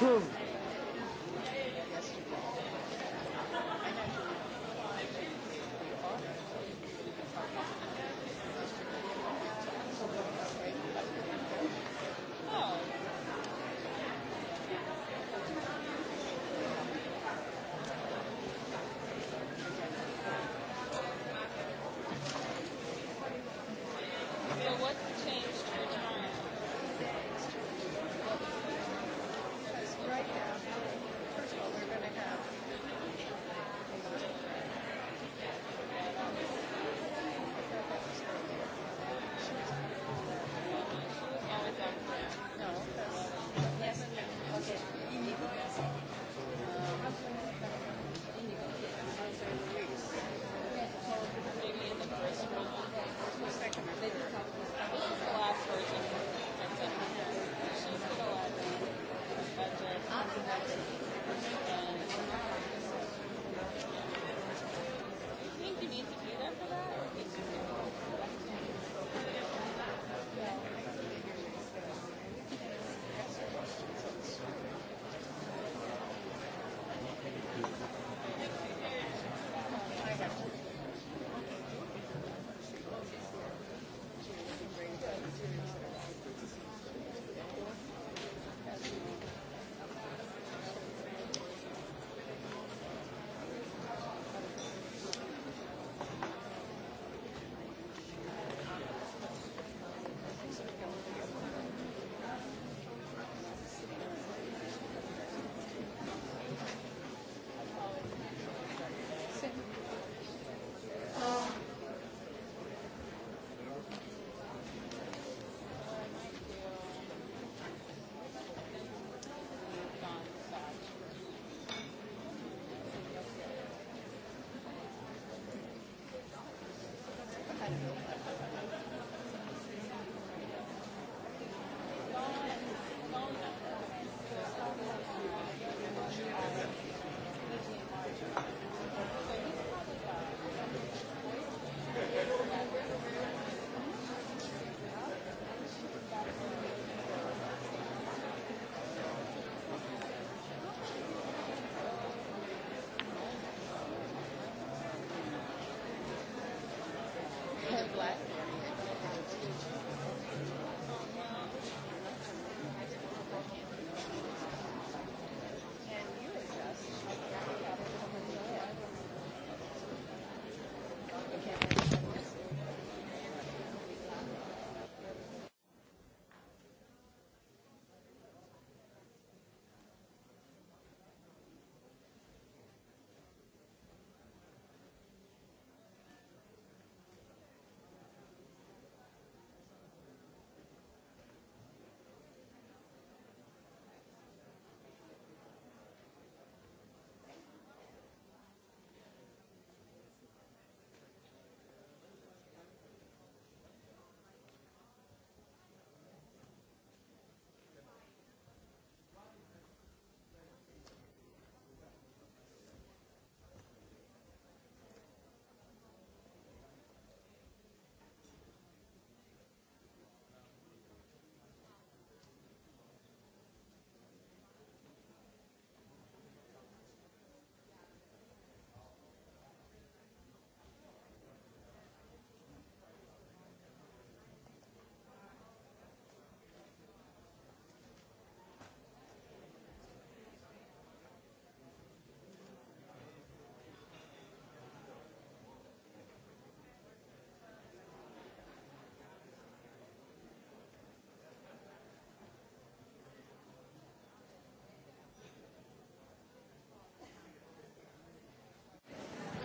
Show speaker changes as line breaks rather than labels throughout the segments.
approved.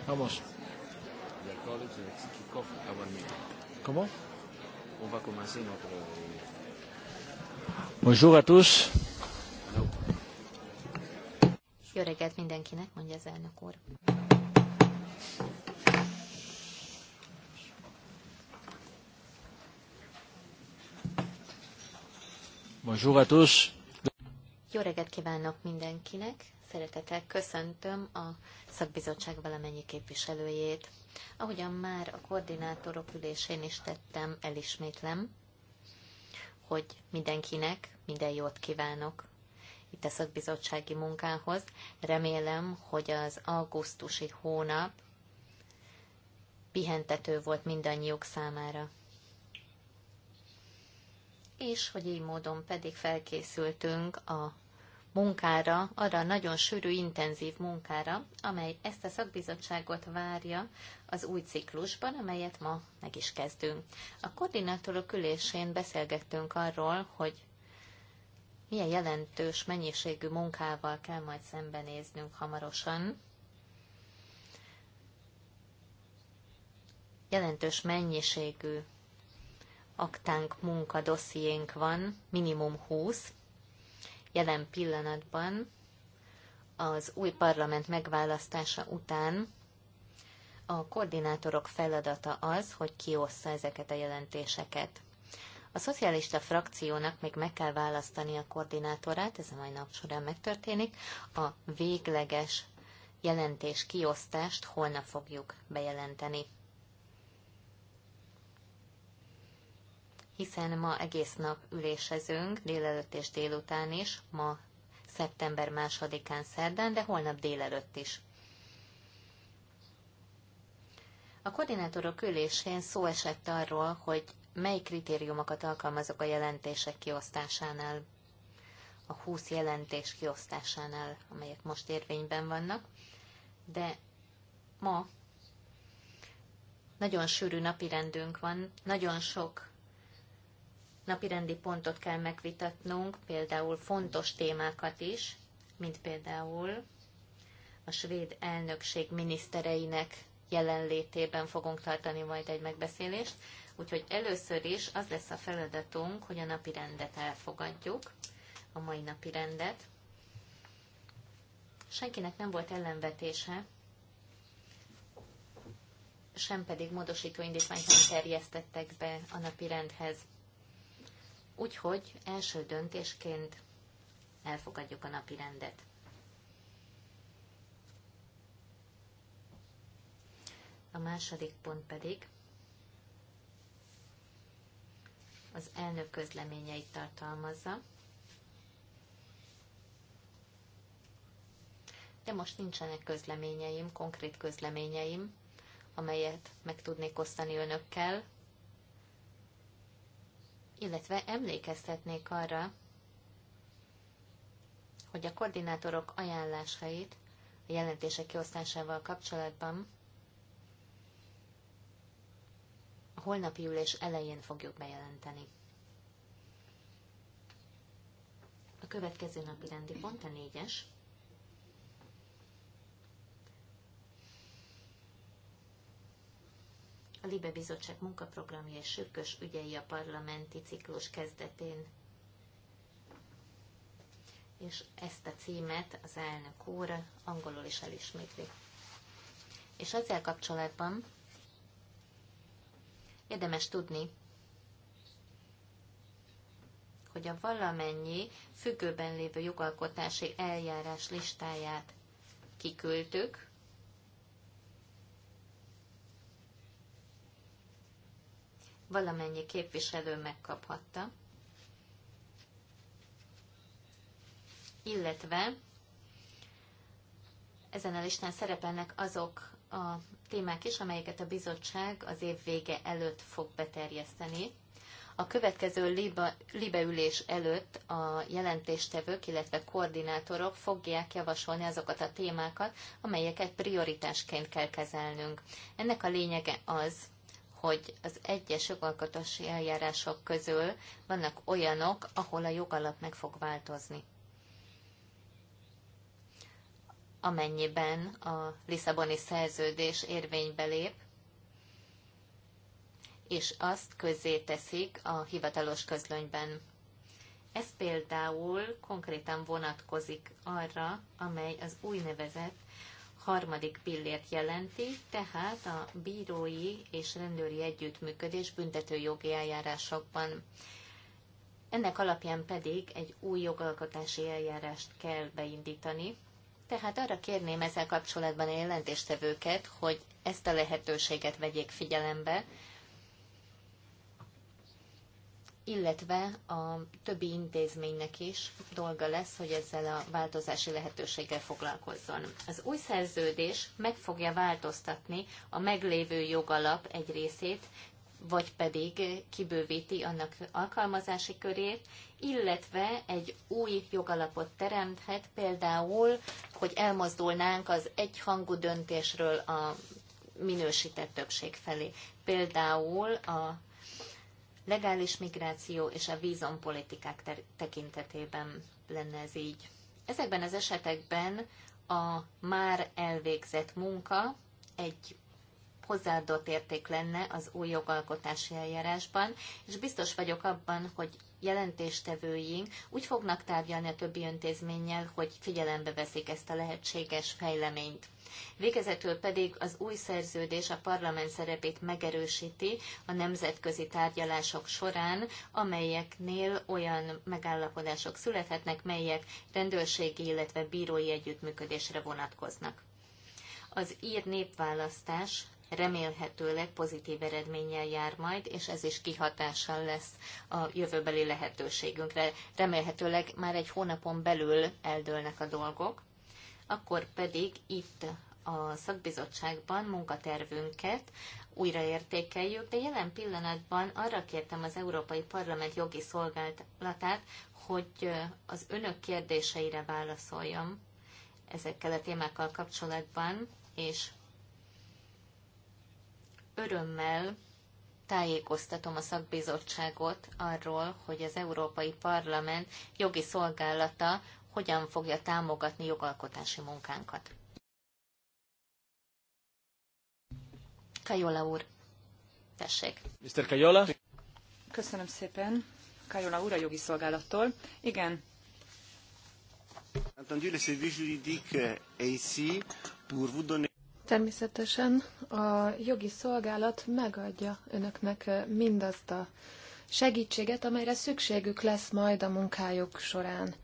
Vamos. Comment
On
va commencer notre.
Bonjour à tous. Jó reggelt mindenkinek, mondja az elnök úr. Bonjour à tous.
Jó reggelt kívánok mindenkinek. Szeretettel köszöntöm a szakbizottság valamennyi képviselőjét. Ahogyan már a koordinátorok ülésén is tettem, elismétlem, hogy mindenkinek minden jót kívánok itt a szakbizottsági munkához. Remélem, hogy az augusztusi hónap pihentető volt mindannyiuk számára. És hogy így módon pedig felkészültünk a munkára, arra a nagyon sűrű, intenzív munkára, amely ezt a szakbizottságot várja az új ciklusban, amelyet ma meg is kezdünk. A koordinátorok ülésén beszélgettünk arról, hogy milyen jelentős mennyiségű munkával kell majd szembenéznünk hamarosan. Jelentős mennyiségű aktánk munkadossziénk van, minimum 20, Jelen pillanatban az új parlament megválasztása után a koordinátorok feladata az, hogy kiossza ezeket a jelentéseket. A szocialista frakciónak még meg kell választani a koordinátorát, ez a mai nap során megtörténik, a végleges jelentés kiosztást holnap fogjuk bejelenteni. hiszen ma egész nap ülésezünk, délelőtt és délután is, ma szeptember másodikán szerdán, de holnap délelőtt is. A koordinátorok ülésén szó esett arról, hogy mely kritériumokat alkalmazok a jelentések kiosztásánál, a 20 jelentés kiosztásánál, amelyek most érvényben vannak, de ma nagyon sűrű napirendünk van, nagyon sok napirendi pontot kell megvitatnunk, például fontos témákat is, mint például a svéd elnökség minisztereinek jelenlétében fogunk tartani majd egy megbeszélést, úgyhogy először is az lesz a feladatunk, hogy a napi rendet elfogadjuk, a mai napi rendet. Senkinek nem volt ellenvetése, sem pedig módosító indítványt nem terjesztettek be a napi rendhez. Úgyhogy első döntésként elfogadjuk a napi rendet. A második pont pedig az elnök közleményeit tartalmazza. De most nincsenek közleményeim, konkrét közleményeim, amelyet meg tudnék osztani önökkel, illetve emlékeztetnék arra, hogy a koordinátorok ajánlásait a jelentések kiosztásával kapcsolatban a holnapi ülés elején fogjuk bejelenteni. A következő napi rendi pont a négyes. a Libe Bizottság munkaprogramja és sürgős ügyei a parlamenti ciklus kezdetén. És ezt a címet az elnök úr angolul is elismétli. És ezzel kapcsolatban érdemes tudni, hogy a valamennyi függőben lévő jogalkotási eljárás listáját kiküldtük, valamennyi képviselő megkaphatta, illetve ezen a listán szerepelnek azok a témák is, amelyeket a bizottság az év vége előtt fog beterjeszteni. A következő libeülés libe előtt a jelentéstevők, illetve koordinátorok fogják javasolni azokat a témákat, amelyeket prioritásként kell kezelnünk. Ennek a lényege az, hogy az egyes jogalkotási eljárások közül vannak olyanok, ahol a jogalap meg fog változni. Amennyiben a Lisszaboni szerződés érvénybe lép, és azt közzé teszik a hivatalos közlönyben. Ez például konkrétan vonatkozik arra, amely az úgynevezett harmadik pillért jelenti, tehát a bírói és rendőri együttműködés jogi eljárásokban. Ennek alapján pedig egy új jogalkotási eljárást kell beindítani. Tehát arra kérném ezzel kapcsolatban a jelentéstevőket, hogy ezt a lehetőséget vegyék figyelembe, illetve a többi intézménynek is dolga lesz, hogy ezzel a változási lehetőséggel foglalkozzon. Az új szerződés meg fogja változtatni a meglévő jogalap egy részét, vagy pedig kibővíti annak alkalmazási körét, illetve egy új jogalapot teremthet, például, hogy elmozdulnánk az egyhangú döntésről a minősített többség felé. Például a legális migráció és a vízompolitikák tekintetében lenne ez így. Ezekben az esetekben a már elvégzett munka egy hozzáadott érték lenne az új jogalkotási eljárásban, és biztos vagyok abban, hogy jelentéstevőink úgy fognak tárgyalni a többi intézménnyel, hogy figyelembe veszik ezt a lehetséges fejleményt. Végezetül pedig az új szerződés a parlament szerepét megerősíti a nemzetközi tárgyalások során, amelyeknél olyan megállapodások születhetnek, melyek rendőrségi, illetve bírói együttműködésre vonatkoznak. Az ír népválasztás remélhetőleg pozitív eredménnyel jár majd, és ez is kihatással lesz a jövőbeli lehetőségünkre. Remélhetőleg már egy hónapon belül eldőlnek a dolgok, akkor pedig itt a szakbizottságban munkatervünket újra értékeljük, de jelen pillanatban arra kértem az Európai Parlament jogi szolgálatát, hogy az önök kérdéseire válaszoljam ezekkel a témákkal kapcsolatban, és örömmel tájékoztatom a szakbizottságot arról, hogy az Európai Parlament jogi szolgálata hogyan fogja támogatni jogalkotási munkánkat. Kajola úr, tessék. Mr. Kajola. Köszönöm
szépen. Kajola úr a jogi szolgálattól. Igen. Entendu le service juridique ainsi pour vous
Természetesen a jogi szolgálat megadja önöknek mindazt a segítséget, amelyre szükségük lesz majd a munkájuk során.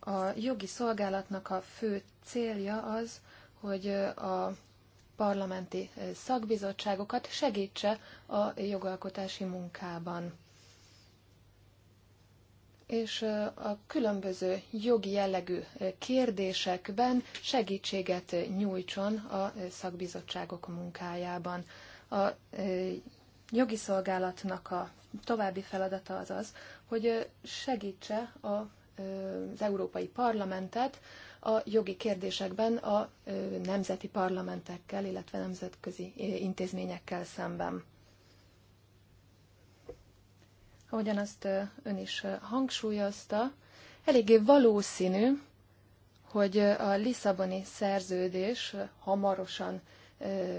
A jogi szolgálatnak a fő célja az, hogy a parlamenti szakbizottságokat segítse a jogalkotási munkában és a különböző jogi jellegű kérdésekben segítséget nyújtson a szakbizottságok munkájában. A jogi szolgálatnak a további feladata az az, hogy segítse a, az Európai Parlamentet a jogi kérdésekben a nemzeti parlamentekkel, illetve nemzetközi intézményekkel szemben ahogyan azt ön is hangsúlyozta, eléggé valószínű, hogy a Lisszaboni szerződés hamarosan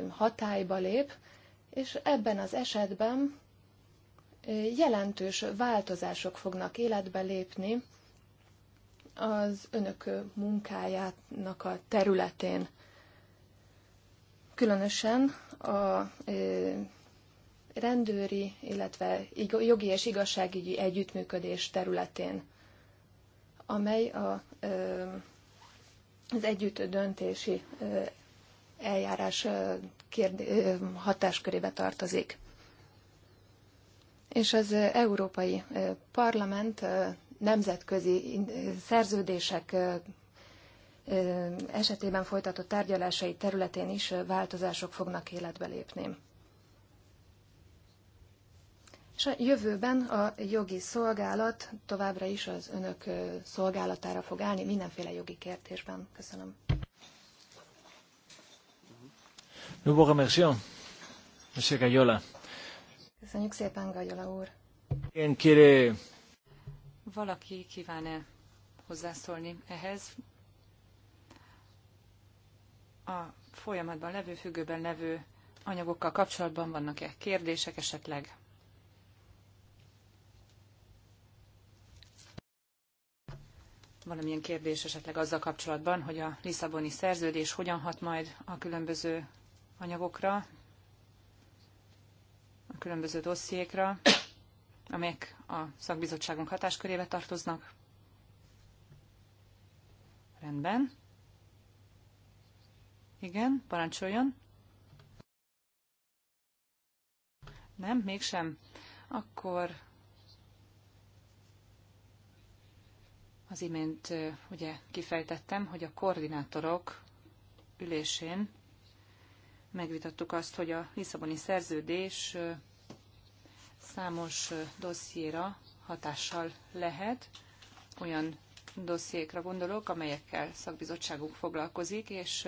hatályba lép, és ebben az esetben jelentős változások fognak életbe lépni az önök munkájának a területén. Különösen a rendőri, illetve jogi és igazságügyi együttműködés területén, amely a, az együtt döntési eljárás hatáskörébe tartozik. És az Európai Parlament nemzetközi szerződések esetében folytatott tárgyalásai területén is változások fognak életbe lépni és a jövőben a jogi szolgálat továbbra is az önök szolgálatára fog állni mindenféle jogi kérdésben. Köszönöm. Köszönjük szépen, Gajola úr.
Én kéré...
Valaki kíván-e hozzászólni ehhez? A folyamatban levő, függőben levő anyagokkal kapcsolatban vannak-e kérdések esetleg? valamilyen kérdés esetleg azzal kapcsolatban, hogy a Lisszaboni szerződés hogyan hat majd a különböző anyagokra, a különböző dossziékra, amelyek a szakbizottságunk hatáskörébe tartoznak. Rendben. Igen, parancsoljon. Nem, mégsem. Akkor Az imént ugye kifejtettem, hogy a koordinátorok ülésén megvitattuk azt, hogy a Lisszaboni szerződés számos dossziéra hatással lehet, olyan dossziékra gondolok, amelyekkel szakbizottságunk foglalkozik, és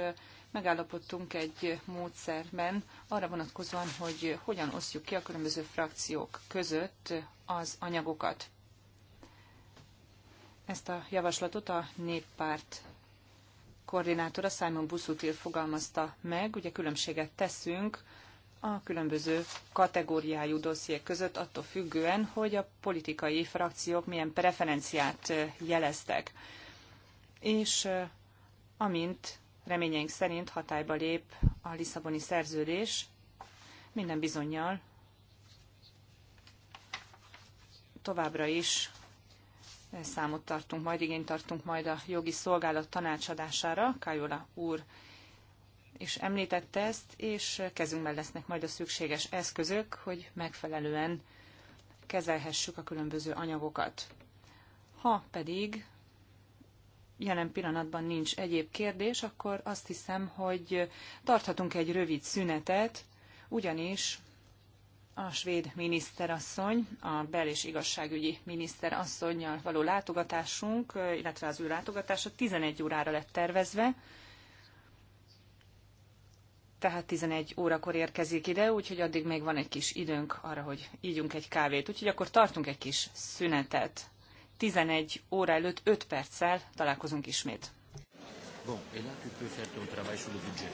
megállapodtunk egy módszerben arra vonatkozóan, hogy hogyan osztjuk ki a különböző frakciók között az anyagokat. Ezt a javaslatot a néppárt koordinátora Simon Buszutil fogalmazta meg. Ugye különbséget teszünk a különböző kategóriájú dossziék között attól függően, hogy a politikai frakciók milyen preferenciát eh, jeleztek. És eh, amint reményeink szerint hatályba lép a Lisszaboni szerződés, minden bizonyal továbbra is számot tartunk majd, igényt tartunk majd a jogi szolgálat tanácsadására. Kajola úr és említette ezt, és kezünkben lesznek majd a szükséges eszközök, hogy megfelelően kezelhessük a különböző anyagokat. Ha pedig jelen pillanatban nincs egyéb kérdés, akkor azt hiszem, hogy tarthatunk egy rövid szünetet, ugyanis a svéd miniszterasszony, a bel- és igazságügyi miniszterasszonynal való látogatásunk, illetve az ő látogatása 11 órára lett tervezve, tehát 11 órakor érkezik ide, úgyhogy addig még van egy kis időnk arra, hogy ígyunk egy kávét. Úgyhogy akkor tartunk egy kis szünetet. 11 óra előtt 5 perccel találkozunk ismét.
Bon, et là tu peux faire ton travail sur le budget.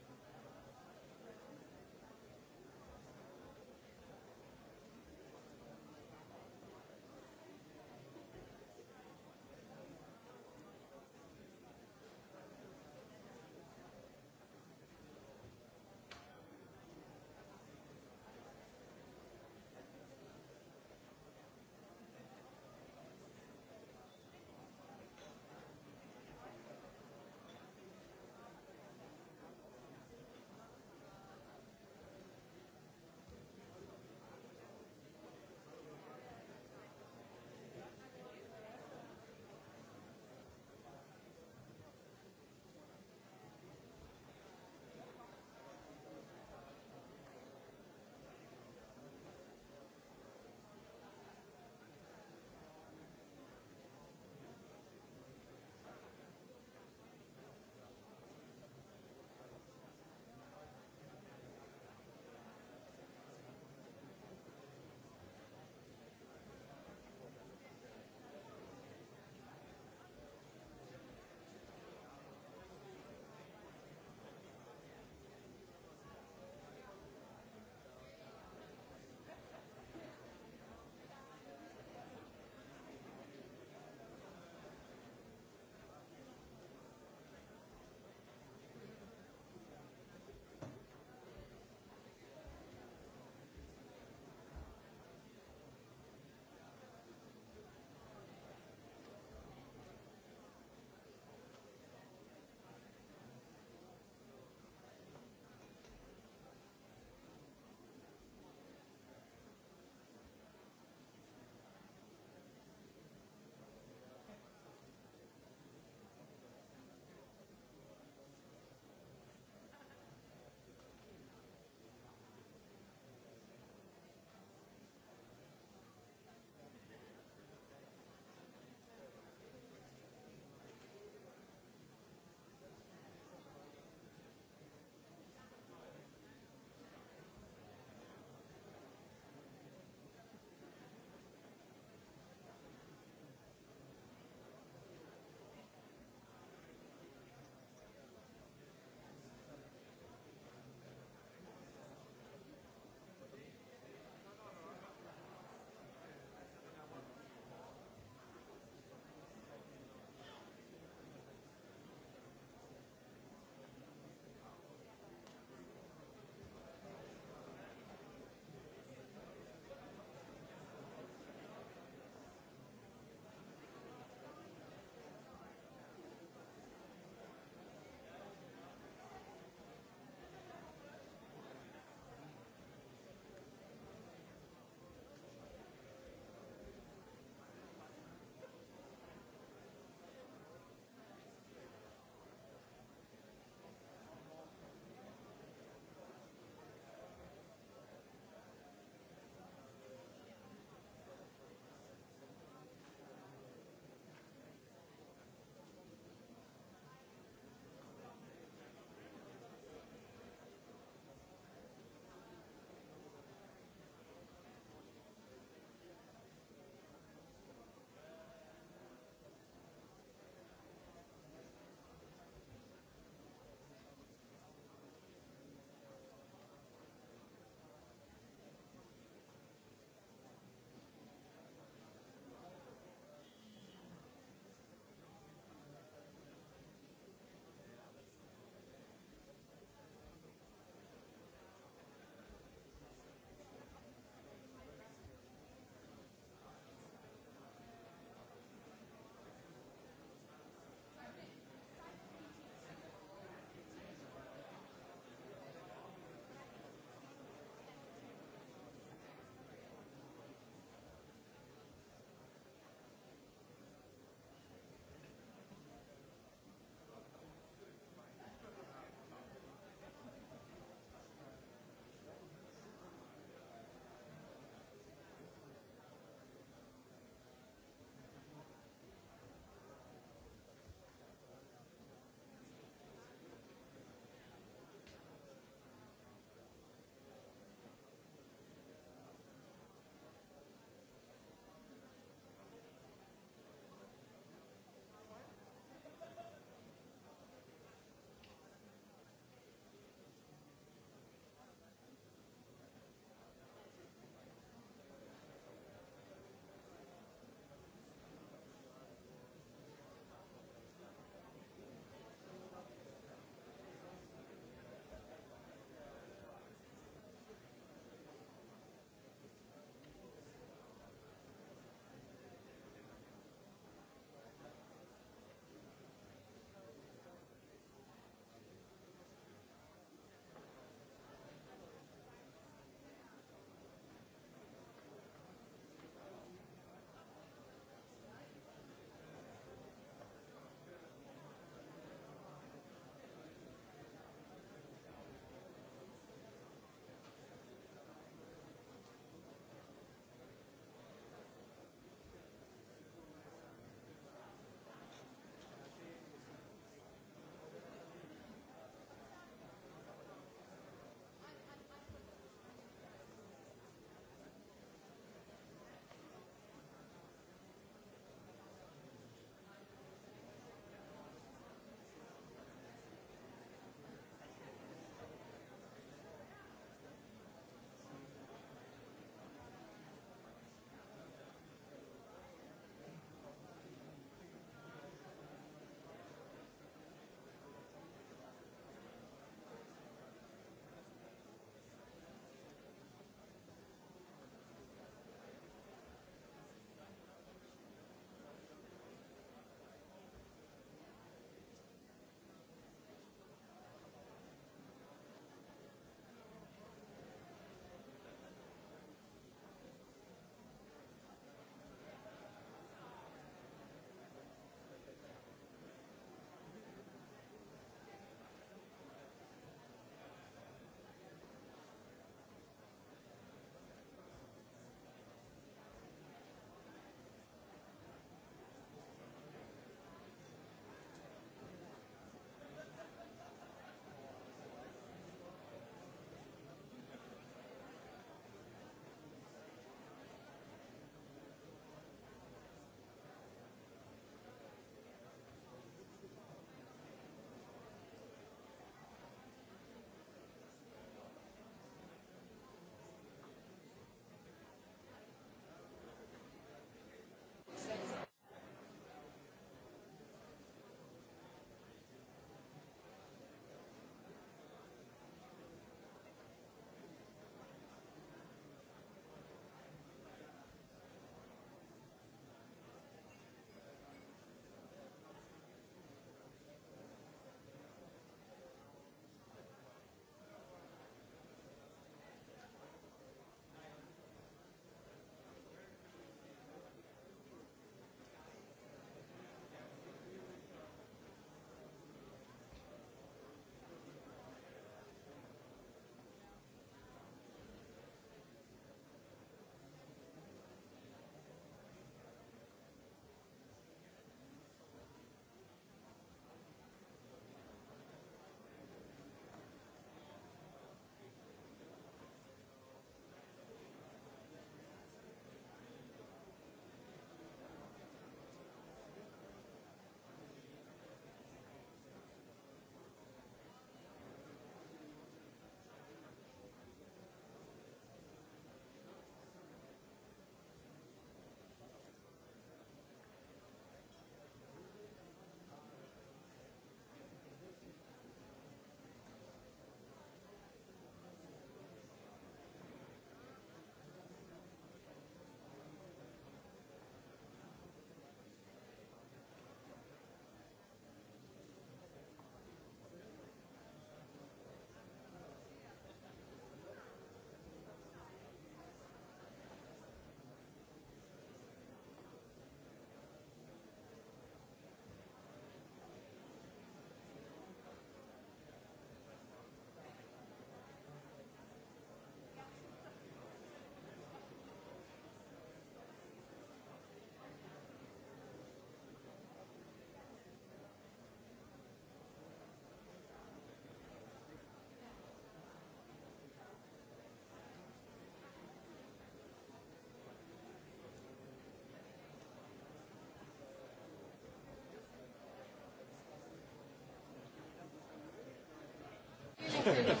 but if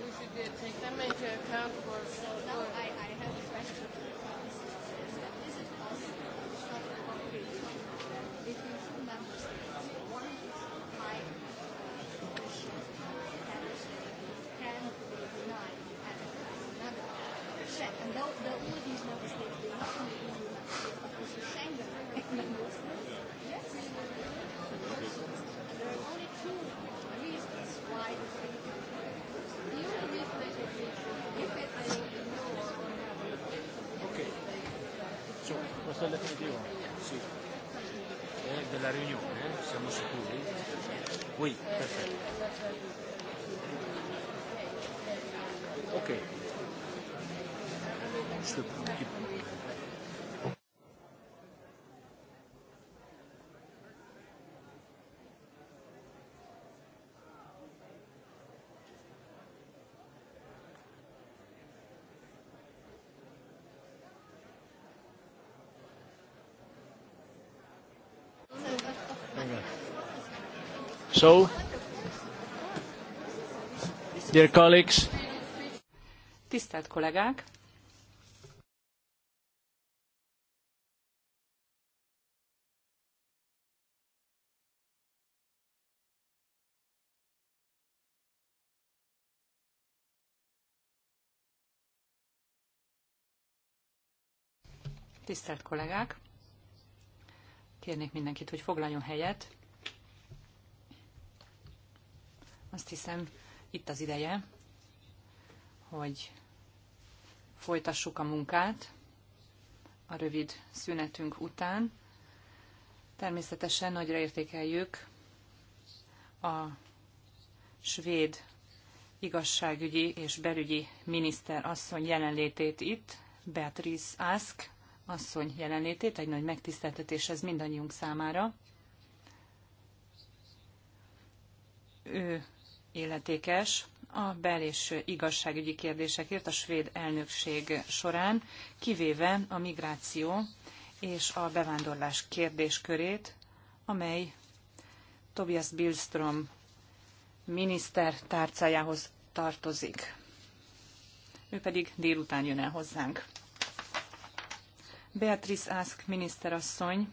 we should uh, take them into account for. So now I, I have a question. Is
it possible if you two members one high official can
be denied and another check, and all these member states do not questo è il definitivo? Sì. Eh, della riunione, eh? siamo
sicuri? Oui, perfetto.
Ok. Questo è So, dear colleagues,
Tisztelt kollégák! Tisztelt kollégák! Kérnék mindenkit, hogy foglaljon helyet. Azt hiszem, itt az ideje, hogy folytassuk a munkát a rövid szünetünk után. Természetesen nagyra értékeljük a svéd igazságügyi és belügyi miniszter asszony jelenlétét itt, Beatrice Ask asszony jelenlétét, egy nagy megtiszteltetés ez mindannyiunk számára. Ő illetékes a bel- és igazságügyi kérdésekért a svéd elnökség során, kivéve a migráció és a bevándorlás kérdéskörét, amely Tobias Billström miniszter tárcájához tartozik. Ő pedig délután jön el hozzánk. Beatrice Ask miniszterasszony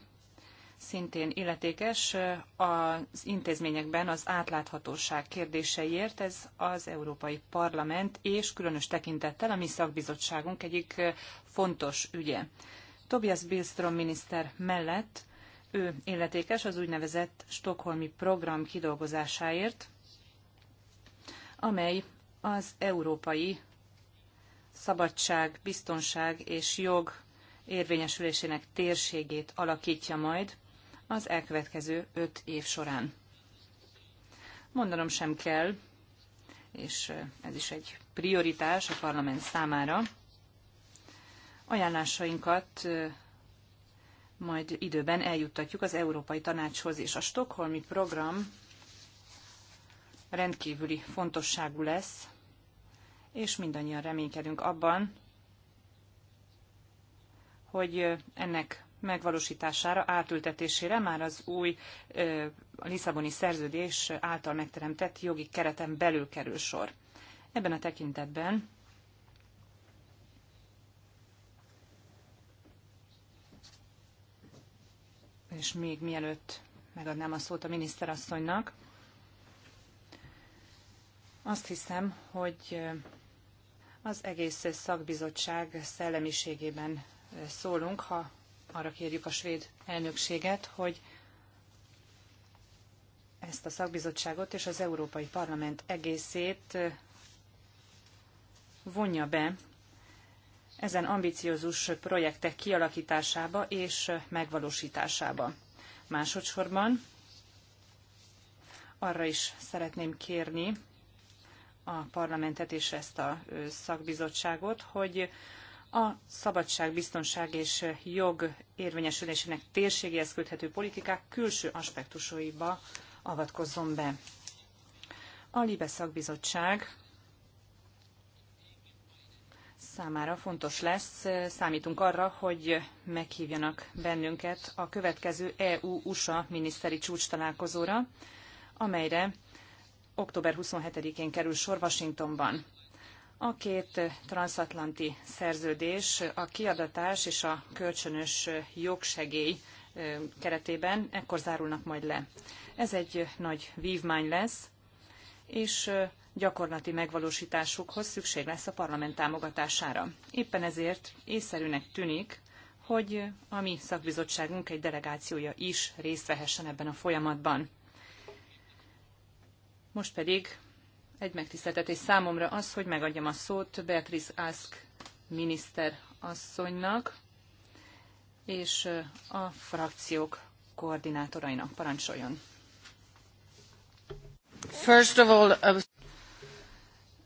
szintén illetékes az intézményekben az átláthatóság kérdéseiért. Ez az Európai Parlament és különös tekintettel a mi szakbizottságunk egyik fontos ügye. Tobias Billström miniszter mellett ő illetékes az úgynevezett Stockholmi program kidolgozásáért, amely az európai szabadság, biztonság és jog érvényesülésének térségét alakítja majd az elkövetkező öt év során. Mondanom sem kell, és ez is egy prioritás a parlament számára. Ajánlásainkat majd időben eljuttatjuk az Európai Tanácshoz, és a Stockholmi program rendkívüli fontosságú lesz, és mindannyian reménykedünk abban, hogy ennek megvalósítására, átültetésére már az új a Lisszaboni szerződés által megteremtett jogi kereten belül kerül sor. Ebben a tekintetben és még mielőtt megadnám a szót a miniszterasszonynak, azt hiszem, hogy az egész szakbizottság szellemiségében szólunk, ha arra kérjük a svéd elnökséget, hogy ezt a szakbizottságot és az Európai Parlament egészét vonja be ezen ambiciózus projektek kialakításába és megvalósításába. Másodszorban arra is szeretném kérni a parlamentet és ezt a szakbizottságot, hogy a szabadság, biztonság és jog érvényesülésének térségéhez köthető politikák külső aspektusaiba avatkozzon be. A Libe szakbizottság számára fontos lesz. Számítunk arra, hogy meghívjanak bennünket a következő EU-USA miniszteri csúcs találkozóra, amelyre október 27-én kerül sor Washingtonban. A két transatlanti szerződés a kiadatás és a kölcsönös jogsegély keretében ekkor zárulnak majd le. Ez egy nagy vívmány lesz, és gyakorlati megvalósításukhoz szükség lesz a parlament támogatására. Éppen ezért észszerűnek tűnik, hogy a mi szakbizottságunk egy delegációja is részt vehessen ebben a folyamatban. Most pedig egy megtiszteltetés számomra az, hogy megadjam a szót Beatrice Ask miniszter asszonynak és a frakciók koordinátorainak. Parancsoljon!
First of all, uh...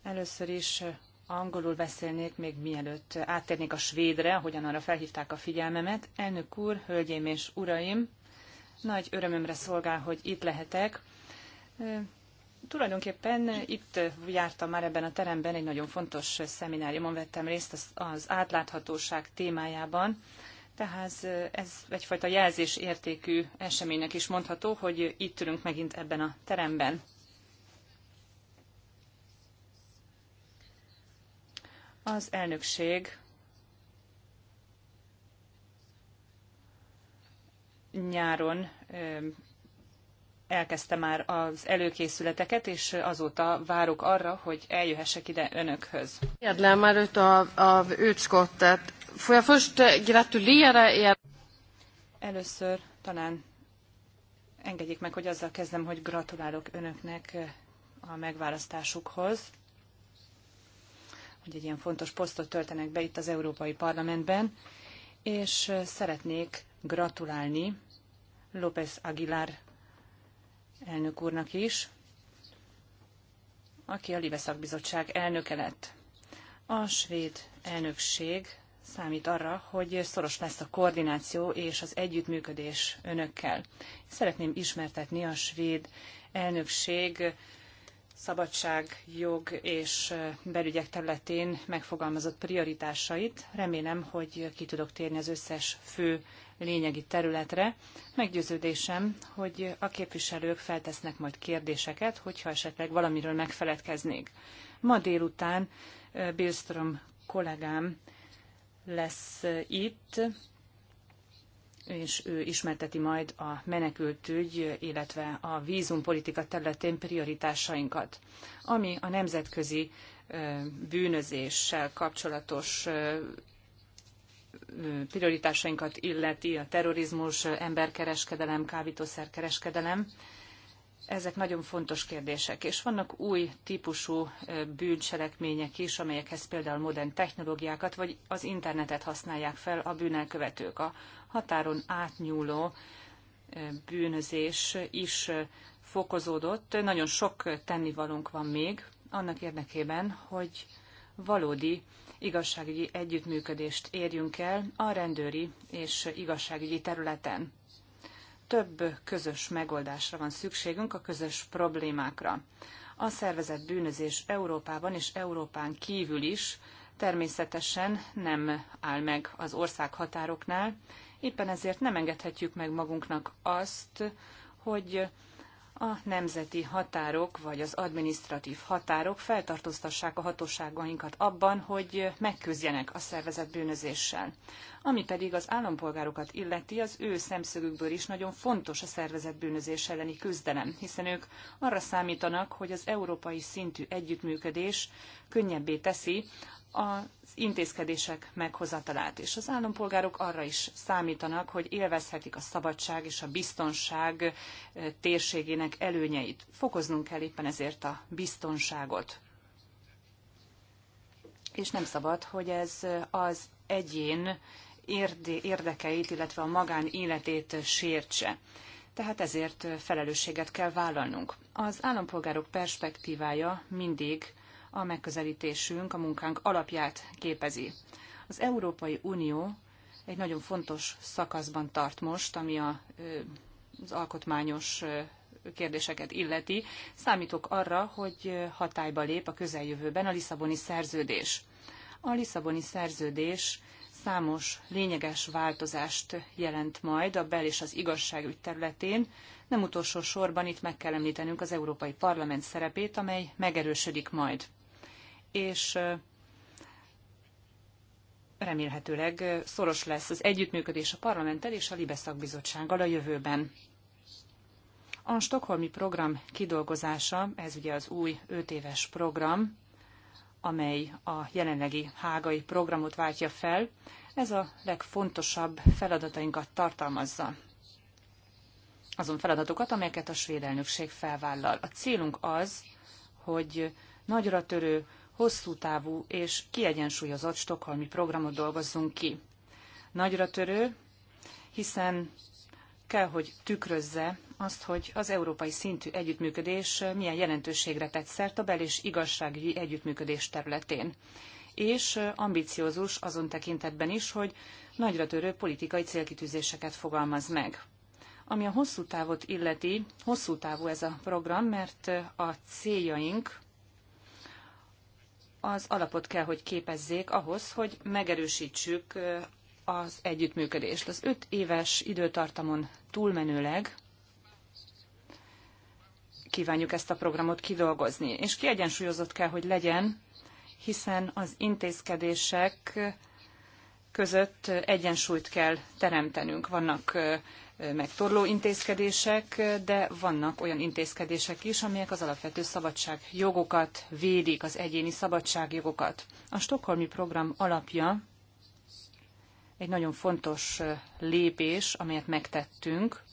Először is angolul beszélnék, még mielőtt áttérnék a svédre, ahogyan arra felhívták a figyelmemet. Elnök úr, hölgyeim és uraim, nagy örömömre szolgál, hogy itt lehetek tulajdonképpen itt jártam már ebben a teremben, egy nagyon fontos szemináriumon vettem részt az átláthatóság témájában. Tehát ez egyfajta jelzés értékű eseménynek is mondható, hogy itt ülünk megint ebben a teremben. Az elnökség nyáron elkezdte már az előkészületeket, és azóta várok arra, hogy eljöhessek ide önökhöz.
már őt a, a őcskottet. Fogja först eh, gratulére ér...
Először talán engedjék meg, hogy azzal kezdem, hogy gratulálok önöknek eh, a megválasztásukhoz, hogy egy ilyen fontos posztot töltenek be itt az Európai Parlamentben, és eh, szeretnék gratulálni López Aguilar elnök úrnak is, aki a Libe szakbizottság elnöke lett. A svéd elnökség számít arra, hogy szoros lesz a koordináció és az együttműködés önökkel. Szeretném ismertetni a svéd elnökség szabadság, jog és belügyek területén megfogalmazott prioritásait. Remélem, hogy ki tudok térni az összes fő lényegi területre. Meggyőződésem, hogy a képviselők feltesznek majd kérdéseket, hogyha esetleg valamiről megfeledkeznék. Ma délután Billström kollégám lesz itt, és ő ismerteti majd a menekültügy, illetve a vízumpolitika területén prioritásainkat. Ami a nemzetközi bűnözéssel kapcsolatos prioritásainkat illeti, a terrorizmus, emberkereskedelem, kábítószerkereskedelem, ezek nagyon fontos kérdések, és vannak új típusú bűncselekmények is, amelyekhez például modern technológiákat vagy az internetet használják fel a bűnelkövetők. A határon átnyúló bűnözés is fokozódott. Nagyon sok tennivalónk van még annak érdekében, hogy valódi igazságügyi együttműködést érjünk el a rendőri és igazságügyi területen több közös megoldásra van szükségünk a közös problémákra. A szervezett bűnözés Európában és Európán kívül is természetesen nem áll meg az ország határoknál. éppen ezért nem engedhetjük meg magunknak azt, hogy a nemzeti határok vagy az administratív határok feltartóztassák a hatóságainkat abban, hogy megküzdjenek a szervezett bűnözéssel. Ami pedig az állampolgárokat illeti, az ő szemszögükből is nagyon fontos a szervezett bűnözés elleni küzdelem, hiszen ők arra számítanak, hogy az európai szintű együttműködés könnyebbé teszi az intézkedések meghozatalát, és az állampolgárok arra is számítanak, hogy élvezhetik a szabadság és a biztonság térségének előnyeit. Fokoznunk kell éppen ezért a biztonságot. És nem szabad, hogy ez az egyén érdekeit, illetve a magán életét sértse. Tehát ezért felelősséget kell vállalnunk. Az állampolgárok perspektívája mindig a megközelítésünk, a munkánk alapját képezi. Az Európai Unió egy nagyon fontos szakaszban tart most, ami a, az alkotmányos kérdéseket illeti. Számítok arra, hogy hatályba lép a közeljövőben a Lisszaboni szerződés. A Lisszaboni szerződés számos lényeges változást jelent majd a bel- és az igazságügy területén. Nem utolsó sorban itt meg kell említenünk az Európai Parlament szerepét, amely megerősödik majd és remélhetőleg szoros lesz az együttműködés a parlamenttel és a Libe szakbizottsággal a jövőben. A Stockholmi program kidolgozása, ez ugye az új 5 éves program, amely a jelenlegi hágai programot váltja fel, ez a legfontosabb feladatainkat tartalmazza. Azon feladatokat, amelyeket a svéd elnökség felvállal. A célunk az, hogy nagyra törő, hosszú távú és kiegyensúlyozott stokholmi programot dolgozzunk ki. Nagyra törő, hiszen kell, hogy tükrözze azt, hogy az európai szintű együttműködés milyen jelentőségre tett szert a bel- és igazságügyi együttműködés területén. És ambiciózus azon tekintetben is, hogy nagyra törő politikai célkitűzéseket fogalmaz meg. Ami a hosszú távot illeti, hosszú távú ez a program, mert a céljaink az alapot kell, hogy képezzék ahhoz, hogy megerősítsük az együttműködést. Az öt éves időtartamon túlmenőleg kívánjuk ezt a programot kidolgozni. És kiegyensúlyozott kell, hogy legyen, hiszen az intézkedések között egyensúlyt kell teremtenünk. Vannak megtorló intézkedések, de vannak olyan intézkedések is, amelyek az alapvető szabadságjogokat védik, az egyéni szabadságjogokat. A Stockholmi program alapja egy nagyon fontos lépés, amelyet megtettünk.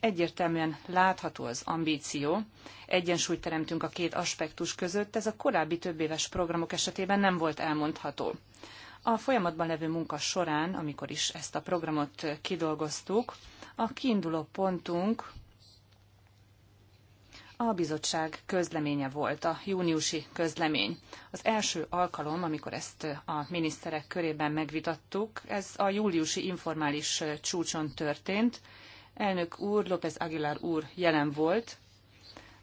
Egyértelműen látható az ambíció, egyensúlyt teremtünk a két aspektus között, ez a korábbi többéves programok esetében nem volt elmondható. A folyamatban levő munka során, amikor is ezt a programot kidolgoztuk, a kiinduló pontunk a bizottság közleménye volt, a júniusi közlemény. Az első alkalom, amikor ezt a miniszterek körében megvitattuk, ez a júliusi informális csúcson történt. Elnök úr, López Aguilar úr jelen volt,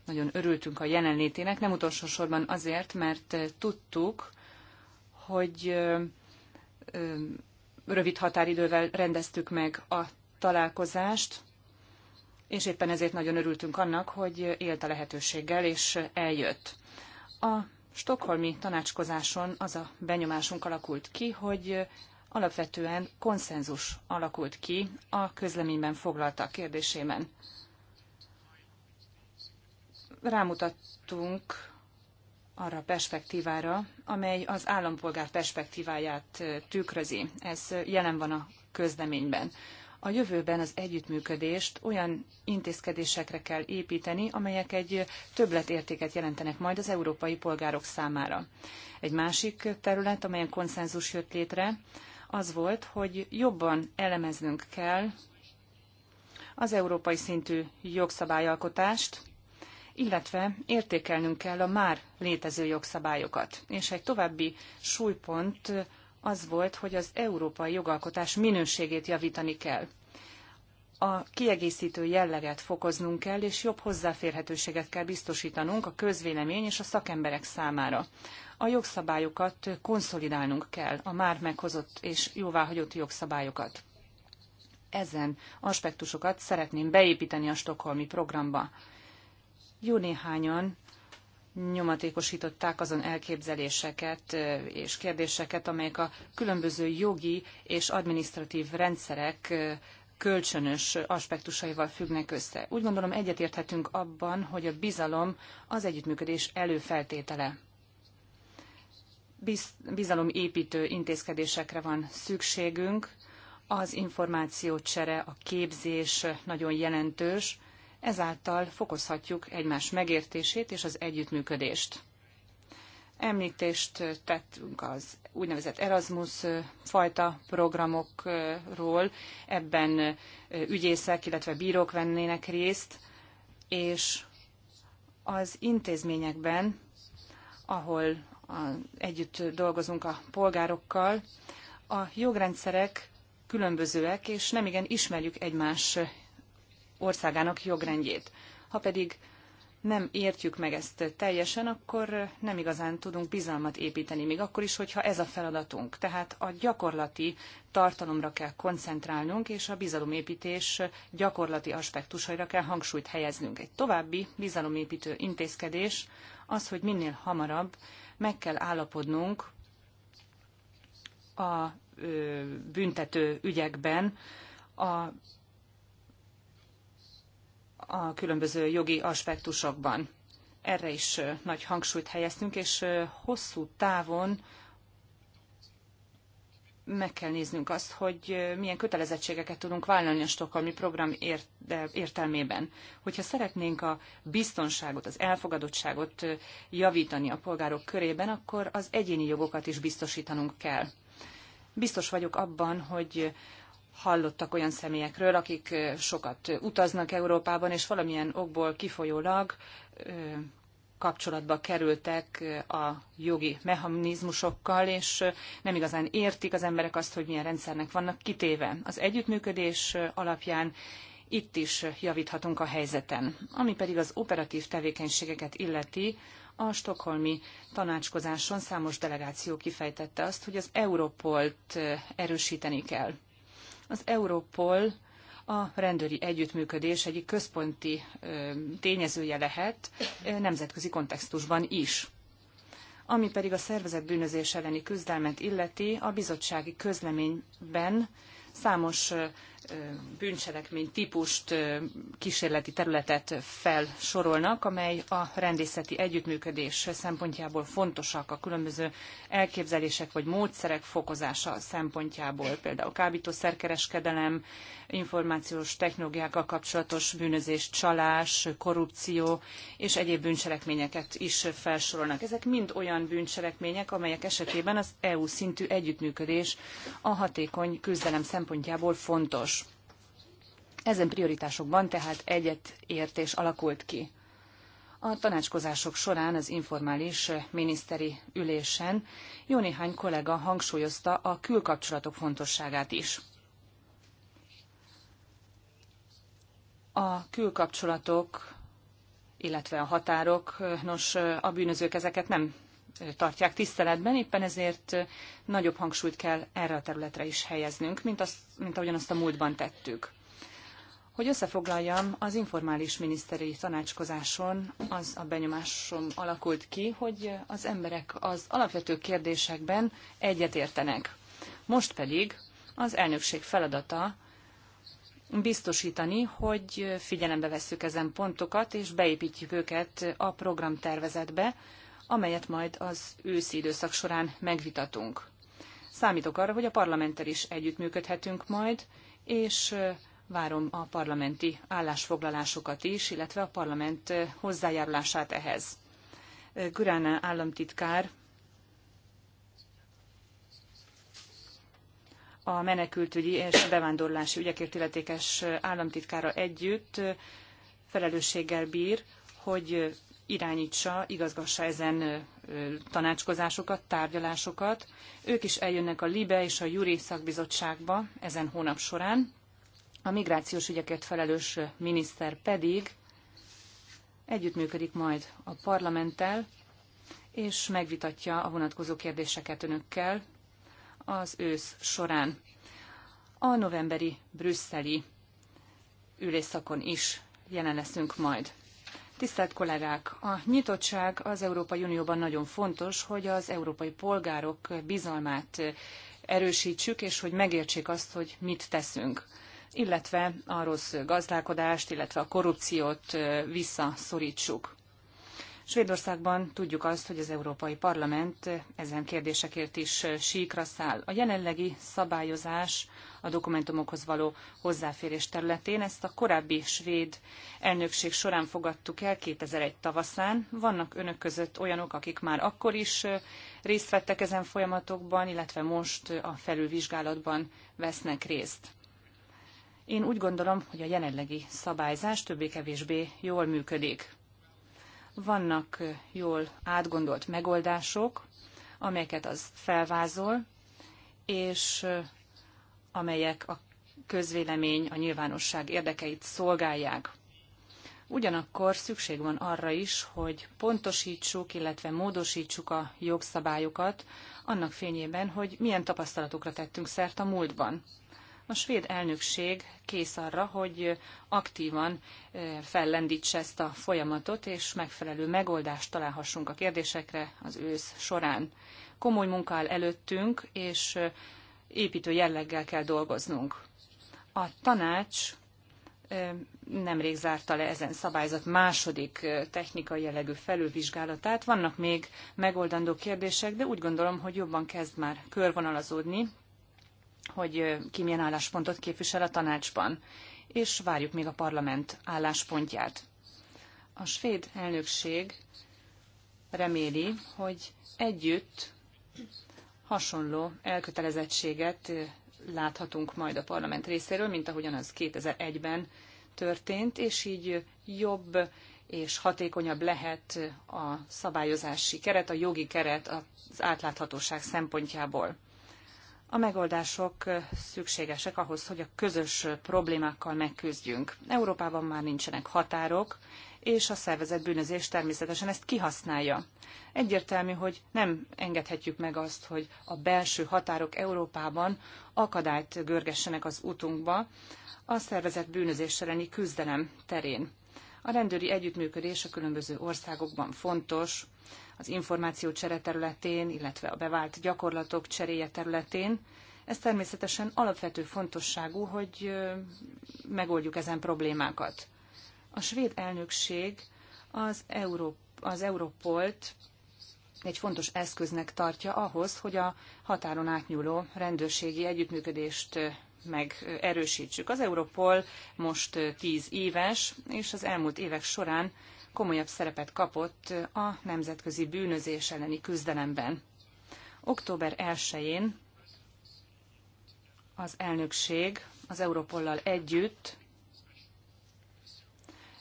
nagyon örültünk a jelenlétének, nem utolsó sorban azért, mert tudtuk, hogy rövid határidővel rendeztük meg a találkozást, és éppen ezért nagyon örültünk annak, hogy élt a lehetőséggel, és eljött. A stokholmi tanácskozáson az a benyomásunk alakult ki, hogy alapvetően konszenzus alakult ki a közleményben foglaltak kérdésében. Rámutattunk arra a perspektívára, amely az állampolgár perspektíváját tükrözi. Ez jelen van a közleményben. A jövőben az együttműködést olyan intézkedésekre kell építeni, amelyek egy többletértéket jelentenek majd az európai polgárok számára. Egy másik terület, amelyen konszenzus jött létre, az volt, hogy jobban elemeznünk kell az európai szintű jogszabályalkotást, illetve értékelnünk kell a már létező jogszabályokat. És egy további súlypont az volt, hogy az európai jogalkotás minőségét javítani kell. A kiegészítő jelleget fokoznunk kell, és jobb hozzáférhetőséget kell biztosítanunk a közvélemény és a szakemberek számára. A jogszabályokat konszolidálnunk kell, a már meghozott és jóváhagyott jogszabályokat. Ezen aspektusokat szeretném beépíteni a stokholmi programba jó néhányan nyomatékosították azon elképzeléseket és kérdéseket, amelyek a különböző jogi és adminisztratív rendszerek kölcsönös aspektusaival függnek össze. Úgy gondolom egyetérthetünk abban, hogy a bizalom az együttműködés előfeltétele. bizalomépítő intézkedésekre van szükségünk, az információcsere, a képzés nagyon jelentős, ezáltal fokozhatjuk egymás megértését és az együttműködést. Említést tettünk az úgynevezett Erasmus fajta programokról, ebben ügyészek, illetve bírók vennének részt, és az intézményekben, ahol együtt dolgozunk a polgárokkal, a jogrendszerek különbözőek, és nemigen ismerjük egymás országának jogrendjét. Ha pedig nem értjük meg ezt teljesen, akkor nem igazán tudunk bizalmat építeni, még akkor is, hogyha ez a feladatunk. Tehát a gyakorlati tartalomra kell koncentrálnunk, és a bizalomépítés gyakorlati aspektusaira kell hangsúlyt helyeznünk. Egy további bizalomépítő intézkedés az, hogy minél hamarabb meg kell állapodnunk a büntető ügyekben a a különböző jogi aspektusokban. Erre is nagy hangsúlyt helyeztünk, és hosszú távon meg kell néznünk azt, hogy milyen kötelezettségeket tudunk vállalni a Stockholmi program értelmében. Hogyha szeretnénk a biztonságot, az elfogadottságot javítani a polgárok körében, akkor az egyéni jogokat is biztosítanunk kell. Biztos vagyok abban, hogy hallottak olyan személyekről, akik sokat utaznak Európában, és valamilyen okból kifolyólag kapcsolatba kerültek a jogi mechanizmusokkal, és nem igazán értik az emberek azt, hogy milyen rendszernek vannak kitéve. Az együttműködés alapján itt is javíthatunk a helyzeten. Ami pedig az operatív tevékenységeket illeti, a stokholmi tanácskozáson számos delegáció kifejtette azt, hogy az Európolt erősíteni kell. Az Europol a rendőri együttműködés egyik központi tényezője lehet nemzetközi kontextusban is. Ami pedig a szervezet bűnözés elleni küzdelmet illeti, a bizottsági közleményben számos bűncselekmény típust, kísérleti területet felsorolnak, amely a rendészeti együttműködés szempontjából fontosak a különböző elképzelések vagy módszerek fokozása szempontjából, például kábítószerkereskedelem, információs technológiákkal kapcsolatos bűnözés, csalás, korrupció és egyéb bűncselekményeket is felsorolnak. Ezek mind olyan bűncselekmények, amelyek esetében az EU szintű együttműködés a hatékony küzdelem szempontjából fontos. Ezen prioritásokban tehát egyet értés alakult ki. A tanácskozások során az informális miniszteri ülésen jó néhány kollega hangsúlyozta a külkapcsolatok fontosságát is. A külkapcsolatok, illetve a határok, nos, a bűnözők ezeket nem tartják tiszteletben, éppen ezért nagyobb hangsúlyt kell erre a területre is helyeznünk, mint, azt, mint ahogyan azt a múltban tettük. Hogy összefoglaljam, az informális miniszteri tanácskozáson az a benyomásom alakult ki, hogy az emberek az alapvető kérdésekben egyetértenek. Most pedig az elnökség feladata, biztosítani, hogy figyelembe vesszük ezen pontokat, és beépítjük őket a programtervezetbe, amelyet majd az őszi időszak során megvitatunk. Számítok arra, hogy a parlamenttel is együttműködhetünk majd, és várom a parlamenti állásfoglalásokat is, illetve a parlament hozzájárulását ehhez. Gurana államtitkár a menekültügyi és bevándorlási ügyekért illetékes államtitkára együtt felelősséggel bír, hogy irányítsa, igazgassa ezen tanácskozásokat, tárgyalásokat. Ők is eljönnek a LIBE és a Juri szakbizottságba ezen hónap során. A migrációs ügyekért felelős miniszter pedig együttműködik majd a parlamenttel, és megvitatja a vonatkozó kérdéseket önökkel, az ősz során. A novemberi brüsszeli ülésszakon is jelen leszünk majd. Tisztelt kollégák, a nyitottság az Európai Unióban nagyon fontos, hogy az európai polgárok bizalmát erősítsük, és hogy megértsék azt, hogy mit teszünk illetve a rossz gazdálkodást, illetve a korrupciót visszaszorítsuk. Svédországban tudjuk azt, hogy az Európai Parlament ezen kérdésekért is síkra száll. A jelenlegi szabályozás a dokumentumokhoz való hozzáférés területén ezt a korábbi svéd elnökség során fogadtuk el 2001 tavaszán. Vannak önök között olyanok, akik már akkor is részt vettek ezen folyamatokban, illetve most a felülvizsgálatban vesznek részt. Én úgy gondolom, hogy a jelenlegi szabályzás többé-kevésbé jól működik. Vannak jól átgondolt megoldások, amelyeket az felvázol, és amelyek a közvélemény, a nyilvánosság érdekeit szolgálják. Ugyanakkor szükség van arra is, hogy pontosítsuk, illetve módosítsuk a jogszabályokat annak fényében, hogy milyen tapasztalatokra tettünk szert a múltban. A svéd elnökség kész arra, hogy aktívan eh, fellendítse ezt a folyamatot, és megfelelő megoldást találhassunk a kérdésekre az ősz során. Komoly munka áll előttünk, és eh, építő jelleggel kell dolgoznunk. A tanács eh, nemrég zárta le ezen szabályzat második technikai jellegű felülvizsgálatát. Vannak még megoldandó kérdések, de úgy gondolom, hogy jobban kezd már körvonalazódni, hogy ki milyen álláspontot képvisel a tanácsban, és várjuk még a parlament álláspontját. A svéd elnökség reméli, hogy együtt hasonló elkötelezettséget láthatunk majd a parlament részéről, mint ahogyan az 2001-ben történt, és így jobb és hatékonyabb lehet a szabályozási keret, a jogi keret az átláthatóság szempontjából. A megoldások szükségesek ahhoz, hogy a közös problémákkal megküzdjünk. Európában már nincsenek határok, és a szervezett bűnözés természetesen ezt kihasználja. Egyértelmű, hogy nem engedhetjük meg azt, hogy a belső határok Európában akadályt görgessenek az utunkba a szervezett bűnözés elleni küzdelem terén. A rendőri együttműködés a különböző országokban fontos, az információ csere területén, illetve a bevált gyakorlatok cseréje területén. Ez természetesen alapvető fontosságú, hogy megoldjuk ezen problémákat. A svéd elnökség az, Euró- az Európolt egy fontos eszköznek tartja ahhoz, hogy a határon átnyúló rendőrségi együttműködést megerősítsük. Az Európol most tíz éves, és az elmúlt évek során komolyabb szerepet kapott a nemzetközi bűnözés elleni küzdelemben. Október 1-én az elnökség az Európollal együtt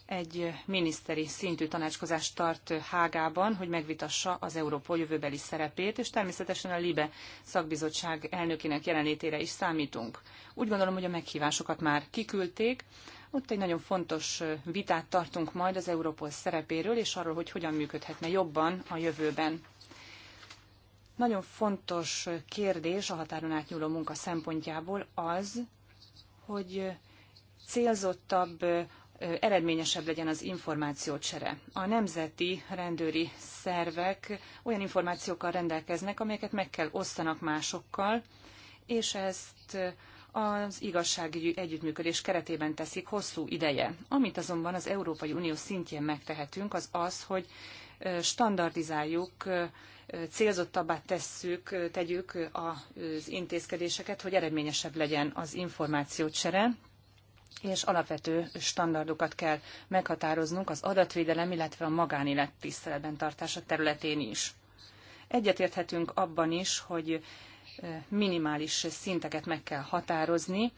egy miniszteri szintű tanácskozást tart Hágában, hogy megvitassa az Európol jövőbeli szerepét, és természetesen a LIBE szakbizottság elnökének jelenlétére is számítunk. Úgy gondolom, hogy a meghívásokat már kiküldték, ott egy nagyon fontos vitát tartunk majd az Európol szerepéről, és arról, hogy hogyan működhetne jobban a jövőben. Nagyon fontos kérdés a határon átnyúló munka szempontjából az, hogy célzottabb, eredményesebb legyen az információcsere. A nemzeti rendőri szervek olyan információkkal rendelkeznek, amelyeket meg kell osztanak másokkal, és ezt az igazságügyi együttműködés keretében teszik hosszú ideje. Amit azonban az Európai Unió szintjén megtehetünk, az az, hogy standardizáljuk, célzottabbá tesszük, tegyük az intézkedéseket, hogy eredményesebb legyen az információcsere, és alapvető standardokat kell meghatároznunk az adatvédelem, illetve a magánélet tiszteletben tartása területén is. Egyetérthetünk abban is, hogy minimális szinteket meg kell határozni.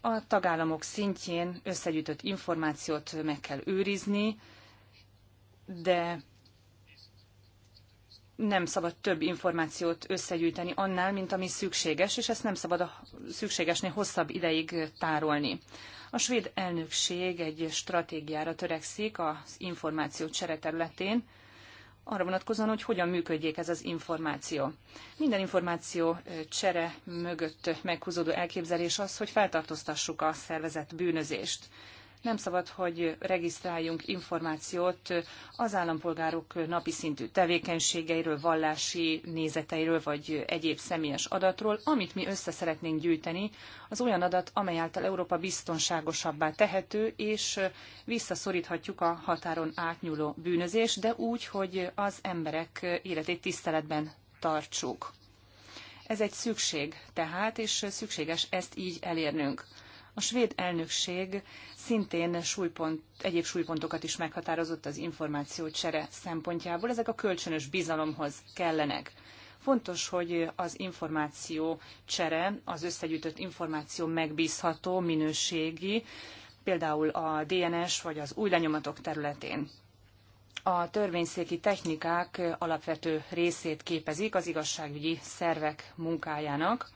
A tagállamok szintjén összegyűjtött információt meg kell őrizni, de nem szabad több információt összegyűjteni annál, mint ami szükséges, és ezt nem szabad a szükségesnél hosszabb ideig tárolni. A svéd elnökség egy stratégiára törekszik az információ csere területén, arra vonatkozóan, hogy hogyan működjék ez az információ. Minden információ csere mögött meghúzódó elképzelés az, hogy feltartóztassuk a szervezet bűnözést. Nem szabad, hogy regisztráljunk információt az állampolgárok napi szintű tevékenységeiről, vallási nézeteiről, vagy egyéb személyes adatról, amit mi össze szeretnénk gyűjteni, az olyan adat, amely által Európa biztonságosabbá tehető, és visszaszoríthatjuk a határon átnyúló bűnözést, de úgy, hogy az emberek életét tiszteletben tartsuk. Ez egy szükség tehát, és szükséges ezt így elérnünk. A svéd elnökség szintén súlypont, egyéb súlypontokat is meghatározott az információcsere szempontjából. Ezek a kölcsönös bizalomhoz kellenek. Fontos, hogy az információ csere, az összegyűjtött információ megbízható, minőségi, például a DNS vagy az új lenyomatok területén. A törvényszéki technikák alapvető részét képezik az igazságügyi szervek munkájának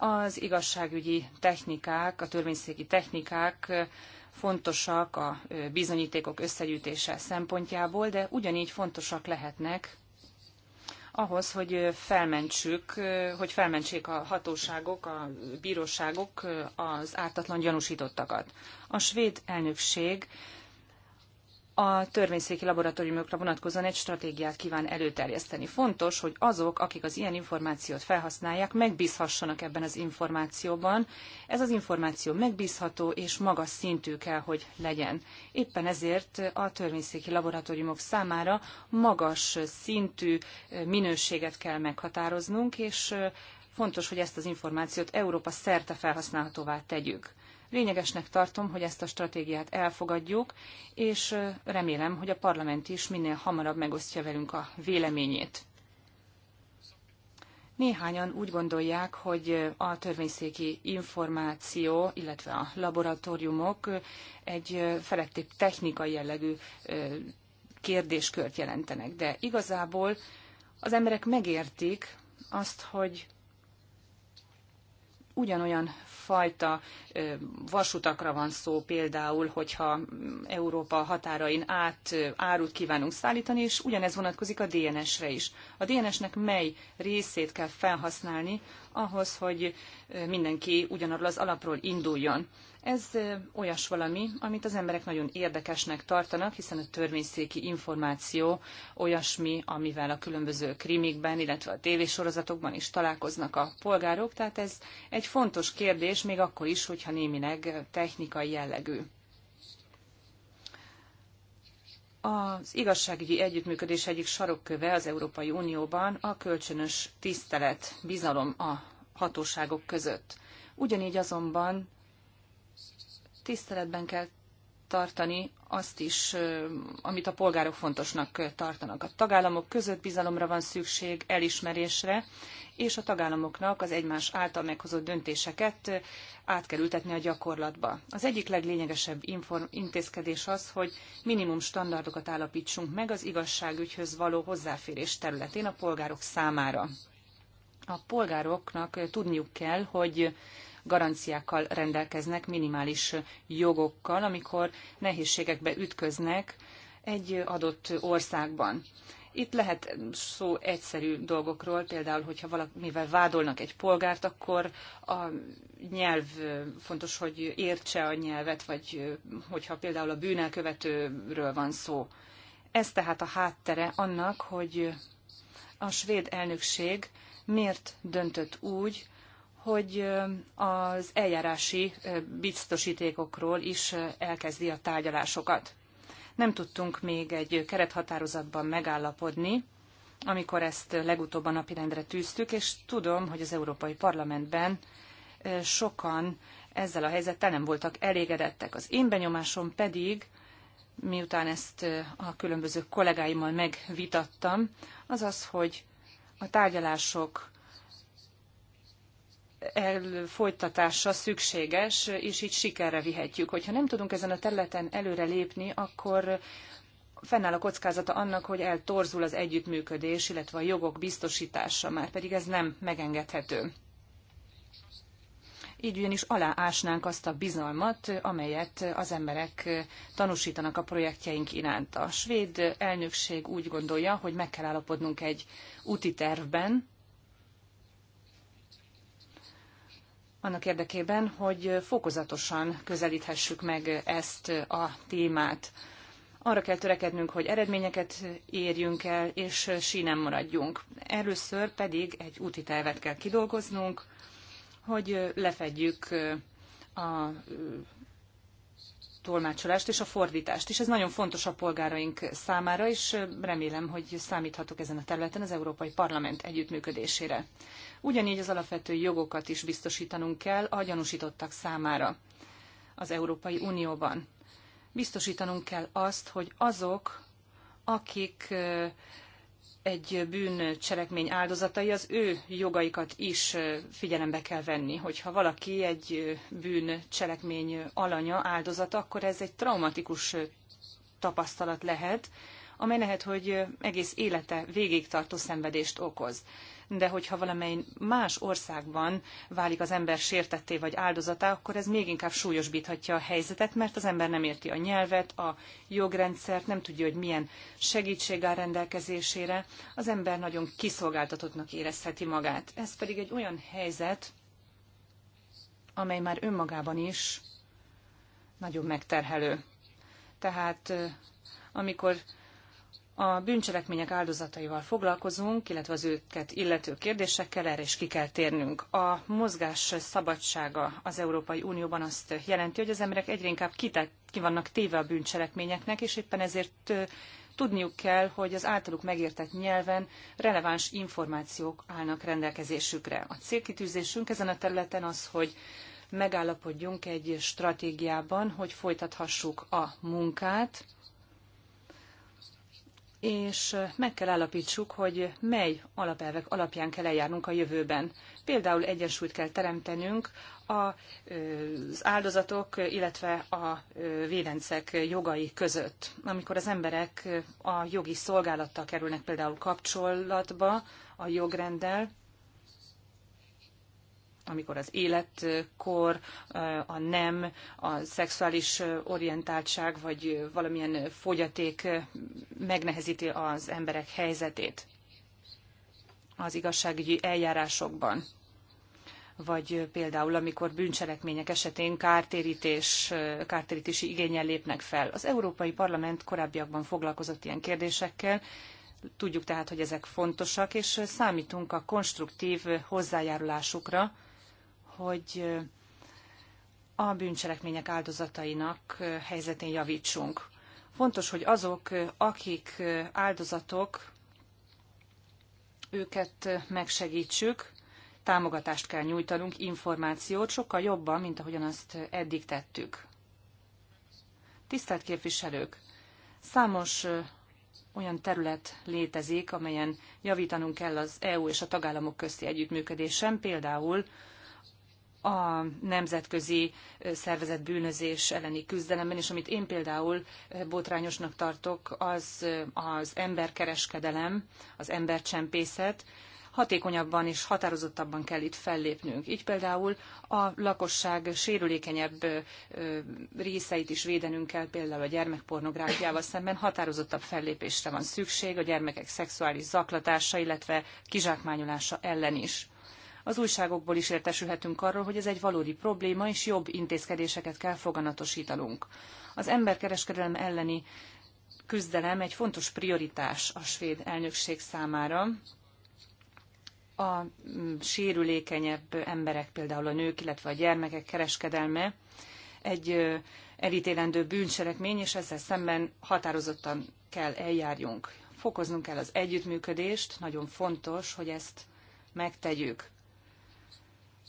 az igazságügyi technikák, a törvényszéki technikák fontosak a bizonyítékok összegyűjtése szempontjából, de ugyanígy fontosak lehetnek ahhoz, hogy felmentsük, hogy felmentsék a hatóságok, a bíróságok az ártatlan gyanúsítottakat. A svéd elnökség a törvényszéki laboratóriumokra vonatkozóan egy stratégiát kíván előterjeszteni. Fontos, hogy azok, akik az ilyen információt felhasználják, megbízhassanak ebben az információban. Ez az információ megbízható és magas szintű kell, hogy legyen. Éppen ezért a törvényszéki laboratóriumok számára magas szintű minőséget kell meghatároznunk, és fontos, hogy ezt az információt Európa szerte felhasználhatóvá tegyük. Lényegesnek tartom, hogy ezt a stratégiát elfogadjuk, és remélem, hogy a parlament is minél hamarabb megosztja velünk a véleményét. Néhányan úgy gondolják, hogy a törvényszéki információ, illetve a laboratóriumok egy feletti technikai jellegű kérdéskört jelentenek. De igazából az emberek megértik azt, hogy ugyanolyan fajta vasutakra van szó például, hogyha Európa határain át árut kívánunk szállítani, és ugyanez vonatkozik a DNS-re is. A DNS-nek mely részét kell felhasználni ahhoz, hogy mindenki ugyanarról az alapról induljon. Ez olyas valami, amit az emberek nagyon érdekesnek tartanak, hiszen a törvényszéki információ olyasmi, amivel a különböző krimikben, illetve a tévésorozatokban is találkoznak a polgárok, tehát ez egy fontos kérdés, még akkor is, hogyha némileg technikai jellegű. Az igazságügyi együttműködés egyik sarokköve az Európai Unióban a kölcsönös tisztelet, bizalom a hatóságok között. Ugyanígy azonban tiszteletben kell tartani azt is, amit a polgárok fontosnak tartanak. A tagállamok között bizalomra van szükség, elismerésre, és a tagállamoknak az egymás által meghozott döntéseket át kell ültetni a gyakorlatba. Az egyik leglényegesebb intézkedés az, hogy minimum standardokat állapítsunk meg az igazságügyhöz való hozzáférés területén a polgárok számára. A polgároknak tudniuk kell, hogy garanciákkal rendelkeznek, minimális jogokkal, amikor nehézségekbe ütköznek egy adott országban. Itt lehet szó egyszerű dolgokról, például, hogyha valamivel vádolnak egy polgárt, akkor a nyelv fontos, hogy értse a nyelvet, vagy hogyha például a bűnelkövetőről van szó. Ez tehát a háttere annak, hogy a svéd elnökség miért döntött úgy, hogy az eljárási biztosítékokról is elkezdi a tárgyalásokat. Nem tudtunk még egy kerethatározatban megállapodni, amikor ezt legutóbb a napirendre tűztük, és tudom, hogy az Európai Parlamentben sokan ezzel a helyzettel nem voltak elégedettek. Az én benyomásom pedig, miután ezt a különböző kollégáimmal megvitattam, az az, hogy a tárgyalások folytatása szükséges, és így sikerre vihetjük. Hogyha nem tudunk ezen a területen előre lépni, akkor fennáll a kockázata annak, hogy eltorzul az együttműködés, illetve a jogok biztosítása, már pedig ez nem megengedhető. Így ugyanis aláásnánk azt a bizalmat, amelyet az emberek tanúsítanak a projektjeink iránt. A svéd elnökség úgy gondolja, hogy meg kell állapodnunk egy úti tervben, annak érdekében, hogy fokozatosan közelíthessük meg ezt a témát. Arra kell törekednünk, hogy eredményeket érjünk el, és sínen maradjunk. Először pedig egy úti tervet kell kidolgoznunk, hogy lefedjük a tolmácsolást és a fordítást is. Ez nagyon fontos a polgáraink számára, és remélem, hogy számíthatok ezen a területen az Európai Parlament együttműködésére. Ugyanígy az alapvető jogokat is biztosítanunk kell a gyanúsítottak számára az Európai Unióban. Biztosítanunk kell azt, hogy azok, akik egy bűncselekmény áldozatai, az ő jogaikat is figyelembe kell venni. Hogyha valaki egy bűncselekmény alanya, áldozata, akkor ez egy traumatikus tapasztalat lehet, amely lehet, hogy egész élete végig tartó szenvedést okoz de hogyha valamely más országban válik az ember sértetté vagy áldozatá, akkor ez még inkább súlyosbíthatja a helyzetet, mert az ember nem érti a nyelvet, a jogrendszert, nem tudja, hogy milyen segítség áll rendelkezésére. Az ember nagyon kiszolgáltatottnak érezheti magát. Ez pedig egy olyan helyzet, amely már önmagában is nagyon megterhelő. Tehát amikor a bűncselekmények áldozataival foglalkozunk, illetve az őket illető kérdésekkel, erre is ki kell térnünk. A mozgás szabadsága az Európai Unióban azt jelenti, hogy az emberek egyre inkább kitett, ki vannak téve a bűncselekményeknek, és éppen ezért tudniuk kell, hogy az általuk megértett nyelven releváns információk állnak rendelkezésükre. A célkitűzésünk ezen a területen az, hogy megállapodjunk egy stratégiában, hogy folytathassuk a munkát, és meg kell állapítsuk, hogy mely alapelvek alapján kell eljárnunk a jövőben. Például egyensúlyt kell teremtenünk az áldozatok, illetve a védencek jogai között. Amikor az emberek a jogi szolgálattal kerülnek például kapcsolatba a jogrenddel, amikor az életkor, a nem, a szexuális orientáltság vagy valamilyen fogyaték megnehezíti az emberek helyzetét az igazságügyi eljárásokban vagy például amikor bűncselekmények esetén kártérítés, kártérítési igényel lépnek fel. Az Európai Parlament korábbiakban foglalkozott ilyen kérdésekkel, tudjuk tehát, hogy ezek fontosak, és számítunk a konstruktív hozzájárulásukra hogy a bűncselekmények áldozatainak helyzetén javítsunk. Fontos, hogy azok, akik áldozatok, őket megsegítsük, támogatást kell nyújtanunk, információt, sokkal jobban, mint ahogyan azt eddig tettük. Tisztelt képviselők! Számos olyan terület létezik, amelyen javítanunk kell az EU és a tagállamok közti együttműködésen, például a nemzetközi szervezet bűnözés elleni küzdelemben, és amit én például botrányosnak tartok, az az emberkereskedelem, az embercsempészet, hatékonyabban és határozottabban kell itt fellépnünk. Így például a lakosság sérülékenyebb részeit is védenünk kell, például a gyermekpornográfiával szemben határozottabb fellépésre van szükség, a gyermekek szexuális zaklatása, illetve kizsákmányolása ellen is. Az újságokból is értesülhetünk arról, hogy ez egy valódi probléma, és jobb intézkedéseket kell foganatosítanunk. Az emberkereskedelem elleni küzdelem egy fontos prioritás a svéd elnökség számára. A mm, sérülékenyebb emberek, például a nők, illetve a gyermekek kereskedelme egy elítélendő bűncselekmény, és ezzel szemben határozottan kell eljárjunk. Fokoznunk kell az együttműködést, nagyon fontos, hogy ezt megtegyük.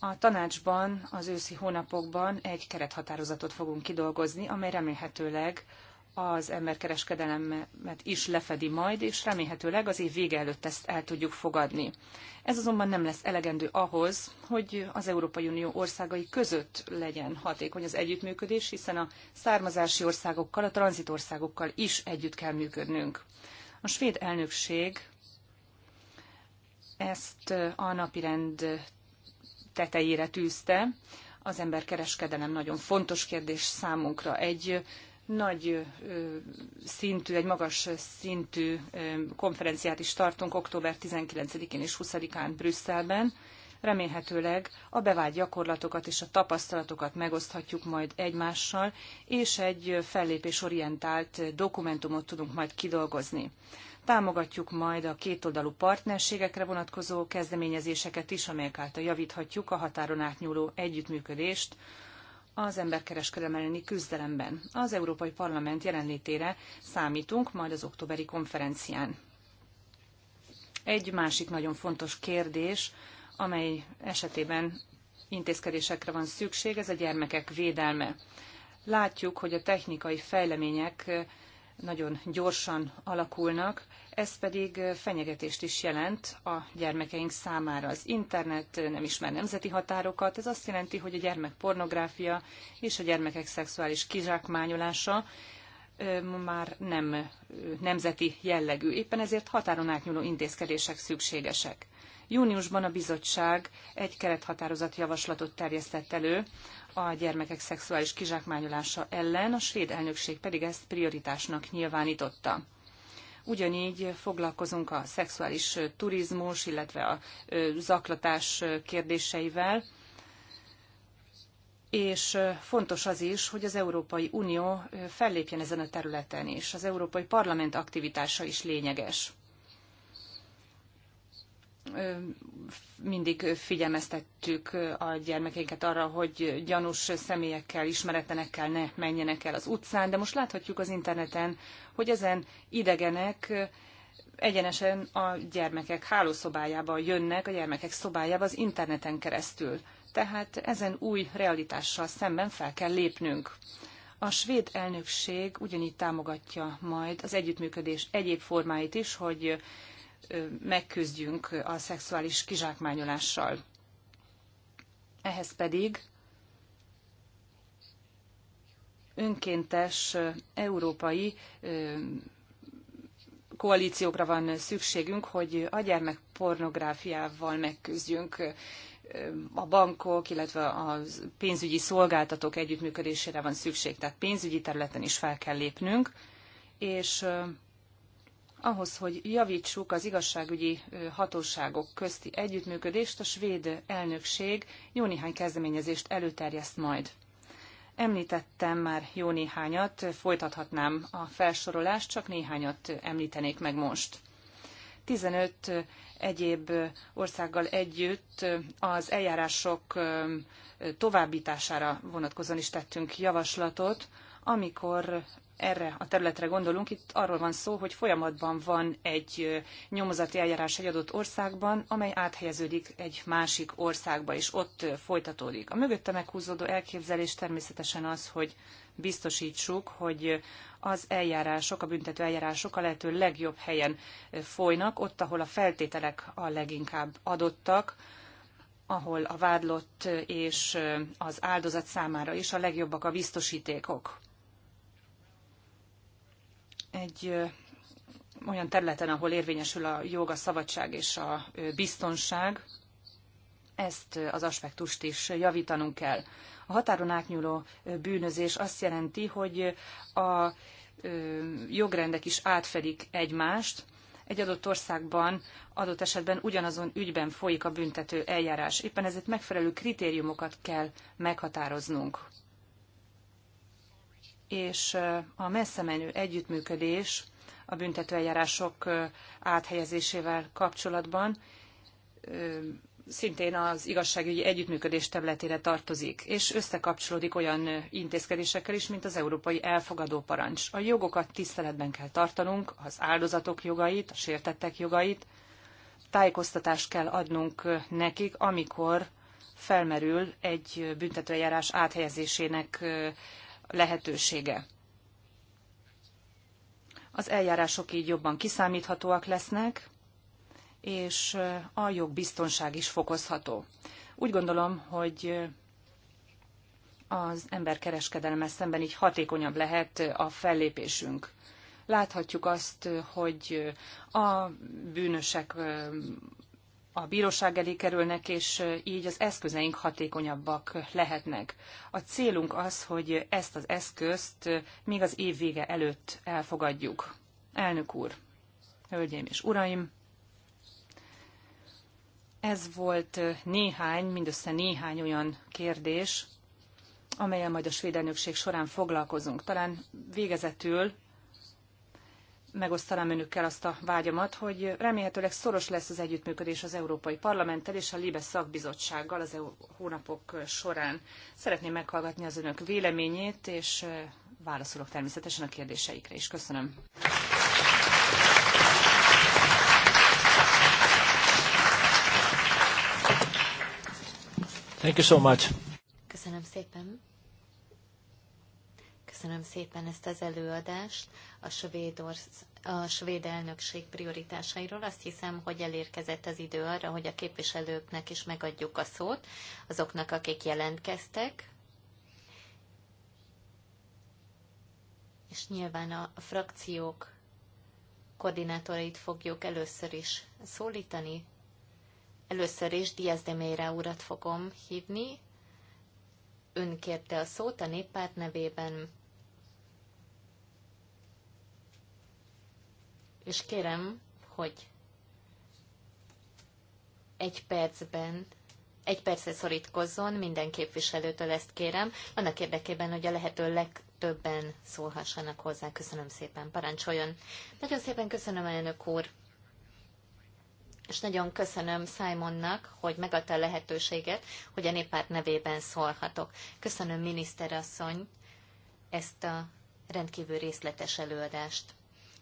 A tanácsban az őszi hónapokban egy kerethatározatot fogunk kidolgozni, amely remélhetőleg az emberkereskedelemet is lefedi majd, és remélhetőleg az év vége előtt ezt el tudjuk fogadni. Ez azonban nem lesz elegendő ahhoz, hogy az Európai Unió országai között legyen hatékony az együttműködés, hiszen a származási országokkal, a tranzitországokkal is együtt kell működnünk. A svéd elnökség ezt a napirend tetejére tűzte. Az emberkereskedelem nagyon fontos kérdés számunkra. Egy nagy szintű, egy magas szintű konferenciát is tartunk október 19-én és 20-án Brüsszelben. Remélhetőleg a bevált gyakorlatokat és a tapasztalatokat megoszthatjuk majd egymással, és egy fellépésorientált dokumentumot tudunk majd kidolgozni. Támogatjuk majd a kétoldalú partnerségekre vonatkozó kezdeményezéseket is, amelyek által javíthatjuk a határon átnyúló együttműködést az emberkereskedelem elleni küzdelemben. Az Európai Parlament jelenlétére számítunk majd az októberi konferencián. Egy másik nagyon fontos kérdés, amely esetében intézkedésekre van szükség, ez a gyermekek védelme. Látjuk, hogy a technikai fejlemények nagyon gyorsan alakulnak, ez pedig fenyegetést is jelent a gyermekeink számára. Az internet nem ismer nemzeti határokat, ez azt jelenti, hogy a gyermek pornográfia és a gyermekek szexuális kizsákmányolása már nem nemzeti jellegű. Éppen ezért határon átnyúló intézkedések szükségesek. Júniusban a bizottság egy kerethatározat javaslatot terjesztett elő, a gyermekek szexuális kizsákmányolása ellen, a svéd elnökség pedig ezt prioritásnak nyilvánította. Ugyanígy foglalkozunk a szexuális turizmus, illetve a zaklatás kérdéseivel, és fontos az is, hogy az Európai Unió fellépjen ezen a területen is. Az Európai Parlament aktivitása is lényeges mindig figyelmeztettük a gyermekeinket arra, hogy gyanús személyekkel, ismeretlenekkel ne menjenek el az utcán, de most láthatjuk az interneten, hogy ezen idegenek egyenesen a gyermekek hálószobájába jönnek, a gyermekek szobájába az interneten keresztül. Tehát ezen új realitással szemben fel kell lépnünk. A svéd elnökség ugyanígy támogatja majd az együttműködés egyéb formáit is, hogy megküzdjünk a szexuális kizsákmányolással. Ehhez pedig önkéntes európai koalíciókra van szükségünk, hogy a gyermekpornográfiával megküzdjünk. A bankok, illetve a pénzügyi szolgáltatók együttműködésére van szükség, tehát pénzügyi területen is fel kell lépnünk, és ahhoz, hogy javítsuk az igazságügyi hatóságok közti együttműködést, a svéd elnökség jó néhány kezdeményezést előterjeszt majd. Említettem már jó néhányat, folytathatnám a felsorolást, csak néhányat említenék meg most. 15 egyéb országgal együtt az eljárások továbbítására vonatkozóan is tettünk javaslatot, amikor erre a területre gondolunk, itt arról van szó, hogy folyamatban van egy nyomozati eljárás egy adott országban, amely áthelyeződik egy másik országba, és ott folytatódik. A mögötte meghúzódó elképzelés természetesen az, hogy biztosítsuk, hogy az eljárások, a büntető eljárások a lehető legjobb helyen folynak, ott, ahol a feltételek a leginkább adottak, ahol a vádlott és az áldozat számára is a legjobbak a biztosítékok egy olyan területen, ahol érvényesül a jog, a szabadság és a biztonság, ezt az aspektust is javítanunk kell. A határon átnyúló bűnözés azt jelenti, hogy a jogrendek is átfedik egymást, egy adott országban adott esetben ugyanazon ügyben folyik a büntető eljárás. Éppen ezért megfelelő kritériumokat kell meghatároznunk és a messze menő együttműködés a büntetőeljárások áthelyezésével kapcsolatban szintén az igazságügyi együttműködés területére tartozik, és összekapcsolódik olyan intézkedésekkel is, mint az európai elfogadó parancs. A jogokat tiszteletben kell tartanunk, az áldozatok jogait, a sértettek jogait, tájékoztatást kell adnunk nekik, amikor felmerül egy büntetőjárás áthelyezésének lehetősége. Az eljárások így jobban kiszámíthatóak lesznek, és a jogbiztonság is fokozható. Úgy gondolom, hogy az emberkereskedelme szemben így hatékonyabb lehet a fellépésünk. Láthatjuk azt, hogy a bűnösek a bíróság elé kerülnek, és így az eszközeink hatékonyabbak lehetnek. A célunk az, hogy ezt az eszközt még az év vége előtt elfogadjuk. Elnök úr, hölgyeim és uraim, ez volt néhány, mindössze néhány olyan kérdés, amelyen majd a svéd elnökség során foglalkozunk. Talán végezetül megosztanám önökkel azt a vágyamat, hogy remélhetőleg szoros lesz az együttműködés az Európai Parlamenttel és a LIBE szakbizottsággal az EU hónapok során. Szeretném meghallgatni az önök véleményét, és válaszolok természetesen a kérdéseikre is. Köszönöm.
Thank you so much.
Köszönöm szépen. Köszönöm szépen ezt az előadást a svéd, orsz, a svéd elnökség prioritásairól. Azt hiszem, hogy elérkezett az idő arra, hogy a képviselőknek is megadjuk a szót, azoknak, akik jelentkeztek. És nyilván a frakciók koordinátorait fogjuk először is szólítani. Először is Diaz de Meira urat fogom hívni, ön kérte a szót a néppárt nevében, és kérem, hogy egy percben, egy percre szorítkozzon, minden képviselőtől ezt kérem, annak érdekében, hogy a lehető legtöbben szólhassanak hozzá. Köszönöm szépen, parancsoljon. Nagyon szépen köszönöm, elnök úr. És nagyon köszönöm Simonnak, hogy megadta a lehetőséget, hogy a néppárt nevében szólhatok. Köszönöm, miniszterasszony, ezt a rendkívül részletes előadást.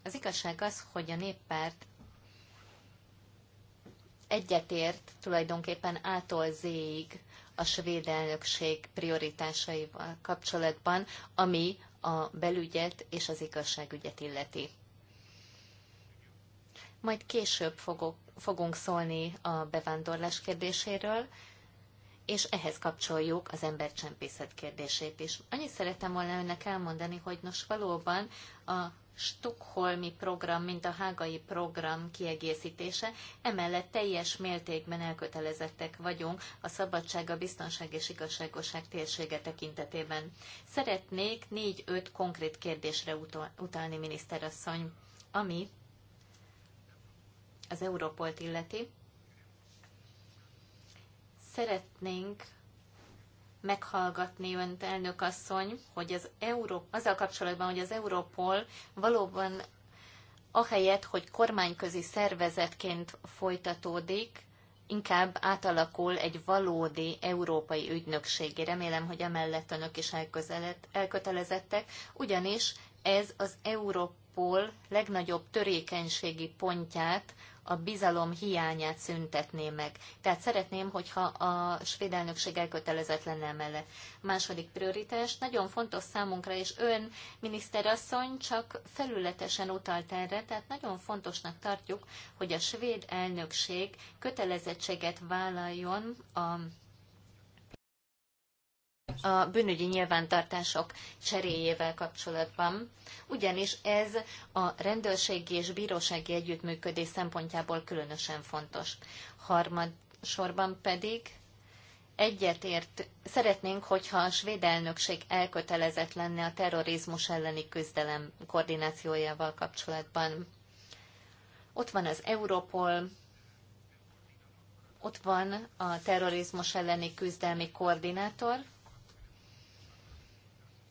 Az igazság az, hogy a néppárt egyetért tulajdonképpen ától zéig a svéd elnökség prioritásaival kapcsolatban, ami a belügyet és az igazságügyet illeti. Majd később fogok, fogunk szólni a bevándorlás kérdéséről, és ehhez kapcsoljuk az embercsempészet kérdését is. Annyit szeretem volna önnek elmondani, hogy nos valóban a Stockholmi program, mint a hágai program kiegészítése, emellett teljes mértékben elkötelezettek vagyunk a szabadság, a biztonság és igazságoság térsége tekintetében. Szeretnék négy-öt konkrét kérdésre utalni, miniszterasszony, ami az Európolt illeti. Szeretnénk meghallgatni önt, elnök asszony, hogy az Euró, azzal kapcsolatban, hogy az Európol valóban ahelyett, hogy kormányközi szervezetként folytatódik, inkább átalakul egy valódi európai ügynökségé. Remélem, hogy emellett önök is elkötelezettek, ugyanis ez az Európol legnagyobb törékenységi pontját a bizalom hiányát szüntetné meg. Tehát szeretném, hogyha a svéd elnökség elkötelezett lenne mellett. Második prioritás, nagyon fontos számunkra, és ön, miniszterasszony, csak felületesen utalt erre, tehát nagyon fontosnak tartjuk, hogy a svéd elnökség kötelezettséget vállaljon a a bűnügyi nyilvántartások cseréjével kapcsolatban, ugyanis ez a rendőrségi és bírósági együttműködés szempontjából különösen fontos. Harmadsorban pedig egyetért szeretnénk, hogyha a svéd elnökség elkötelezett lenne a terrorizmus elleni küzdelem koordinációjával kapcsolatban. Ott van az Europol, ott van a terrorizmus elleni küzdelmi koordinátor,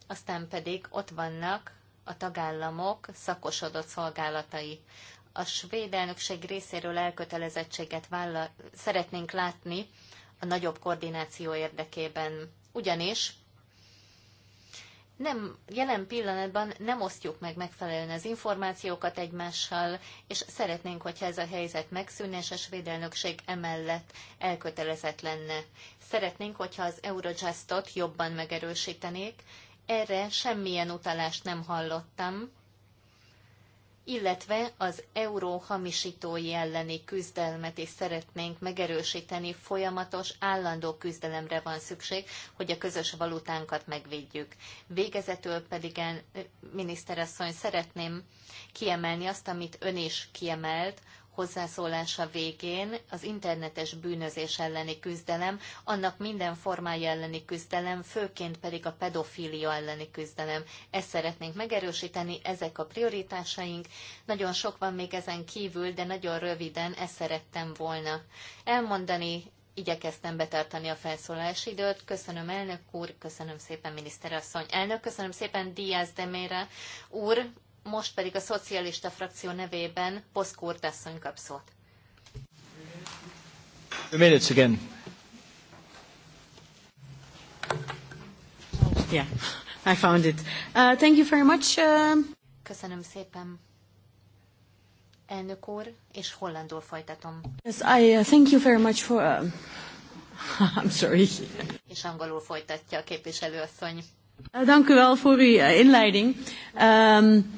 aztán pedig ott vannak a tagállamok szakosodott szolgálatai. A svéd elnökség részéről elkötelezettséget vállal, szeretnénk látni a nagyobb koordináció érdekében. Ugyanis nem, jelen pillanatban nem osztjuk meg megfelelően az információkat egymással, és szeretnénk, hogyha ez a helyzet megszűnne, és a svéd elnökség emellett elkötelezett lenne. Szeretnénk, hogyha az Eurojustot jobban megerősítenék, erre semmilyen utalást nem hallottam, illetve az euró hamisítói elleni küzdelmet is szeretnénk megerősíteni, folyamatos, állandó küzdelemre van szükség, hogy a közös valutánkat megvédjük. Végezetül pedig, eh, miniszterasszony, szeretném kiemelni azt, amit ön is kiemelt, hozzászólása végén az internetes bűnözés elleni küzdelem, annak minden formája elleni küzdelem, főként pedig a pedofília elleni küzdelem. Ezt szeretnénk megerősíteni, ezek a prioritásaink. Nagyon sok van még ezen kívül, de nagyon röviden ezt szerettem volna elmondani. Igyekeztem betartani a felszólalási időt. Köszönöm, elnök úr, köszönöm szépen, miniszterasszony. Elnök, köszönöm szépen, Diaz Demére úr, most pedig a szocialista frakció nevében Poszkúrt asszony kap szót.
Minutes again. Yeah,
I found it. Uh, thank you very much. Uh... Köszönöm szépen. Elnök úr, és hollandul folytatom. Yes, I uh, thank you very much for...
Uh... I'm sorry.
És angolul folytatja a képviselőasszony.
Eh, dank u wel voor uw eh, inleiding. Um,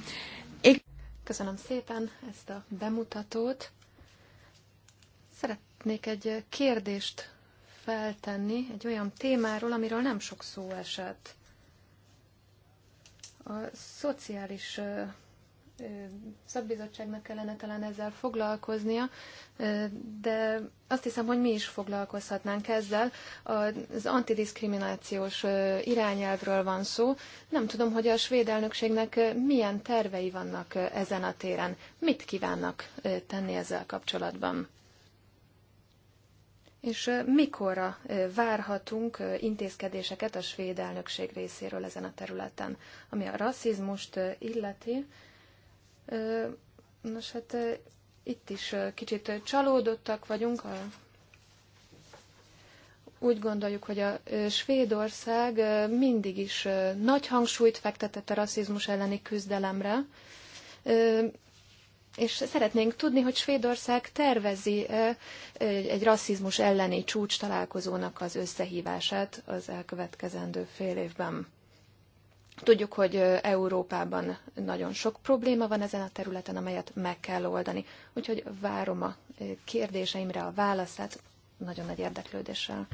ik... Köszönöm szépen ezt a bemutatót. Szeretnék egy eh, kérdést feltenni egy olyan témáról, amiről nem sok szó esett. A szociális szakbizottságnak kellene talán ezzel foglalkoznia, de azt hiszem, hogy mi is foglalkozhatnánk ezzel. Az antidiszkriminációs irányelvről van szó. Nem tudom, hogy a svéd elnökségnek milyen tervei vannak ezen a téren. Mit kívánnak tenni ezzel kapcsolatban? És mikorra várhatunk intézkedéseket a svéd elnökség részéről ezen a területen, ami a rasszizmust illeti? Nos, hát itt is kicsit csalódottak vagyunk. Úgy gondoljuk, hogy a Svédország mindig is nagy hangsúlyt fektetett a rasszizmus elleni küzdelemre, és szeretnénk tudni, hogy Svédország tervezi egy rasszizmus elleni csúcs találkozónak az összehívását az elkövetkezendő fél évben. Tudjuk, hogy Európában nagyon sok probléma van ezen a területen, amelyet meg kell oldani. Úgyhogy várom a kérdéseimre a válaszát
nagyon nagy érdeklődéssel.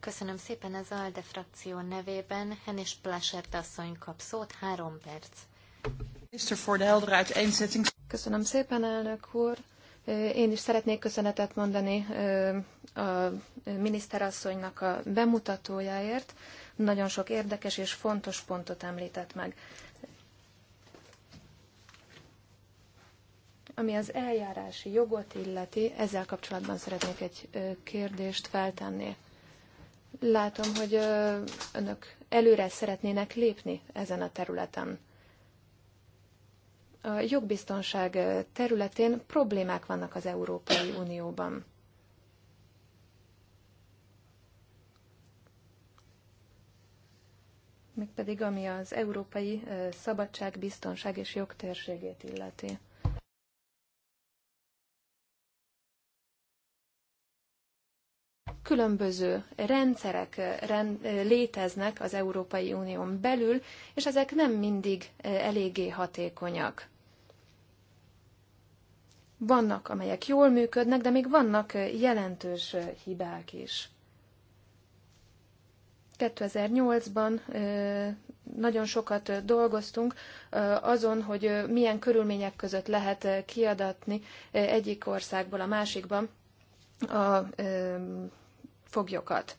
Köszönöm szépen az ALDE frakció nevében. Henis Plasert asszony kap szót, három perc.
Köszönöm szépen, elnök úr. Én is szeretnék köszönetet mondani a miniszterasszonynak a bemutatójáért. Nagyon sok érdekes és fontos pontot említett meg. Ami az eljárási jogot illeti, ezzel kapcsolatban szeretnék egy kérdést feltenni. Látom, hogy önök előre szeretnének lépni ezen a területen. A jogbiztonság területén problémák vannak az Európai Unióban. mégpedig ami az európai szabadság, biztonság és jogtérségét illeti. különböző rendszerek rend, léteznek az Európai Unión belül, és ezek nem mindig eléggé hatékonyak. Vannak, amelyek jól működnek, de még vannak jelentős hibák is. 2008-ban nagyon sokat dolgoztunk azon, hogy milyen körülmények között lehet kiadatni egyik országból a másikban a foglyokat.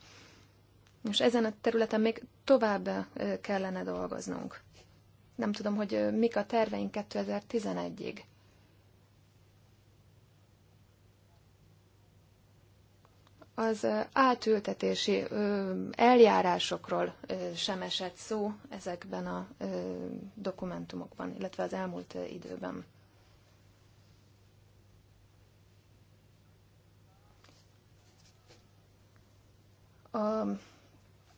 És ezen a területen még tovább kellene dolgoznunk. Nem tudom, hogy mik a terveink 2011-ig. az átültetési eljárásokról sem esett szó ezekben a dokumentumokban, illetve az elmúlt időben. A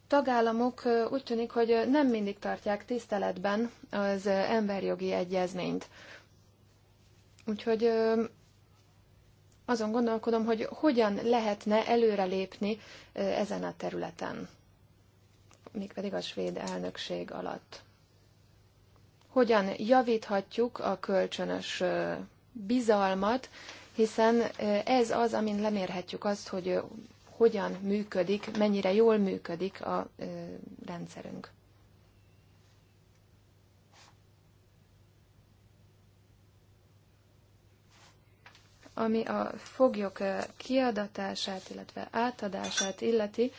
tagállamok úgy tűnik, hogy nem mindig tartják tiszteletben az emberjogi egyezményt. Úgyhogy azon gondolkodom, hogy hogyan lehetne előrelépni ezen a területen, mégpedig a svéd elnökség alatt. Hogyan javíthatjuk a kölcsönös bizalmat, hiszen ez az, amin lemérhetjük azt, hogy hogyan működik, mennyire jól működik a rendszerünk. ami a foglyok kiadatását, illetve átadását illeti,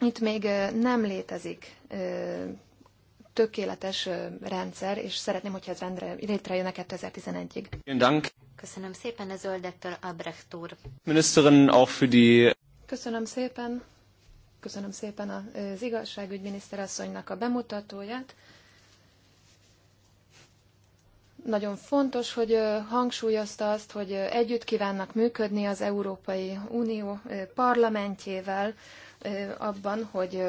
itt még nem létezik tökéletes rendszer, és szeretném, hogyha ez rendre, létrejönne 2011-ig. Köszönöm szépen a zöldektől, Abrecht úr. Ministerin, auch für die... Köszönöm szépen. Köszönöm szépen az igazságügyminiszter asszonynak a bemutatóját nagyon fontos, hogy hangsúlyozta azt, hogy együtt kívánnak működni az Európai Unió parlamentjével abban, hogy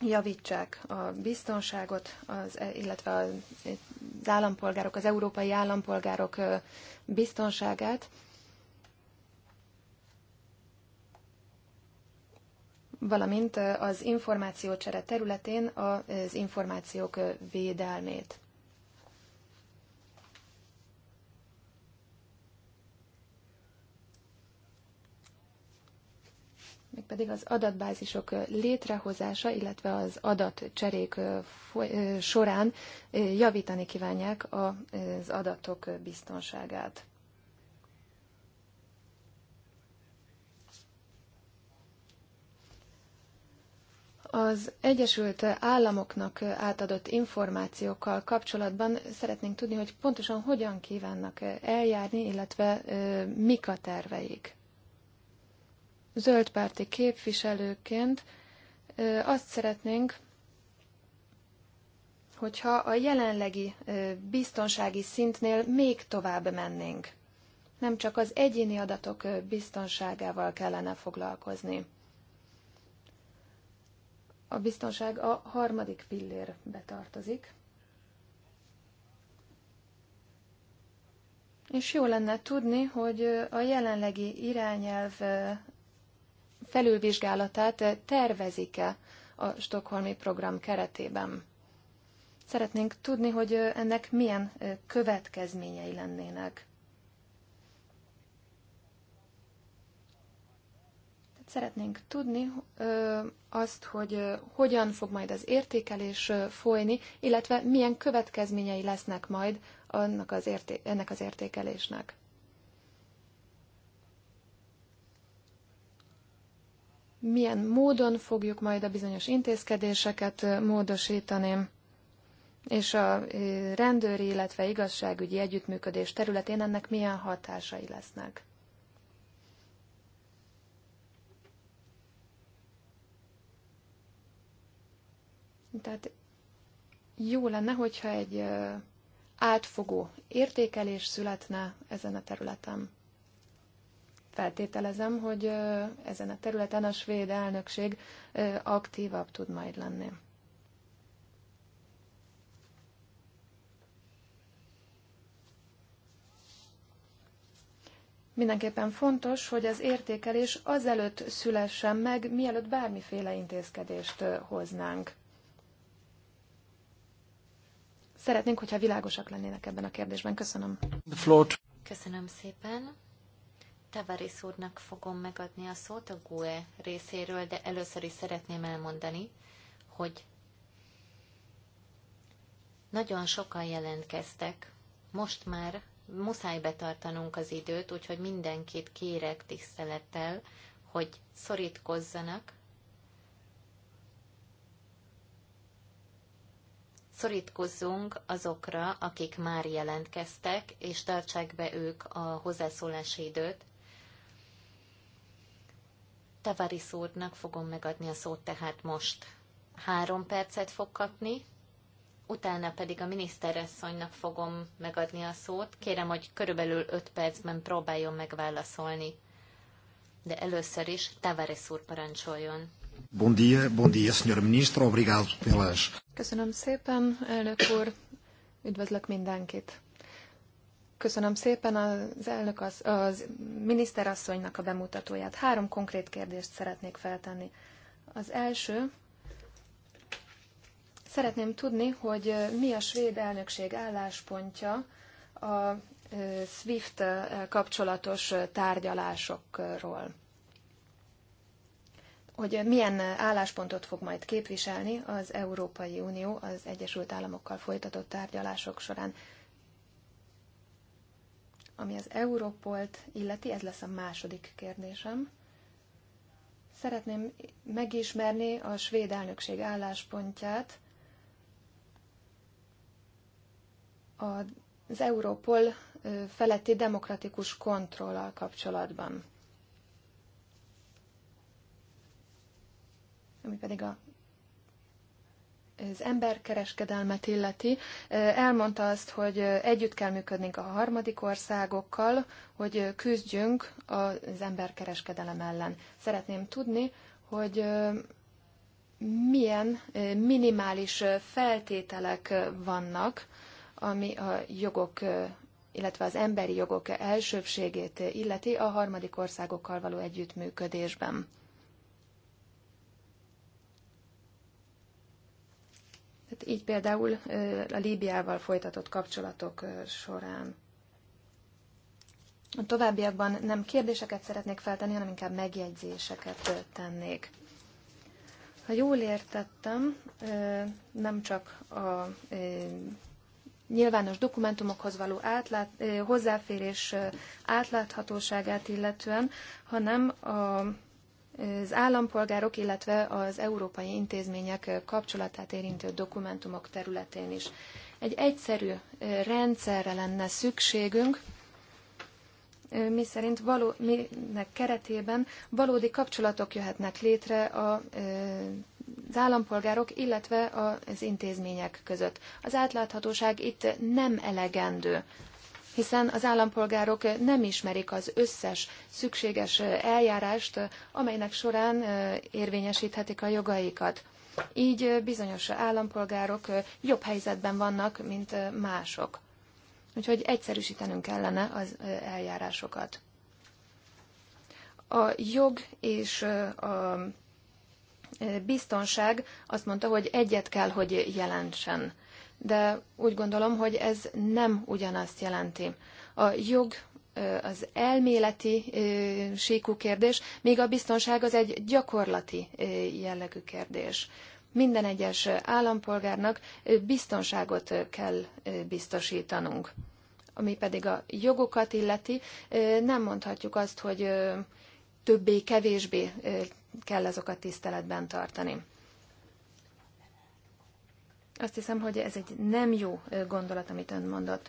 javítsák a biztonságot, az, e, illetve e, az állampolgárok, az európai állampolgárok biztonságát. valamint az információcsere területén az információk védelmét. mégpedig az adatbázisok létrehozása, illetve az adatcserék során javítani kívánják az adatok biztonságát. Az Egyesült Államoknak átadott információkkal kapcsolatban szeretnénk tudni, hogy pontosan hogyan kívánnak eljárni, illetve mik a terveik zöldpárti képviselőként azt szeretnénk, hogyha a jelenlegi biztonsági szintnél még tovább mennénk. Nem csak az egyéni adatok biztonságával kellene foglalkozni. A biztonság a harmadik pillérbe tartozik. És jó lenne tudni, hogy a jelenlegi irányelv felülvizsgálatát tervezik-e a Stockholmi program keretében. Szeretnénk tudni, hogy ennek milyen következményei lennének. Szeretnénk tudni azt, hogy hogyan fog majd az értékelés folyni, illetve milyen következményei lesznek majd annak az érté- ennek az értékelésnek. milyen módon fogjuk majd a bizonyos intézkedéseket módosítani, és a rendőri, illetve igazságügyi együttműködés területén ennek milyen hatásai lesznek. Tehát jó lenne, hogyha egy átfogó értékelés születne ezen a területen feltételezem, hogy ezen a területen a svéd elnökség aktívabb tud majd lenni. Mindenképpen fontos, hogy az értékelés azelőtt szülessen meg, mielőtt bármiféle intézkedést hoznánk. Szeretnénk, hogyha világosak lennének ebben a kérdésben. Köszönöm.
Köszönöm szépen. Tavaris úrnak fogom megadni a szót a GUE részéről, de először is szeretném elmondani, hogy nagyon sokan jelentkeztek, most már muszáj betartanunk az időt, úgyhogy mindenkit kérek tisztelettel, hogy szorítkozzanak, szorítkozzunk azokra, akik már jelentkeztek, és tartsák be ők a hozzászólási időt, Tavaris úrnak fogom megadni a szót tehát most. Három percet fog kapni, utána pedig a miniszteresszonynak fogom megadni a szót. Kérem, hogy körülbelül öt percben próbáljon megválaszolni. De először is Tavares úr parancsoljon. Bom dia, bom dia, senhor ministro, obrigado pelas...
Köszönöm szépen, elnök úr. Üdvözlök mindenkit. Köszönöm szépen az elnök az, az miniszterasszonynak a bemutatóját. Három konkrét kérdést szeretnék feltenni. Az első, szeretném tudni, hogy mi a svéd elnökség álláspontja a SWIFT kapcsolatos tárgyalásokról. Hogy milyen álláspontot fog majd képviselni az Európai Unió az Egyesült Államokkal folytatott tárgyalások során. Ami az Európolt illeti, ez lesz a második kérdésem. Szeretném megismerni a svéd elnökség álláspontját az Európol feletti demokratikus kontrollal kapcsolatban. Ami pedig a az emberkereskedelmet illeti, elmondta azt, hogy együtt kell működnünk a harmadik országokkal, hogy küzdjünk az emberkereskedelem ellen. Szeretném tudni, hogy milyen minimális feltételek vannak, ami a jogok, illetve az emberi jogok elsőbségét illeti a harmadik országokkal való együttműködésben. Tehát így például a Líbiával folytatott kapcsolatok során. A továbbiakban nem kérdéseket szeretnék feltenni, hanem inkább megjegyzéseket tennék. Ha jól értettem, nem csak a nyilvános dokumentumokhoz való átlát, hozzáférés átláthatóságát illetően, hanem a az állampolgárok, illetve az európai intézmények kapcsolatát érintő dokumentumok területén is. Egy egyszerű rendszerre lenne szükségünk, mi szerint való, minek keretében valódi kapcsolatok jöhetnek létre a az állampolgárok, illetve az intézmények között. Az átláthatóság itt nem elegendő hiszen az állampolgárok nem ismerik az összes szükséges eljárást, amelynek során érvényesíthetik a jogaikat. Így bizonyos állampolgárok jobb helyzetben vannak, mint mások. Úgyhogy egyszerűsítenünk kellene az eljárásokat. A jog és a biztonság azt mondta, hogy egyet kell, hogy jelentsen de úgy gondolom, hogy ez nem ugyanazt jelenti. A jog az elméleti síkú kérdés, míg a biztonság az egy gyakorlati jellegű kérdés. Minden egyes állampolgárnak biztonságot kell biztosítanunk. Ami pedig a jogokat illeti, nem mondhatjuk azt, hogy többé-kevésbé kell azokat tiszteletben tartani. Azt hiszem, hogy ez egy nem jó gondolat, amit ön mondott.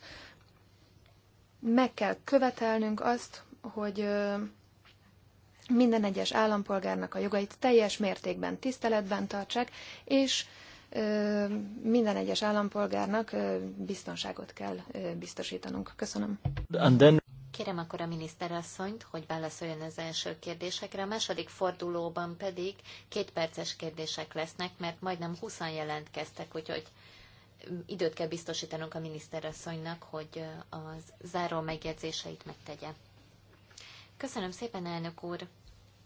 Meg kell követelnünk azt, hogy minden egyes állampolgárnak a jogait teljes mértékben tiszteletben tartsák, és minden egyes állampolgárnak biztonságot kell
biztosítanunk. Köszönöm. And then... Kérem akkor a miniszterasszonyt, hogy válaszoljon az első kérdésekre, a második fordulóban pedig két perces kérdések lesznek, mert majdnem 20 jelentkeztek, úgyhogy időt kell biztosítanunk a miniszterasszonynak, hogy a záró megjegyzéseit megtegye. Köszönöm szépen, elnök úr,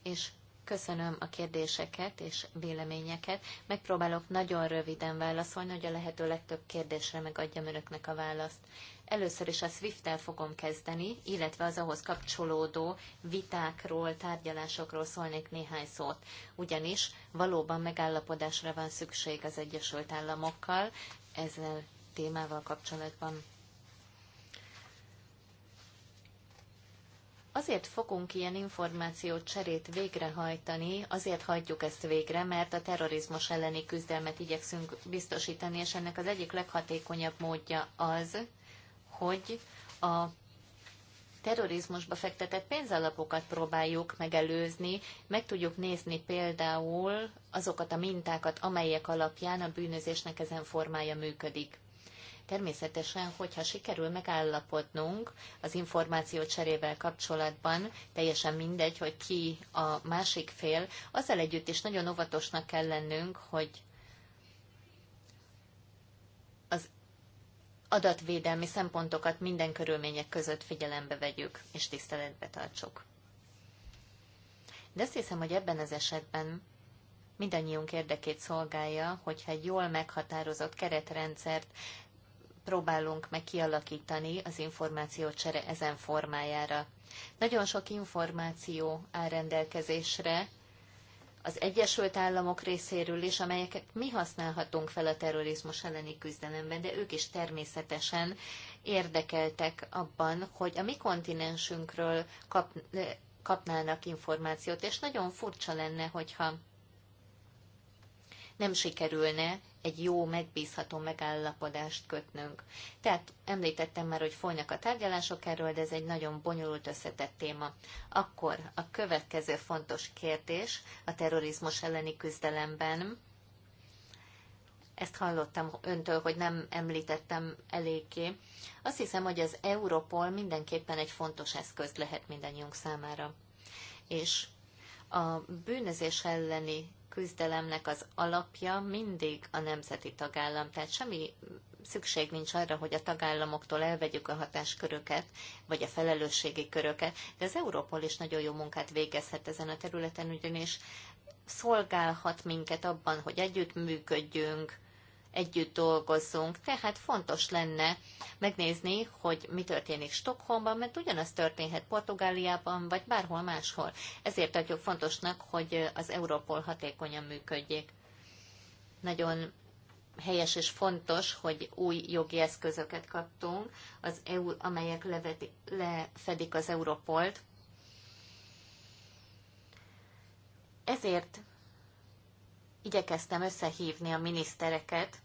és köszönöm a kérdéseket és véleményeket. Megpróbálok nagyon röviden válaszolni, hogy a lehető legtöbb kérdésre megadjam önöknek a választ. Először is a SWIFT-tel fogom kezdeni, illetve az ahhoz kapcsolódó vitákról, tárgyalásokról szólnék néhány szót. Ugyanis valóban megállapodásra van szükség az Egyesült Államokkal ezzel témával kapcsolatban. Azért fogunk ilyen információt cserét végrehajtani, azért hagyjuk ezt végre, mert a terrorizmus elleni küzdelmet igyekszünk biztosítani, és ennek az egyik leghatékonyabb módja az, hogy a terrorizmusba fektetett pénzalapokat próbáljuk megelőzni, meg tudjuk nézni például azokat a mintákat, amelyek alapján a bűnözésnek ezen formája működik. Természetesen, hogyha sikerül megállapodnunk az információ cserével kapcsolatban, teljesen mindegy, hogy ki a másik fél, azzal együtt is nagyon óvatosnak kell lennünk, hogy az adatvédelmi szempontokat minden körülmények között figyelembe vegyük és tiszteletbe tartsuk. De azt hiszem, hogy ebben az esetben mindannyiunk érdekét szolgálja, hogyha egy jól meghatározott keretrendszert próbálunk meg kialakítani az információcsere ezen formájára. Nagyon sok információ áll rendelkezésre, az Egyesült Államok részéről is, amelyeket mi használhatunk fel a terrorizmus elleni küzdelemben, de ők is természetesen érdekeltek abban, hogy a mi kontinensünkről kap, eh, kapnának információt, és nagyon furcsa lenne, hogyha nem sikerülne egy jó, megbízható megállapodást kötnünk. Tehát említettem már, hogy folynak a tárgyalások erről, de ez egy nagyon bonyolult összetett téma. Akkor a következő fontos kérdés a terrorizmus elleni küzdelemben. Ezt hallottam öntől, hogy nem említettem eléggé. Azt hiszem, hogy az Europol mindenképpen egy fontos eszköz lehet mindannyiunk számára. És a bűnözés elleni küzdelemnek az alapja mindig a nemzeti tagállam, tehát semmi szükség nincs arra, hogy a tagállamoktól elvegyük a hatásköröket, vagy a felelősségi köröket, de az Európol is nagyon jó munkát végezhet ezen a területen, ugyanis szolgálhat minket abban, hogy együttműködjünk, együtt dolgozzunk. Tehát fontos lenne megnézni, hogy mi történik Stockholmban, mert ugyanaz történhet Portugáliában, vagy bárhol máshol. Ezért tartjuk fontosnak, hogy az Európol hatékonyan működjék. Nagyon helyes és fontos, hogy új jogi eszközöket kaptunk, az EU, amelyek levedi, lefedik az Europolt. Ezért igyekeztem összehívni a minisztereket,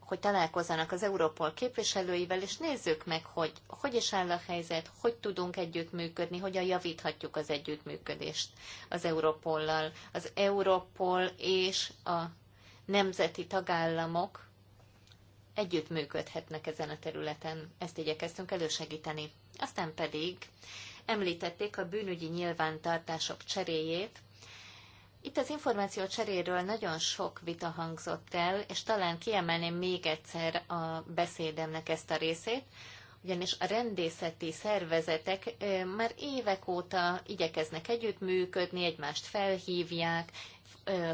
hogy találkozzanak az Európol képviselőivel, és nézzük meg, hogy hogy is áll a helyzet, hogy tudunk együttműködni, hogyan javíthatjuk az együttműködést az Európollal. Az Európol és a nemzeti tagállamok együttműködhetnek ezen a területen. Ezt igyekeztünk elősegíteni. Aztán pedig említették a bűnügyi nyilvántartások cseréjét, itt az információ cseréről nagyon sok vita hangzott el, és talán kiemelném még egyszer a beszédemnek ezt a részét, ugyanis a rendészeti szervezetek már évek óta igyekeznek együttműködni, egymást felhívják,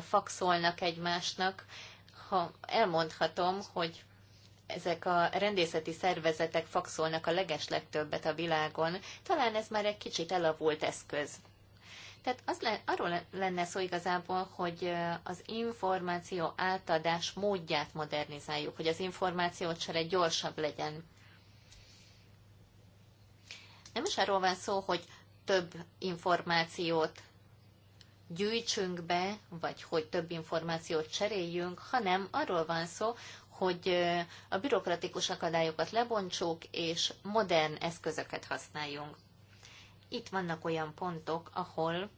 faxolnak egymásnak. Ha elmondhatom, hogy ezek a rendészeti szervezetek faxolnak a legeslegtöbbet a világon, talán ez már egy kicsit elavult eszköz. Tehát az le, arról lenne szó igazából, hogy az információ átadás módját modernizáljuk, hogy az csere gyorsabb legyen. Nem is arról van szó, hogy több információt gyűjtsünk be, vagy hogy több információt cseréljünk, hanem arról van szó, hogy a bürokratikus akadályokat lebontsuk, és modern eszközöket használjunk. Itt vannak olyan pontok, ahol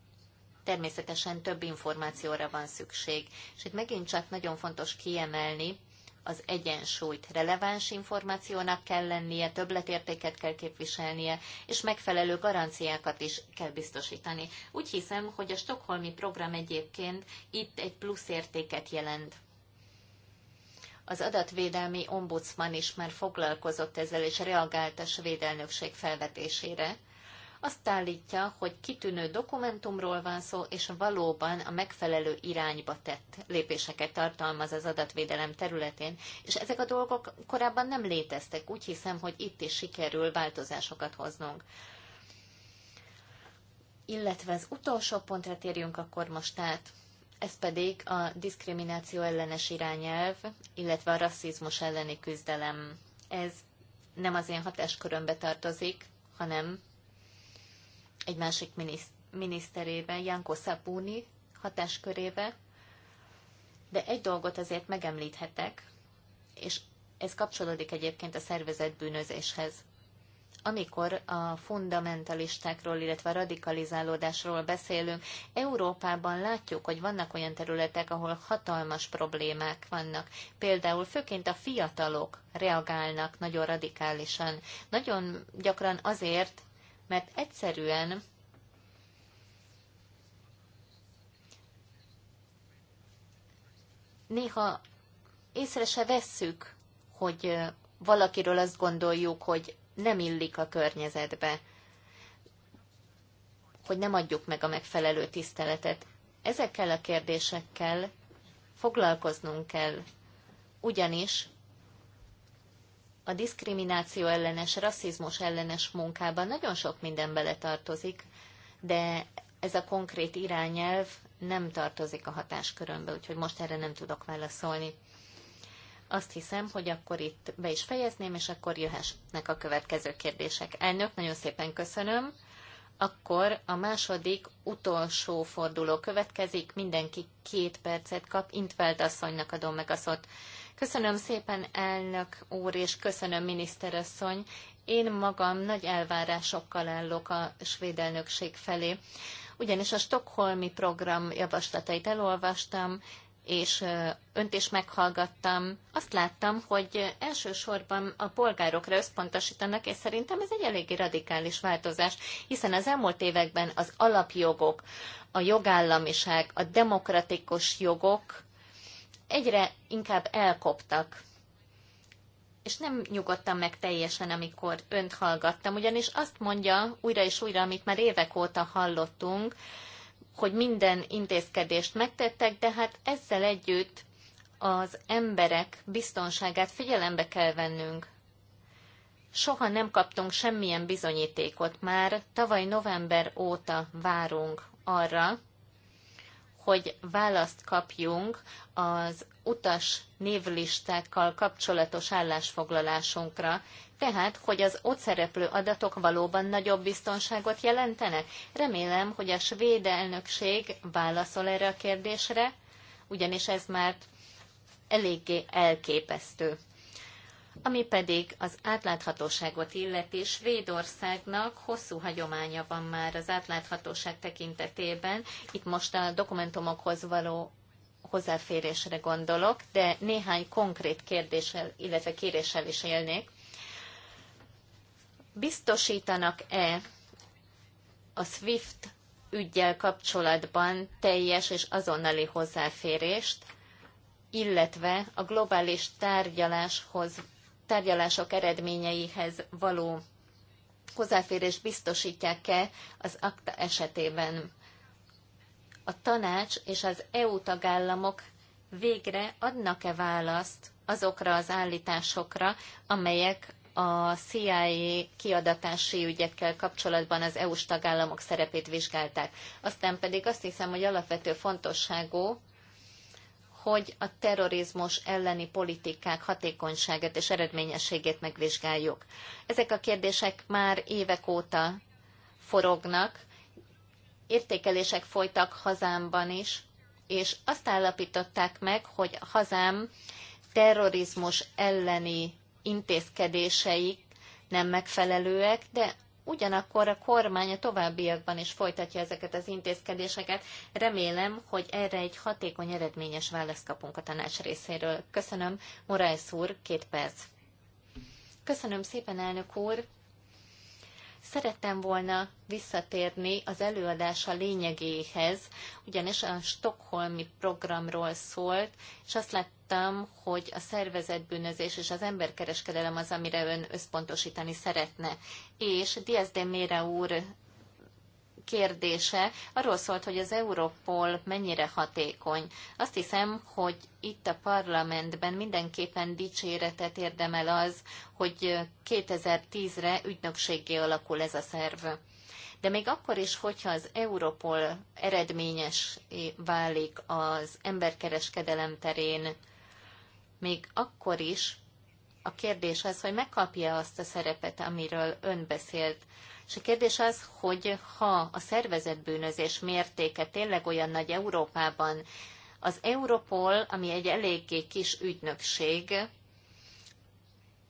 természetesen több információra van szükség. És itt megint csak nagyon fontos kiemelni, az egyensúlyt releváns információnak kell lennie, többletértéket kell képviselnie, és megfelelő garanciákat is kell biztosítani. Úgy hiszem, hogy a Stockholmi program egyébként itt egy plusz értéket jelent. Az adatvédelmi ombudsman is már foglalkozott ezzel, és reagált a svéd elnökség felvetésére azt állítja, hogy kitűnő dokumentumról van szó, és valóban a megfelelő irányba tett lépéseket tartalmaz az adatvédelem területén, és ezek a dolgok korábban nem léteztek, úgy hiszem, hogy itt is sikerül változásokat hoznunk. Illetve az utolsó pontra térjünk akkor most át. Ez pedig a diszkrimináció ellenes irányelv, illetve a rasszizmus elleni küzdelem. Ez nem az én hatáskörömbe tartozik, hanem egy másik miniszterébe, Janko Szabúni hatáskörébe, de egy dolgot azért megemlíthetek, és ez kapcsolódik egyébként a szervezetbűnözéshez. Amikor a fundamentalistákról, illetve a radikalizálódásról beszélünk, Európában látjuk, hogy vannak olyan területek, ahol hatalmas problémák vannak. Például főként a fiatalok reagálnak nagyon radikálisan. Nagyon gyakran azért, mert egyszerűen néha észre se vesszük, hogy valakiről azt gondoljuk, hogy nem illik a környezetbe, hogy nem adjuk meg a megfelelő tiszteletet. Ezekkel a kérdésekkel foglalkoznunk kell, ugyanis a diszkrimináció ellenes, rasszizmus ellenes munkában nagyon sok minden beletartozik, de ez a konkrét irányelv nem tartozik a hatáskörömbe, úgyhogy most erre nem tudok válaszolni. Azt hiszem, hogy akkor itt be is fejezném, és akkor jöhetnek a következő kérdések. Elnök, nagyon szépen köszönöm. Akkor a második, utolsó forduló következik, mindenki két percet kap, Intveld asszonynak adom meg a szót. Köszönöm szépen, elnök úr, és köszönöm, miniszterasszony. Én magam nagy elvárásokkal állok a svéd elnökség felé, ugyanis a Stockholmi program javaslatait elolvastam, és önt is meghallgattam, azt láttam, hogy elsősorban a polgárokra összpontosítanak, és szerintem ez egy eléggé radikális változás, hiszen az elmúlt években az alapjogok, a jogállamiság, a demokratikus jogok egyre inkább elkoptak. És nem nyugodtam meg teljesen, amikor önt hallgattam, ugyanis azt mondja újra és újra, amit már évek óta hallottunk, hogy minden intézkedést megtettek, de hát ezzel együtt az emberek biztonságát figyelembe kell vennünk. Soha nem kaptunk semmilyen bizonyítékot, már tavaly november óta várunk arra, hogy választ kapjunk az utas névlistákkal kapcsolatos állásfoglalásunkra, tehát, hogy az ott szereplő adatok valóban nagyobb biztonságot jelentenek? Remélem, hogy a svéd elnökség válaszol erre a kérdésre, ugyanis ez már eléggé elképesztő. Ami pedig az átláthatóságot illeti, Svédországnak hosszú hagyománya van már az átláthatóság tekintetében. Itt most a dokumentumokhoz való hozzáférésre gondolok, de néhány konkrét kérdéssel, illetve kéréssel is élnék. Biztosítanak-e a SWIFT ügyjel kapcsolatban teljes és azonnali hozzáférést, illetve a globális tárgyaláshoz tárgyalások eredményeihez való hozzáférés biztosítják-e az akta esetében. A tanács és az EU tagállamok végre adnak-e választ azokra az állításokra, amelyek a CIA kiadatási ügyekkel kapcsolatban az EU-s tagállamok szerepét vizsgálták. Aztán pedig azt hiszem, hogy alapvető fontosságú, hogy a terrorizmus elleni politikák hatékonyságát és eredményességét megvizsgáljuk. Ezek a kérdések már évek óta forognak, értékelések folytak hazámban is, és azt állapították meg, hogy hazám terrorizmus elleni intézkedései nem megfelelőek, de ugyanakkor a kormány a továbbiakban is folytatja ezeket az intézkedéseket. Remélem, hogy erre egy hatékony, eredményes választ kapunk a tanács részéről. Köszönöm, Morales úr, két perc. Köszönöm szépen, elnök úr. Szerettem volna visszatérni az előadása lényegéhez, ugyanis a Stockholmi programról szólt, és azt lát, hallottam, hogy a szervezetbűnözés és az emberkereskedelem az, amire ön összpontosítani szeretne. És Diaz de Mére úr kérdése arról szólt, hogy az Europol mennyire hatékony. Azt hiszem, hogy itt a parlamentben mindenképpen dicséretet érdemel az, hogy 2010-re ügynökségé alakul ez a szerv. De még akkor is, hogyha az Europol eredményes válik az emberkereskedelem terén, még akkor is a kérdés az, hogy megkapja azt a szerepet, amiről ön beszélt. És a kérdés az, hogy ha a szervezetbűnözés mértéke tényleg olyan nagy Európában, az Europol, ami egy eléggé kis ügynökség,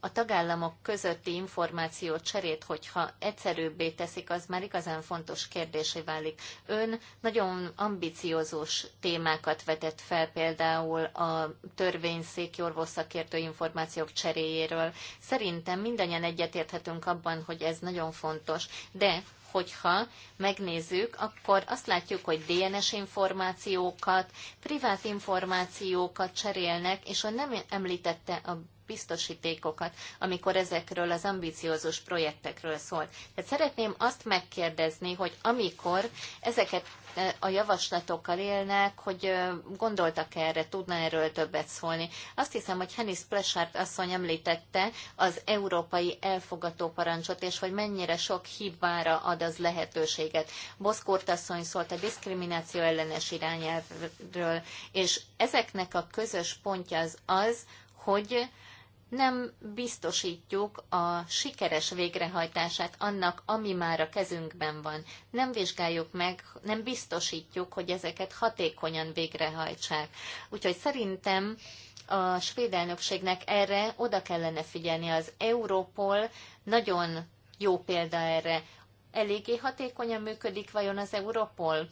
a tagállamok közötti információ cserét, hogyha egyszerűbbé teszik, az már igazán fontos kérdésé válik. Ön nagyon ambiciózus témákat vetett fel, például a törvényszéki orvosszakértő információk cseréjéről. Szerintem mindannyian egyetérthetünk abban, hogy ez nagyon fontos, de hogyha megnézzük, akkor azt látjuk, hogy DNS információkat, privát információkat cserélnek, és a nem említette a biztosítékokat, amikor ezekről az ambiciózus projektekről szólt. Tehát szeretném azt megkérdezni, hogy amikor ezeket eh, a javaslatokkal élnek, hogy eh, gondoltak -e erre, tudna erről többet szólni. Azt hiszem, hogy Henis Plesart asszony említette az európai elfogató parancsot, és hogy mennyire sok hibára ad az lehetőséget. Boszkort asszony szólt a diszkrimináció ellenes irányelvről, és ezeknek a közös pontja az az, hogy nem biztosítjuk a sikeres végrehajtását annak, ami már a kezünkben van. Nem vizsgáljuk meg, nem biztosítjuk, hogy ezeket hatékonyan végrehajtsák. Úgyhogy szerintem a svéd elnökségnek erre oda kellene figyelni. Az Európol nagyon jó példa erre. Eléggé hatékonyan működik vajon az Európol?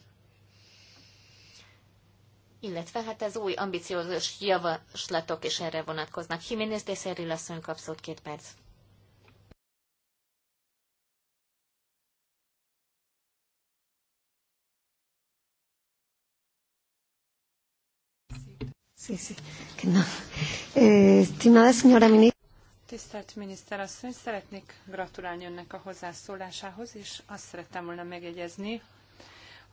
illetve hát az új ambiciózus javaslatok is erre vonatkoznak. Jiménez de szeri asszony kap szót két perc. Eh,
Tisztelt miniszter asszony, szeretnék gratulálni önnek a hozzászólásához, és azt szerettem volna megjegyezni,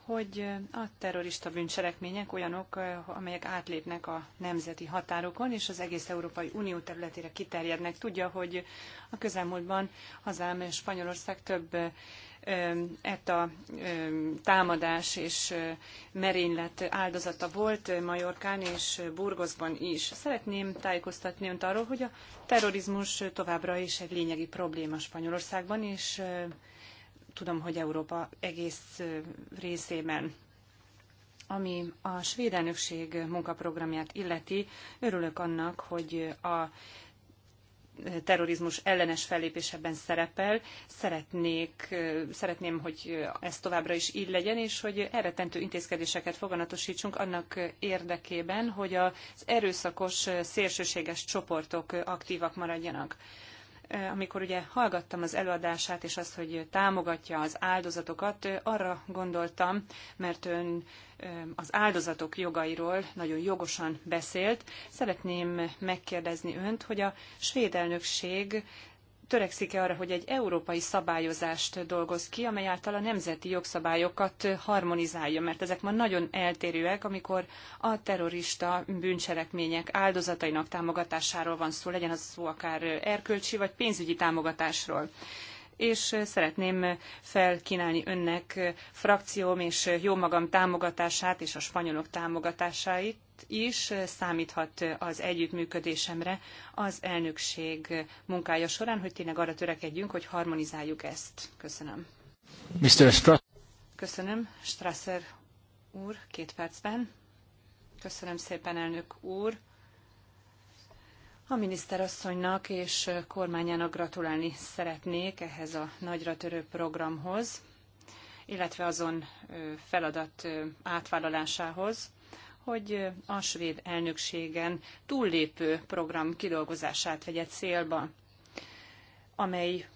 hogy a terrorista bűncselekmények olyanok, amelyek átlépnek a nemzeti határokon, és az egész Európai Unió területére kiterjednek. Tudja, hogy a közelmúltban hazám Spanyolország több a támadás és merénylet áldozata volt Majorkán és Burgoszban is. Szeretném tájékoztatni önt arról, hogy a terrorizmus továbbra is egy lényegi probléma Spanyolországban, és tudom, hogy Európa egész részében ami a svéd elnökség munkaprogramját illeti, örülök annak, hogy a terrorizmus ellenes fellépés szerepel. Szeretnék, szeretném, hogy ez továbbra is így legyen, és hogy eretentő intézkedéseket foganatosítsunk annak érdekében, hogy az erőszakos, szélsőséges csoportok aktívak maradjanak amikor ugye hallgattam az előadását, és azt, hogy támogatja az áldozatokat, arra gondoltam, mert ön az áldozatok jogairól nagyon jogosan beszélt. Szeretném megkérdezni önt, hogy a svéd elnökség törekszik-e arra, hogy egy európai szabályozást dolgoz ki, amely által a nemzeti jogszabályokat harmonizálja, mert ezek ma nagyon eltérőek, amikor a terrorista bűncselekmények áldozatainak támogatásáról van szó, legyen az szó akár erkölcsi vagy pénzügyi támogatásról és szeretném felkínálni önnek frakcióm és jómagam támogatását és a spanyolok támogatását, is számíthat az együttműködésemre az elnökség munkája során, hogy tényleg arra törekedjünk, hogy harmonizáljuk ezt. Köszönöm.
Mr. Strat-
Köszönöm, Strasser úr, két percben. Köszönöm szépen, elnök úr. A miniszterasszonynak és kormányának gratulálni szeretnék ehhez a nagyra törő programhoz, illetve azon feladat átvállalásához, hogy a svéd elnökségen túllépő program kidolgozását vegye célba, amely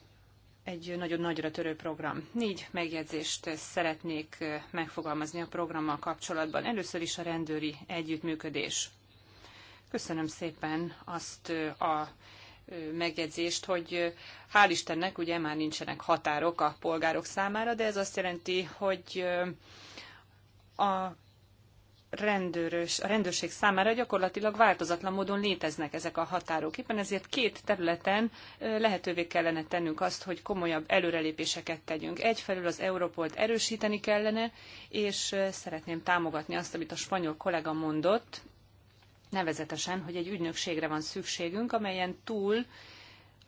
egy nagyon nagyra törő program. Négy megjegyzést szeretnék megfogalmazni a programmal kapcsolatban. Először is a rendőri együttműködés. Köszönöm szépen azt a megjegyzést, hogy hál' Istennek ugye már nincsenek határok a polgárok számára, de ez azt jelenti, hogy a rendőrös, a rendőrség számára gyakorlatilag változatlan módon léteznek ezek a határok. Éppen ezért két területen lehetővé kellene tennünk azt, hogy komolyabb előrelépéseket tegyünk. Egyfelől az Európolt erősíteni kellene, és szeretném támogatni azt, amit a spanyol kollega mondott, nevezetesen, hogy egy ügynökségre van szükségünk, amelyen túl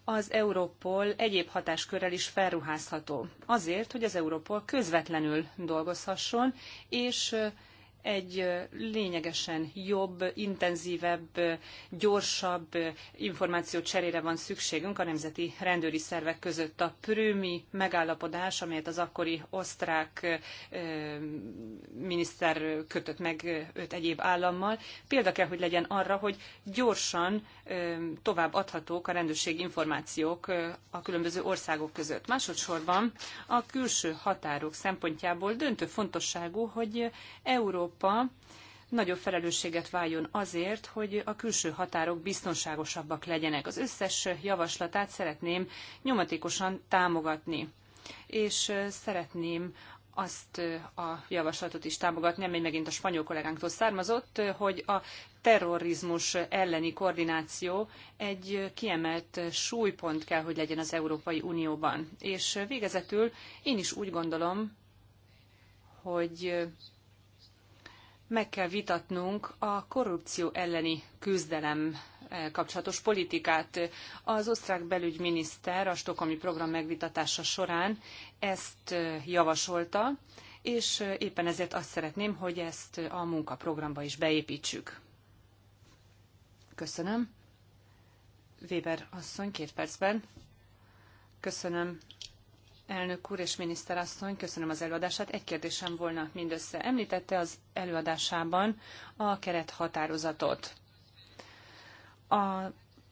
az Európol egyéb hatáskörrel is felruházható. Azért, hogy az Európol közvetlenül dolgozhasson, és egy lényegesen jobb, intenzívebb, gyorsabb információ cserére van szükségünk a nemzeti rendőri szervek között. A prümi megállapodás, amelyet az akkori osztrák miniszter kötött meg öt egyéb állammal, példa kell, hogy legyen arra, hogy gyorsan tovább adhatók a rendőrség információk a különböző országok között. Másodszorban a külső határok szempontjából döntő fontosságú, hogy Európa Európa nagyobb felelősséget váljon azért, hogy a külső határok biztonságosabbak legyenek. Az összes javaslatát szeretném nyomatékosan támogatni, és szeretném azt a javaslatot is támogatni, amely megint a spanyol kollégánktól származott, hogy a terrorizmus elleni koordináció egy kiemelt súlypont kell, hogy legyen az Európai Unióban. És végezetül én is úgy gondolom, hogy meg kell vitatnunk a korrupció elleni küzdelem eh, kapcsolatos politikát. Az osztrák belügyminiszter a Stokholmi program megvitatása során ezt eh, javasolta, és eh, éppen ezért azt szeretném, hogy ezt a munkaprogramba is beépítsük. Köszönöm. Weber asszony, két percben. Köszönöm, Elnök úr és miniszterasszony, köszönöm az előadását. Egy kérdésem volna mindössze. Említette az előadásában a kerethatározatot. A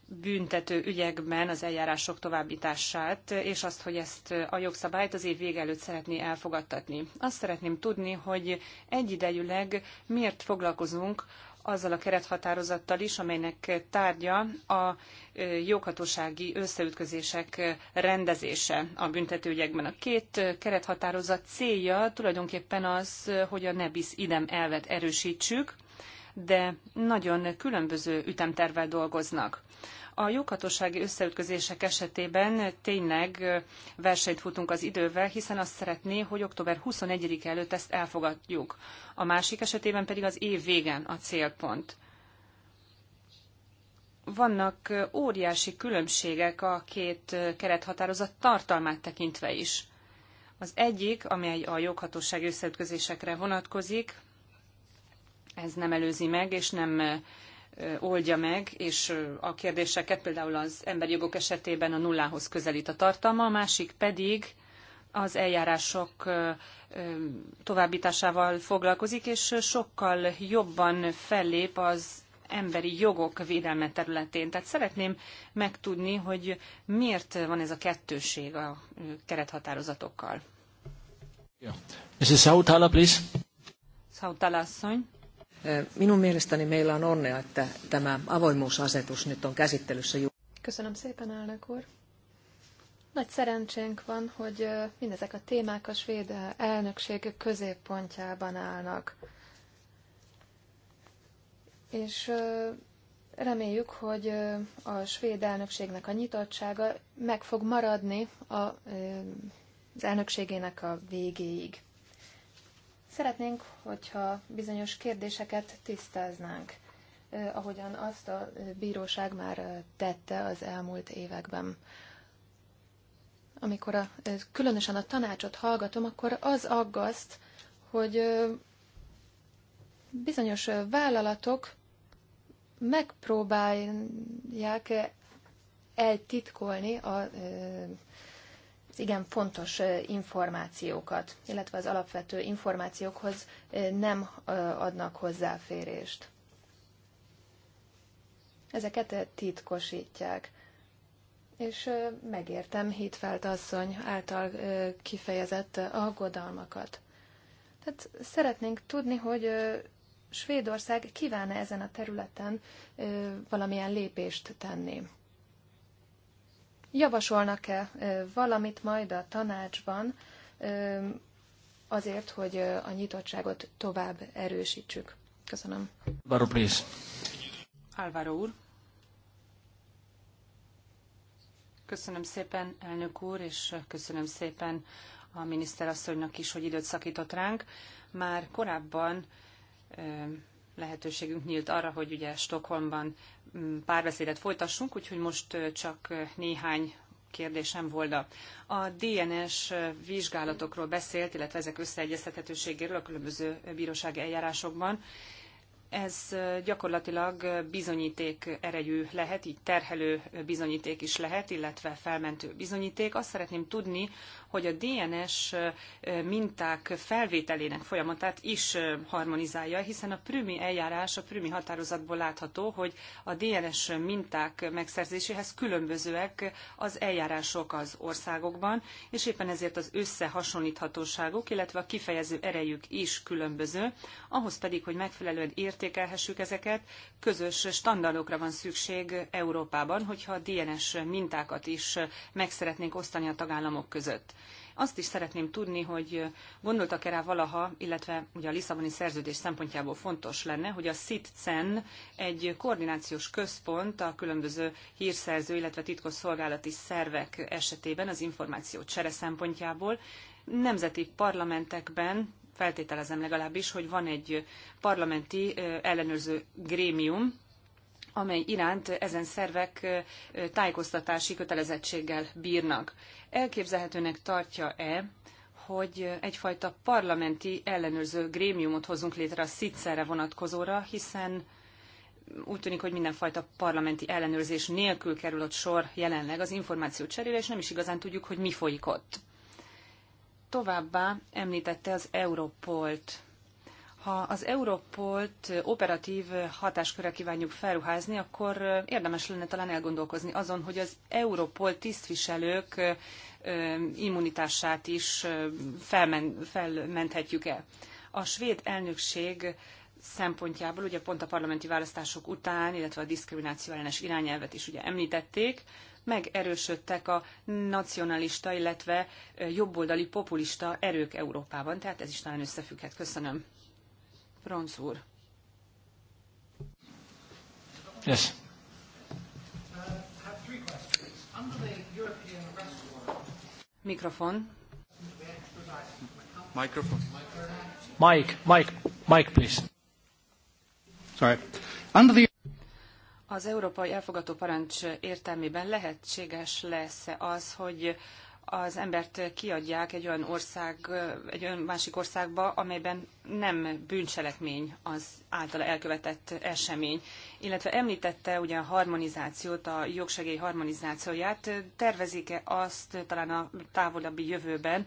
büntető ügyekben az eljárások továbbítását, és azt, hogy ezt a jogszabályt az év vége előtt szeretné elfogadtatni. Azt szeretném tudni, hogy egyidejűleg miért foglalkozunk azzal a kerethatározattal is, amelynek tárgya a joghatósági összeütközések rendezése a büntetőügyekben. A két kerethatározat célja tulajdonképpen az, hogy a nebis idem elvet erősítsük, de nagyon különböző ütemtervel dolgoznak. A joghatósági összeütközések esetében tényleg versenyt futunk az idővel, hiszen azt szeretné, hogy október 21 -e előtt ezt elfogadjuk. A másik esetében pedig az év végén a célpont. Vannak óriási különbségek a két kerethatározat tartalmát tekintve is. Az egyik, amely a joghatóság összeütközésekre vonatkozik, ez nem előzi meg, és nem oldja meg, és a kérdéseket például az emberi jogok esetében a nullához közelít a tartalma, a másik pedig az eljárások továbbításával foglalkozik, és sokkal jobban fellép az emberi jogok védelme területén. Tehát szeretném megtudni, hogy miért van ez a kettőség a kerethatározatokkal.
Ja.
Mrs. Sautala, please. Sautala asszony. Minun mielestäni meillä on onnea, että tämä avoimuusasetus nyt on käsittelyssä.
Köszönöm szépen, elnök úr. Nagy szerencsénk van, hogy mindezek a témák a svéd elnökség középpontjában állnak. És reméljük, hogy a svéd elnökségnek a nyitottsága meg fog maradni a, az elnökségének a végéig. Szeretnénk, hogyha bizonyos kérdéseket tisztáznánk, ahogyan azt a bíróság már tette az elmúlt években. Amikor a, különösen a tanácsot hallgatom, akkor az aggaszt, hogy bizonyos vállalatok megpróbálják eltitkolni a igen fontos információkat, illetve az alapvető információkhoz nem adnak hozzáférést. Ezeket titkosítják. És megértem Hitfeld asszony által kifejezett aggodalmakat. Tehát szeretnénk tudni, hogy Svédország kívánna ezen a területen valamilyen lépést tenni javasolnak-e valamit majd a tanácsban azért, hogy a nyitottságot tovább erősítsük? Köszönöm.
Baró please.
Álvaro úr. Köszönöm szépen, elnök úr, és köszönöm szépen a miniszterasszonynak is, hogy időt szakított ránk. Már korábban lehetőségünk nyílt arra, hogy ugye Stockholmban mm, párbeszédet folytassunk, úgyhogy most csak néhány kérdésem volna. A DNS vizsgálatokról beszélt, illetve ezek összeegyeztethetőségéről a különböző bírósági eljárásokban. Ez gyakorlatilag bizonyíték erejű lehet, így terhelő bizonyíték is lehet, illetve felmentő bizonyíték. Azt szeretném tudni, hogy a DNS minták felvételének folyamatát is harmonizálja, hiszen a prümi eljárás, a prümi határozatból látható, hogy a DNS minták megszerzéséhez különbözőek az eljárások az országokban, és éppen ezért az összehasonlíthatóságuk, illetve a kifejező erejük is különböző, ahhoz pedig, hogy megfelelően értékelhessük ezeket, közös standardokra van szükség Európában, hogyha a DNS mintákat is meg szeretnénk osztani a tagállamok között. Azt is szeretném tudni, hogy gondoltak-e rá valaha, illetve ugye a Lisszaboni szerződés szempontjából fontos lenne, hogy a SITCEN egy koordinációs központ a különböző hírszerző, illetve titkos szolgálati szervek esetében az információ csere szempontjából, nemzeti parlamentekben feltételezem legalábbis, hogy van egy parlamenti ellenőrző grémium, amely iránt ezen szervek tájékoztatási kötelezettséggel bírnak. Elképzelhetőnek tartja-e, hogy egyfajta parlamenti ellenőrző grémiumot hozunk létre a szitszerre vonatkozóra, hiszen úgy tűnik, hogy mindenfajta parlamenti ellenőrzés nélkül kerül ott sor jelenleg az információ cserére, és nem is igazán tudjuk, hogy mi folyik ott. Továbbá említette az Europolt. Ha az Európolt operatív hatáskörre kívánjuk felruházni, akkor érdemes lenne talán elgondolkozni azon, hogy az Europol tisztviselők immunitását is felmen, felmenthetjük-e. A svéd elnökség szempontjából, ugye pont a parlamenti választások után, illetve a diszkrimináció ellenes irányelvet is ugye említették, megerősödtek a nacionalista, illetve jobboldali populista erők Európában, tehát ez is talán összefügghet. Köszönöm. Ronsz úr. Yes. Mikrofon.
Mikrofon. Mike, Mike, Mike, please. Sorry.
Under the az európai elfogató parancs értelmében lehetséges lesz az, hogy az embert kiadják egy olyan ország, egy olyan másik országba, amelyben nem bűncselekmény az általa elkövetett esemény. Illetve említette ugye a harmonizációt, a jogsegély harmonizációját. Tervezik-e azt talán a távolabbi jövőben,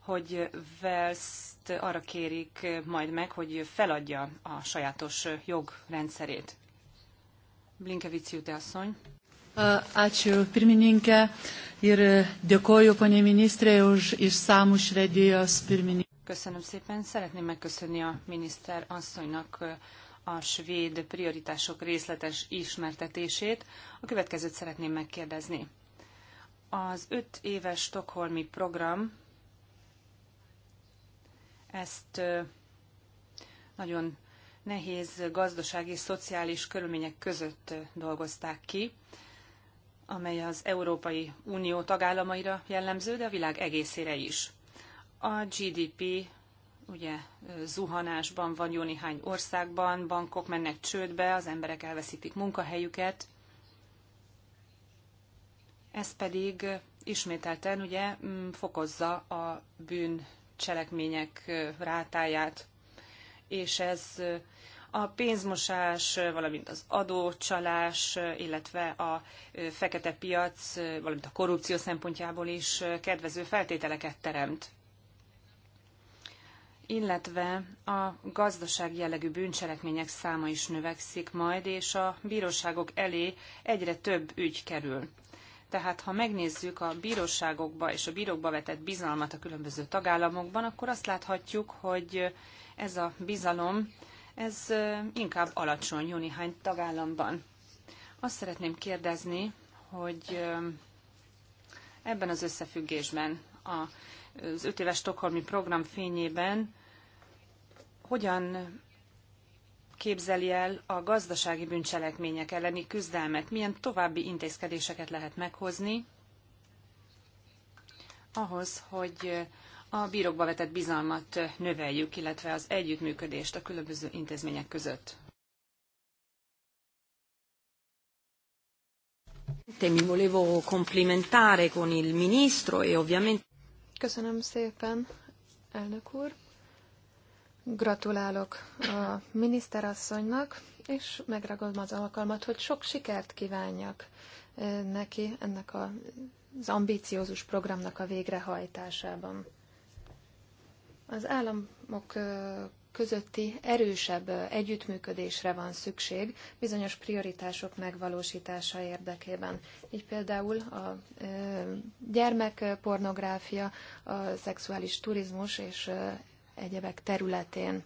hogy Velszt arra kérik majd meg, hogy feladja a sajátos jogrendszerét? Blinkevici asszony. Ačiū pirmininkė ir e, dėkoju ponė minisztré už išszámú Svedijos pirmininkė. Köszönöm szépen. Szeretném megköszönni a miniszter asszonynak e, a svéd prioritások részletes ismertetését. A következőt szeretném megkérdezni. Az öt éves Stockholmi program ezt e, nagyon nehéz gazdasági és szociális körülmények között dolgozták ki amely az Európai Unió tagállamaira jellemző, de a világ egészére is. A GDP ugye zuhanásban van jó néhány országban, bankok mennek csődbe, az emberek elveszítik munkahelyüket. Ez pedig ismételten ugye mm, fokozza a bűncselekmények rátáját, és ez a pénzmosás, valamint az adócsalás, illetve a fekete piac, valamint a korrupció szempontjából is kedvező feltételeket teremt illetve a gazdaság jellegű bűncselekmények száma is növekszik majd, és a bíróságok elé egyre több ügy kerül. Tehát ha megnézzük a bíróságokba és a bírókba vetett bizalmat a különböző tagállamokban, akkor azt láthatjuk, hogy ez a bizalom ez inkább alacsony jó néhány tagállamban. Azt szeretném kérdezni, hogy ebben az összefüggésben, az öt éves Stockholmi program fényében hogyan képzeli el a gazdasági bűncselekmények elleni küzdelmet? Milyen további intézkedéseket lehet meghozni ahhoz, hogy a bírókba vetett bizalmat növeljük, illetve az együttműködést a különböző intézmények között. Mi volevo complimentare con il ministro e ovviamente...
Köszönöm szépen, elnök úr. Gratulálok a miniszterasszonynak, és megragadom az alkalmat, hogy sok sikert kívánjak eh, neki ennek az ambíciózus programnak a végrehajtásában. Az államok közötti erősebb együttműködésre van szükség bizonyos prioritások megvalósítása érdekében. Így például a gyermekpornográfia, a szexuális turizmus és egyebek területén.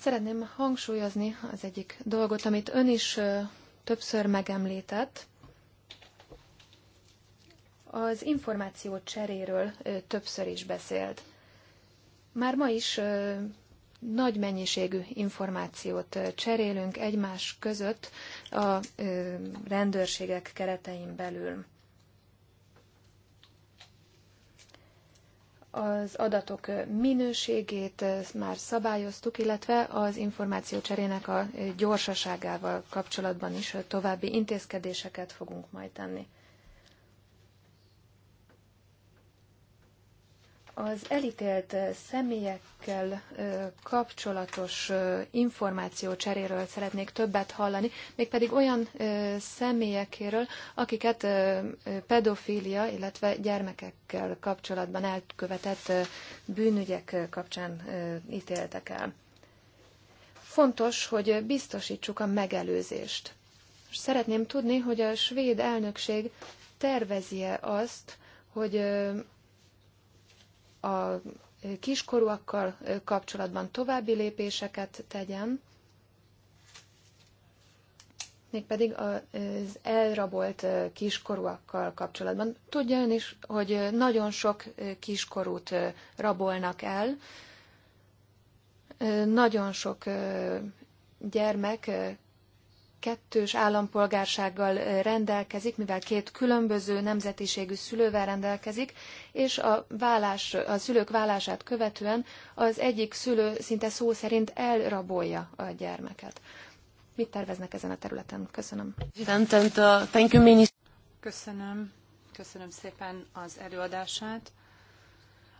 Szeretném hangsúlyozni az egyik dolgot, amit ön is többször megemlített, az információ cseréről többször is beszélt. Már ma is nagy mennyiségű információt cserélünk egymás között a rendőrségek keretein belül. Az adatok minőségét már szabályoztuk, illetve az információ cserének a gyorsaságával kapcsolatban is további intézkedéseket fogunk majd tenni. Az elítélt személyekkel kapcsolatos információ cseréről szeretnék többet hallani, mégpedig olyan személyekéről, akiket pedofília, illetve gyermekekkel kapcsolatban elkövetett bűnügyek kapcsán ítéltek el. Fontos, hogy biztosítsuk a megelőzést. Szeretném tudni, hogy a svéd elnökség tervezi-e azt, hogy a kiskorúakkal kapcsolatban további lépéseket tegyen, mégpedig az elrabolt kiskorúakkal kapcsolatban. Tudja ön is, hogy nagyon sok kiskorút rabolnak el, nagyon sok gyermek kettős állampolgársággal rendelkezik, mivel két különböző nemzetiségű szülővel rendelkezik, és a, vállás, a szülők vállását követően az egyik szülő szinte szó szerint elrabolja a gyermeket. Mit terveznek ezen a területen? Köszönöm. Uh,
Köszönöm. Köszönöm szépen az előadását.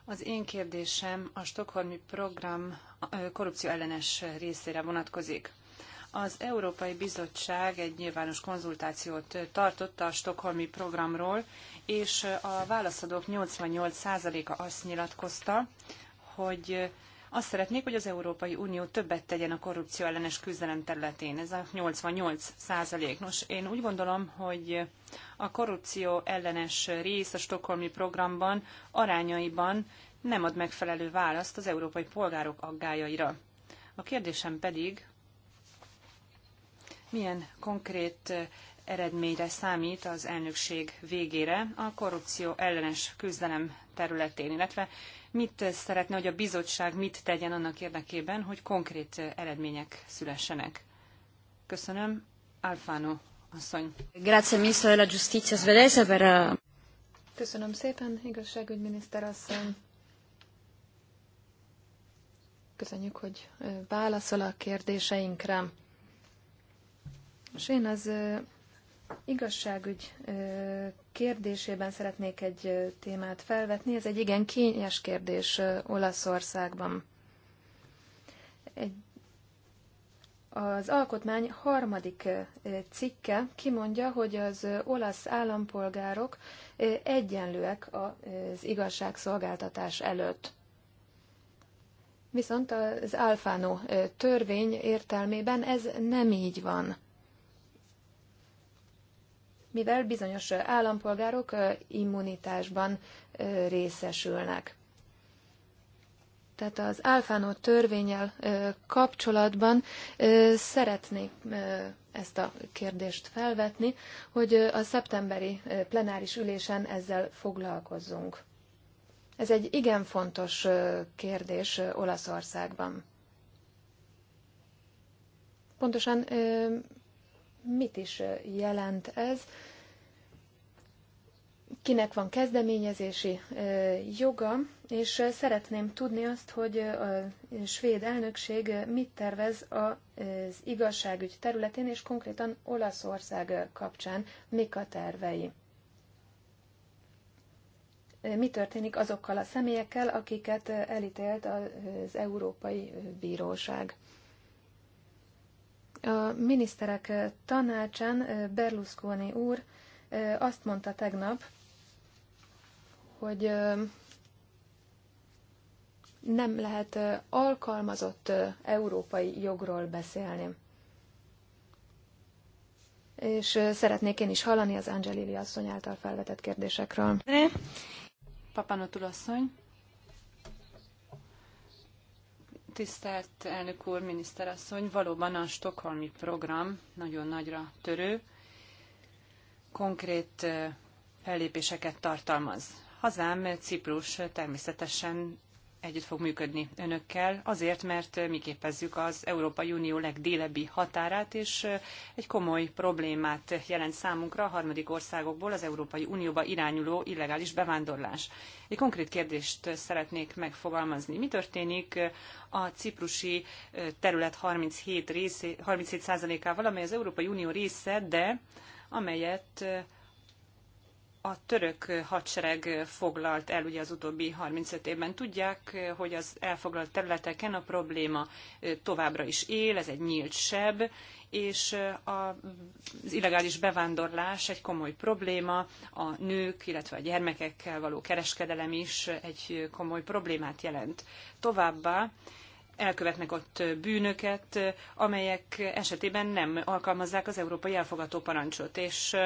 Az én kérdésem a Stockholmi program korrupció ellenes részére vonatkozik. Az Európai Bizottság egy nyilvános konzultációt tartott a Stokholmi programról, és a válaszadók 88%-a azt nyilatkozta, hogy azt szeretnék, hogy az Európai Unió többet tegyen a korrupció ellenes küzdelem területén. Ez a 88 százalék. Nos, én úgy gondolom, hogy a korrupció ellenes rész a stokholmi programban arányaiban nem ad megfelelő választ az európai polgárok aggályaira. A kérdésem pedig, milyen konkrét eh, eredményre számít az elnökség végére a korrupció ellenes küzdelem területén, illetve mit eh, szeretne, hogy a bizottság mit tegyen annak érdekében, hogy konkrét eh, eredmények szülessenek. Köszönöm. Alfano asszony.
Grazie, Ministro della Giustizia svedese per...
Köszönöm szépen, igazságügyminiszter asszony. Köszönjük, hogy válaszol a kérdéseinkre. És én az igazságügy kérdésében szeretnék egy témát felvetni. Ez egy igen kényes kérdés Olaszországban. Egy, az alkotmány harmadik cikke kimondja, hogy az olasz állampolgárok egyenlőek az igazságszolgáltatás előtt. Viszont az Alfano törvény értelmében ez nem így van mivel bizonyos állampolgárok immunitásban részesülnek. Tehát az alfano törvényel kapcsolatban szeretnék ezt a kérdést felvetni, hogy a szeptemberi plenáris ülésen ezzel foglalkozzunk. Ez egy igen fontos kérdés Olaszországban. Pontosan mit is jelent ez, kinek van kezdeményezési joga, és szeretném tudni azt, hogy a svéd elnökség mit tervez az igazságügy területén, és konkrétan Olaszország kapcsán mik a tervei. Mi történik azokkal a személyekkel, akiket elítélt az Európai Bíróság? A miniszterek tanácsán Berlusconi úr azt mondta tegnap, hogy nem lehet alkalmazott európai jogról beszélni. És szeretnék én is hallani az Angelili asszony által felvetett kérdésekről. Papanotul asszony.
Tisztelt elnök úr, miniszterasszony, valóban a Stockholmi program nagyon nagyra törő, konkrét fellépéseket tartalmaz. Hazám Ciprus természetesen együtt fog működni önökkel, azért, mert eh, mi képezzük az Európai Unió legdélebbi határát, és eh, egy komoly problémát jelent számunkra a harmadik országokból az Európai Unióba irányuló illegális bevándorlás. Egy konkrét kérdést eh, szeretnék megfogalmazni. Mi történik a ciprusi terület 37, ával 37 amely az Európai Unió része, de amelyet a török hadsereg foglalt el ugye az utóbbi 35 évben. Tudják, hogy az elfoglalt területeken a probléma továbbra is él, ez egy nyílt seb, és az illegális bevándorlás egy komoly probléma, a nők, illetve a gyermekekkel való kereskedelem is egy komoly problémát jelent. Továbbá elkövetnek ott bűnöket, amelyek esetében nem alkalmazzák az európai elfogató parancsot, és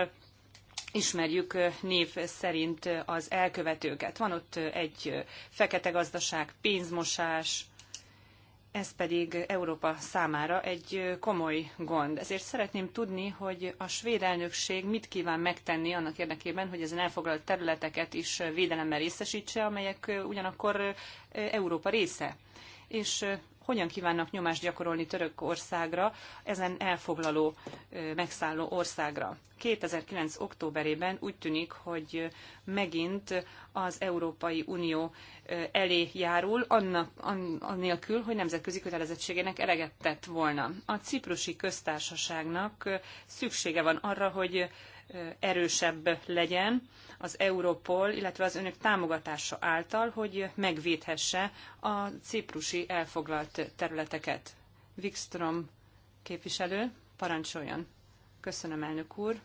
ismerjük név szerint az elkövetőket. Van ott egy fekete gazdaság, pénzmosás, ez pedig Európa számára egy komoly gond. Ezért szeretném tudni, hogy a svéd elnökség mit kíván megtenni annak érdekében, hogy ezen elfoglalt területeket is védelemmel részesítse, amelyek ugyanakkor Európa része. És hogyan kívánnak nyomást gyakorolni Törökországra, ezen elfoglaló, megszálló országra. 2009. októberében úgy tűnik, hogy megint az Európai Unió elé járul, annak, annélkül, hogy nemzetközi kötelezettségének eleget tett volna. A ciprusi köztársaságnak szüksége van arra, hogy erősebb legyen az Europol, illetve az önök támogatása által, hogy megvédhesse a ciprusi elfoglalt területeket. Wikström képviselő, parancsoljon. Köszönöm, elnök úr.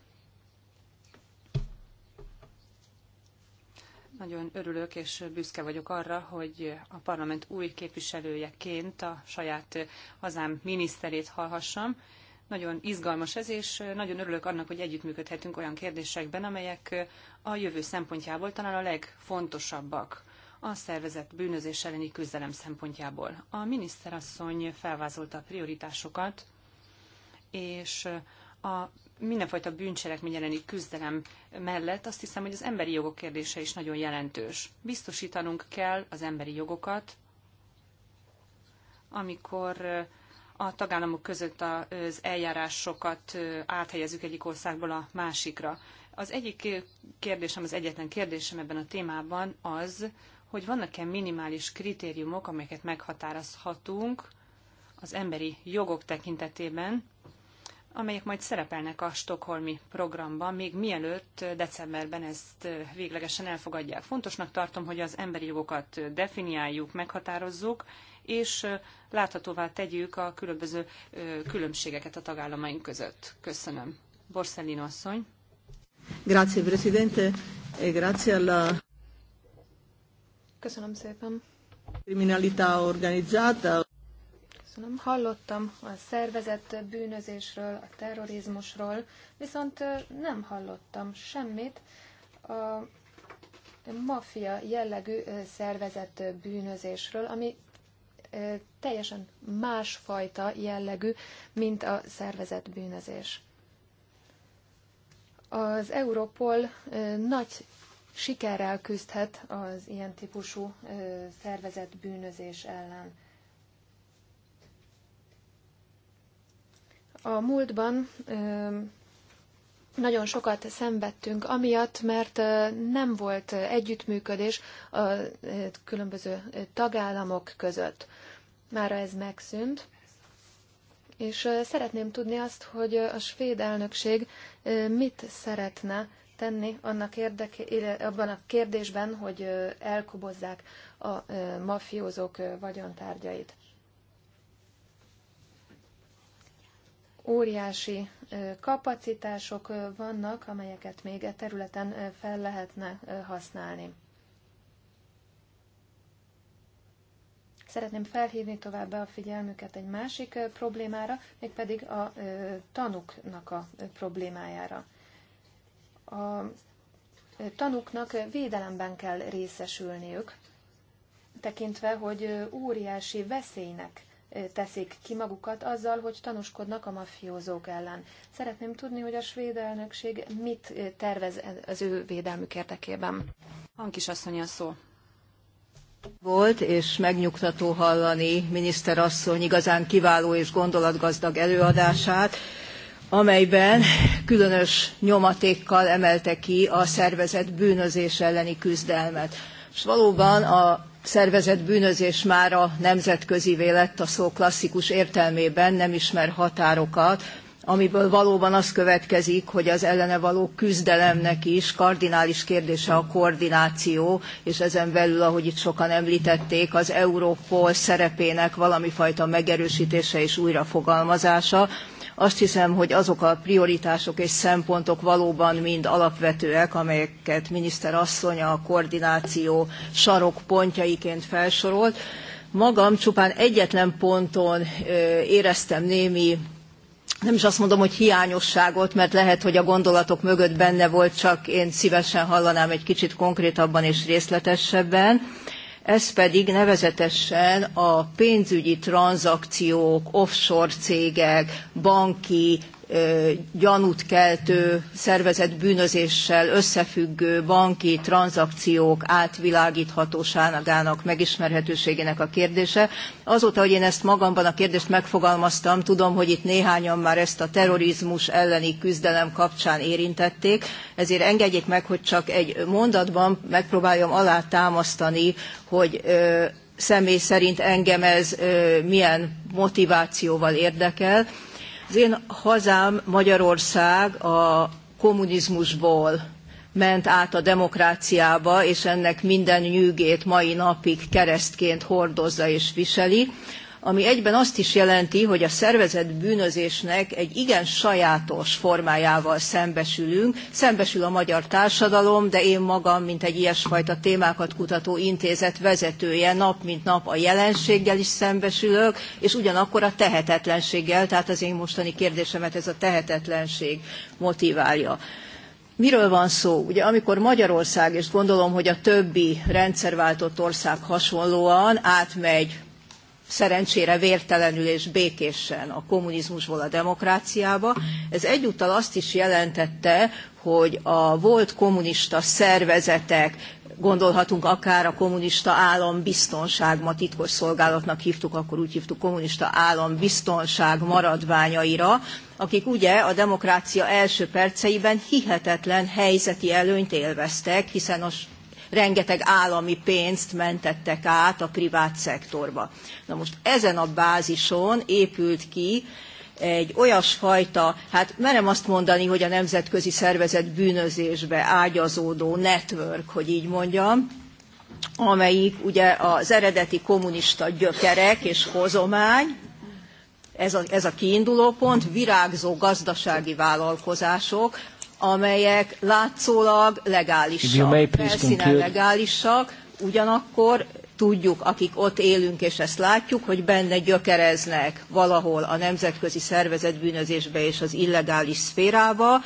Nagyon örülök és büszke vagyok arra, hogy a parlament új képviselőjeként a saját hazám miniszterét hallhassam nagyon izgalmas ez, és nagyon örülök annak, hogy együttműködhetünk olyan kérdésekben, amelyek a jövő szempontjából talán a legfontosabbak a szervezet bűnözés elleni küzdelem szempontjából. A miniszterasszony felvázolta a prioritásokat, és a mindenfajta bűncselekmény elleni küzdelem mellett azt hiszem, hogy az emberi jogok kérdése is nagyon jelentős. Biztosítanunk kell az emberi jogokat, amikor a tagállamok között az eljárásokat áthelyezzük egyik országból a másikra. Az egyik kérdésem, az egyetlen kérdésem ebben a témában az, hogy vannak-e minimális kritériumok, amelyeket meghatározhatunk az emberi jogok tekintetében, amelyek majd szerepelnek a Stockholmi programban, még mielőtt decemberben ezt véglegesen elfogadják. Fontosnak tartom, hogy az emberi jogokat definiáljuk, meghatározzuk, és láthatóvá tegyük a különböző különbségeket a tagállamaink között. Köszönöm. Borsellino asszony.
Grazie, Presidente. E grazie alla...
Köszönöm szépen.
Kriminalità organizzata.
Köszönöm. Hallottam a szervezett bűnözésről, a terrorizmusról, viszont nem hallottam semmit a maffia jellegű szervezett bűnözésről, ami teljesen másfajta jellegű, mint a szervezett bűnözés. Az Europol nagy sikerrel küzdhet az ilyen típusú szervezett bűnözés ellen. A múltban nagyon sokat szenvedtünk, amiatt, mert nem volt együttműködés a különböző tagállamok között. Mára ez megszűnt. És szeretném tudni azt, hogy a svéd elnökség mit szeretne tenni annak érdeké, abban a kérdésben, hogy elkobozzák a mafiózók vagyontárgyait. Óriási kapacitások vannak, amelyeket még e területen fel lehetne használni. Szeretném felhívni továbbá a figyelmüket egy másik problémára, mégpedig a tanuknak a problémájára. A tanuknak védelemben kell részesülniük, tekintve, hogy óriási veszélynek teszik ki magukat azzal, hogy tanúskodnak a mafiózók ellen. Szeretném tudni, hogy a svéd elnökség mit tervez e, az ő védelmük érdekében.
asszony a szó. Volt és megnyugtató hallani miniszterasszony igazán kiváló és gondolatgazdag előadását, amelyben különös nyomatékkal emelte ki a szervezet bűnözés elleni küzdelmet. És valóban a szervezett bűnözés a nemzetközivé lett a szó klasszikus értelmében, nem ismer határokat, amiből valóban az következik, hogy az ellene való küzdelemnek is kardinális kérdése a koordináció, és ezen belül, ahogy itt sokan említették, az Európol szerepének valami fajta megerősítése és újrafogalmazása. Azt hiszem, hogy azok a prioritások és szempontok valóban mind alapvetőek, amelyeket miniszter asszony a koordináció sarokpontjaiként felsorolt. Magam csupán egyetlen ponton éreztem némi nem is azt mondom, hogy hiányosságot, mert lehet, hogy a gondolatok mögött benne volt, csak én szívesen hallanám egy kicsit konkrétabban és részletesebben. Ez pedig nevezetesen a pénzügyi tranzakciók, offshore cégek, banki, gyanút keltő szervezett bűnözéssel összefüggő banki tranzakciók átvilágíthatóságának megismerhetőségének a kérdése. Azóta, hogy én ezt magamban a kérdést megfogalmaztam, tudom, hogy itt néhányan már ezt a terrorizmus elleni küzdelem kapcsán érintették, ezért engedjék meg, hogy csak egy mondatban megpróbáljam alátámasztani, hogy személy szerint engem ez milyen motivációval érdekel az én hazám Magyarország a kommunizmusból ment át a demokráciába, és ennek minden nyűgét mai napig keresztként hordozza és viseli ami egyben azt is jelenti, hogy a szervezett bűnözésnek egy igen sajátos formájával szembesülünk, szembesül a magyar társadalom, de én magam, mint egy ilyesfajta témákat kutató intézet vezetője nap mint nap a jelenséggel is szembesülök, és ugyanakkor a tehetetlenséggel, tehát az én mostani kérdésemet ez a tehetetlenség motiválja. Miről van szó? Ugye amikor Magyarország, és gondolom, hogy a többi rendszerváltott ország hasonlóan átmegy szerencsére vértelenül és békésen a kommunizmusból a demokráciába. Ez egyúttal azt is jelentette, hogy a volt kommunista szervezetek, gondolhatunk akár a kommunista állambiztonság, ma titkos szolgálatnak hívtuk, akkor úgy hívtuk kommunista állambiztonság maradványaira, akik ugye a demokrácia első perceiben hihetetlen helyzeti előnyt élveztek, hiszen a rengeteg állami pénzt mentettek át a privát szektorba. Na most ezen a bázison épült ki egy olyasfajta, hát merem azt mondani, hogy a nemzetközi szervezet bűnözésbe ágyazódó network, hogy így mondjam, amelyik ugye az eredeti kommunista gyökerek és hozomány, ez a, ez a kiinduló pont, virágzó gazdasági vállalkozások, amelyek látszólag legálisak, felszínen legálisak, ugyanakkor tudjuk, akik ott élünk és ezt látjuk, hogy benne gyökereznek valahol a nemzetközi szervezet bűnözésbe és az illegális szférába.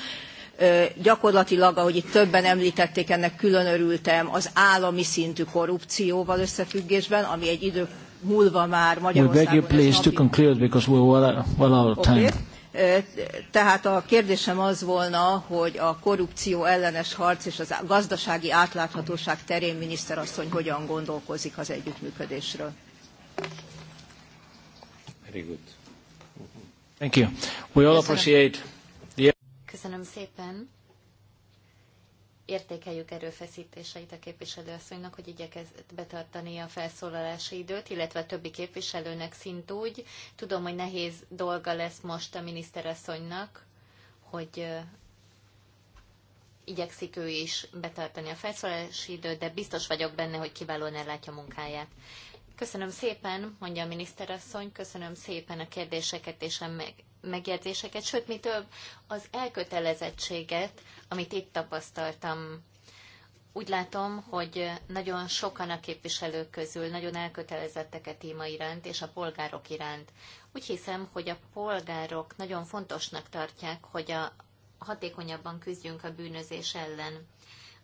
Gyakorlatilag, ahogy itt többen említették, ennek külön örültem az állami szintű korrupcióval összefüggésben, ami egy idő múlva már Magyarországon... We beg you please to conclude because we're well, well out of time. Okay. Tehát a kérdésem az volna, hogy a korrupció ellenes harc és a gazdasági átláthatóság terén miniszter, asszony hogyan gondolkozik az együttműködésről. Thank you.
Köszönöm szépen értékeljük erőfeszítéseit a képviselőasszonynak, hogy igyekezett betartani a felszólalási időt, illetve a többi képviselőnek szintúgy. Tudom, hogy nehéz dolga lesz most a miniszterasszonynak, hogy igyekszik ő is betartani a felszólalási időt, de biztos vagyok benne, hogy kiválóan ellátja munkáját. Köszönöm szépen, mondja a miniszterasszony, köszönöm szépen a kérdéseket és a megjegyzéseket, sőt, mi több, az elkötelezettséget, amit itt tapasztaltam úgy látom, hogy nagyon sokan a képviselők közül nagyon elkötelezettek a téma iránt és a polgárok iránt. Úgy hiszem, hogy a polgárok nagyon fontosnak tartják, hogy a hatékonyabban küzdjünk a bűnözés ellen.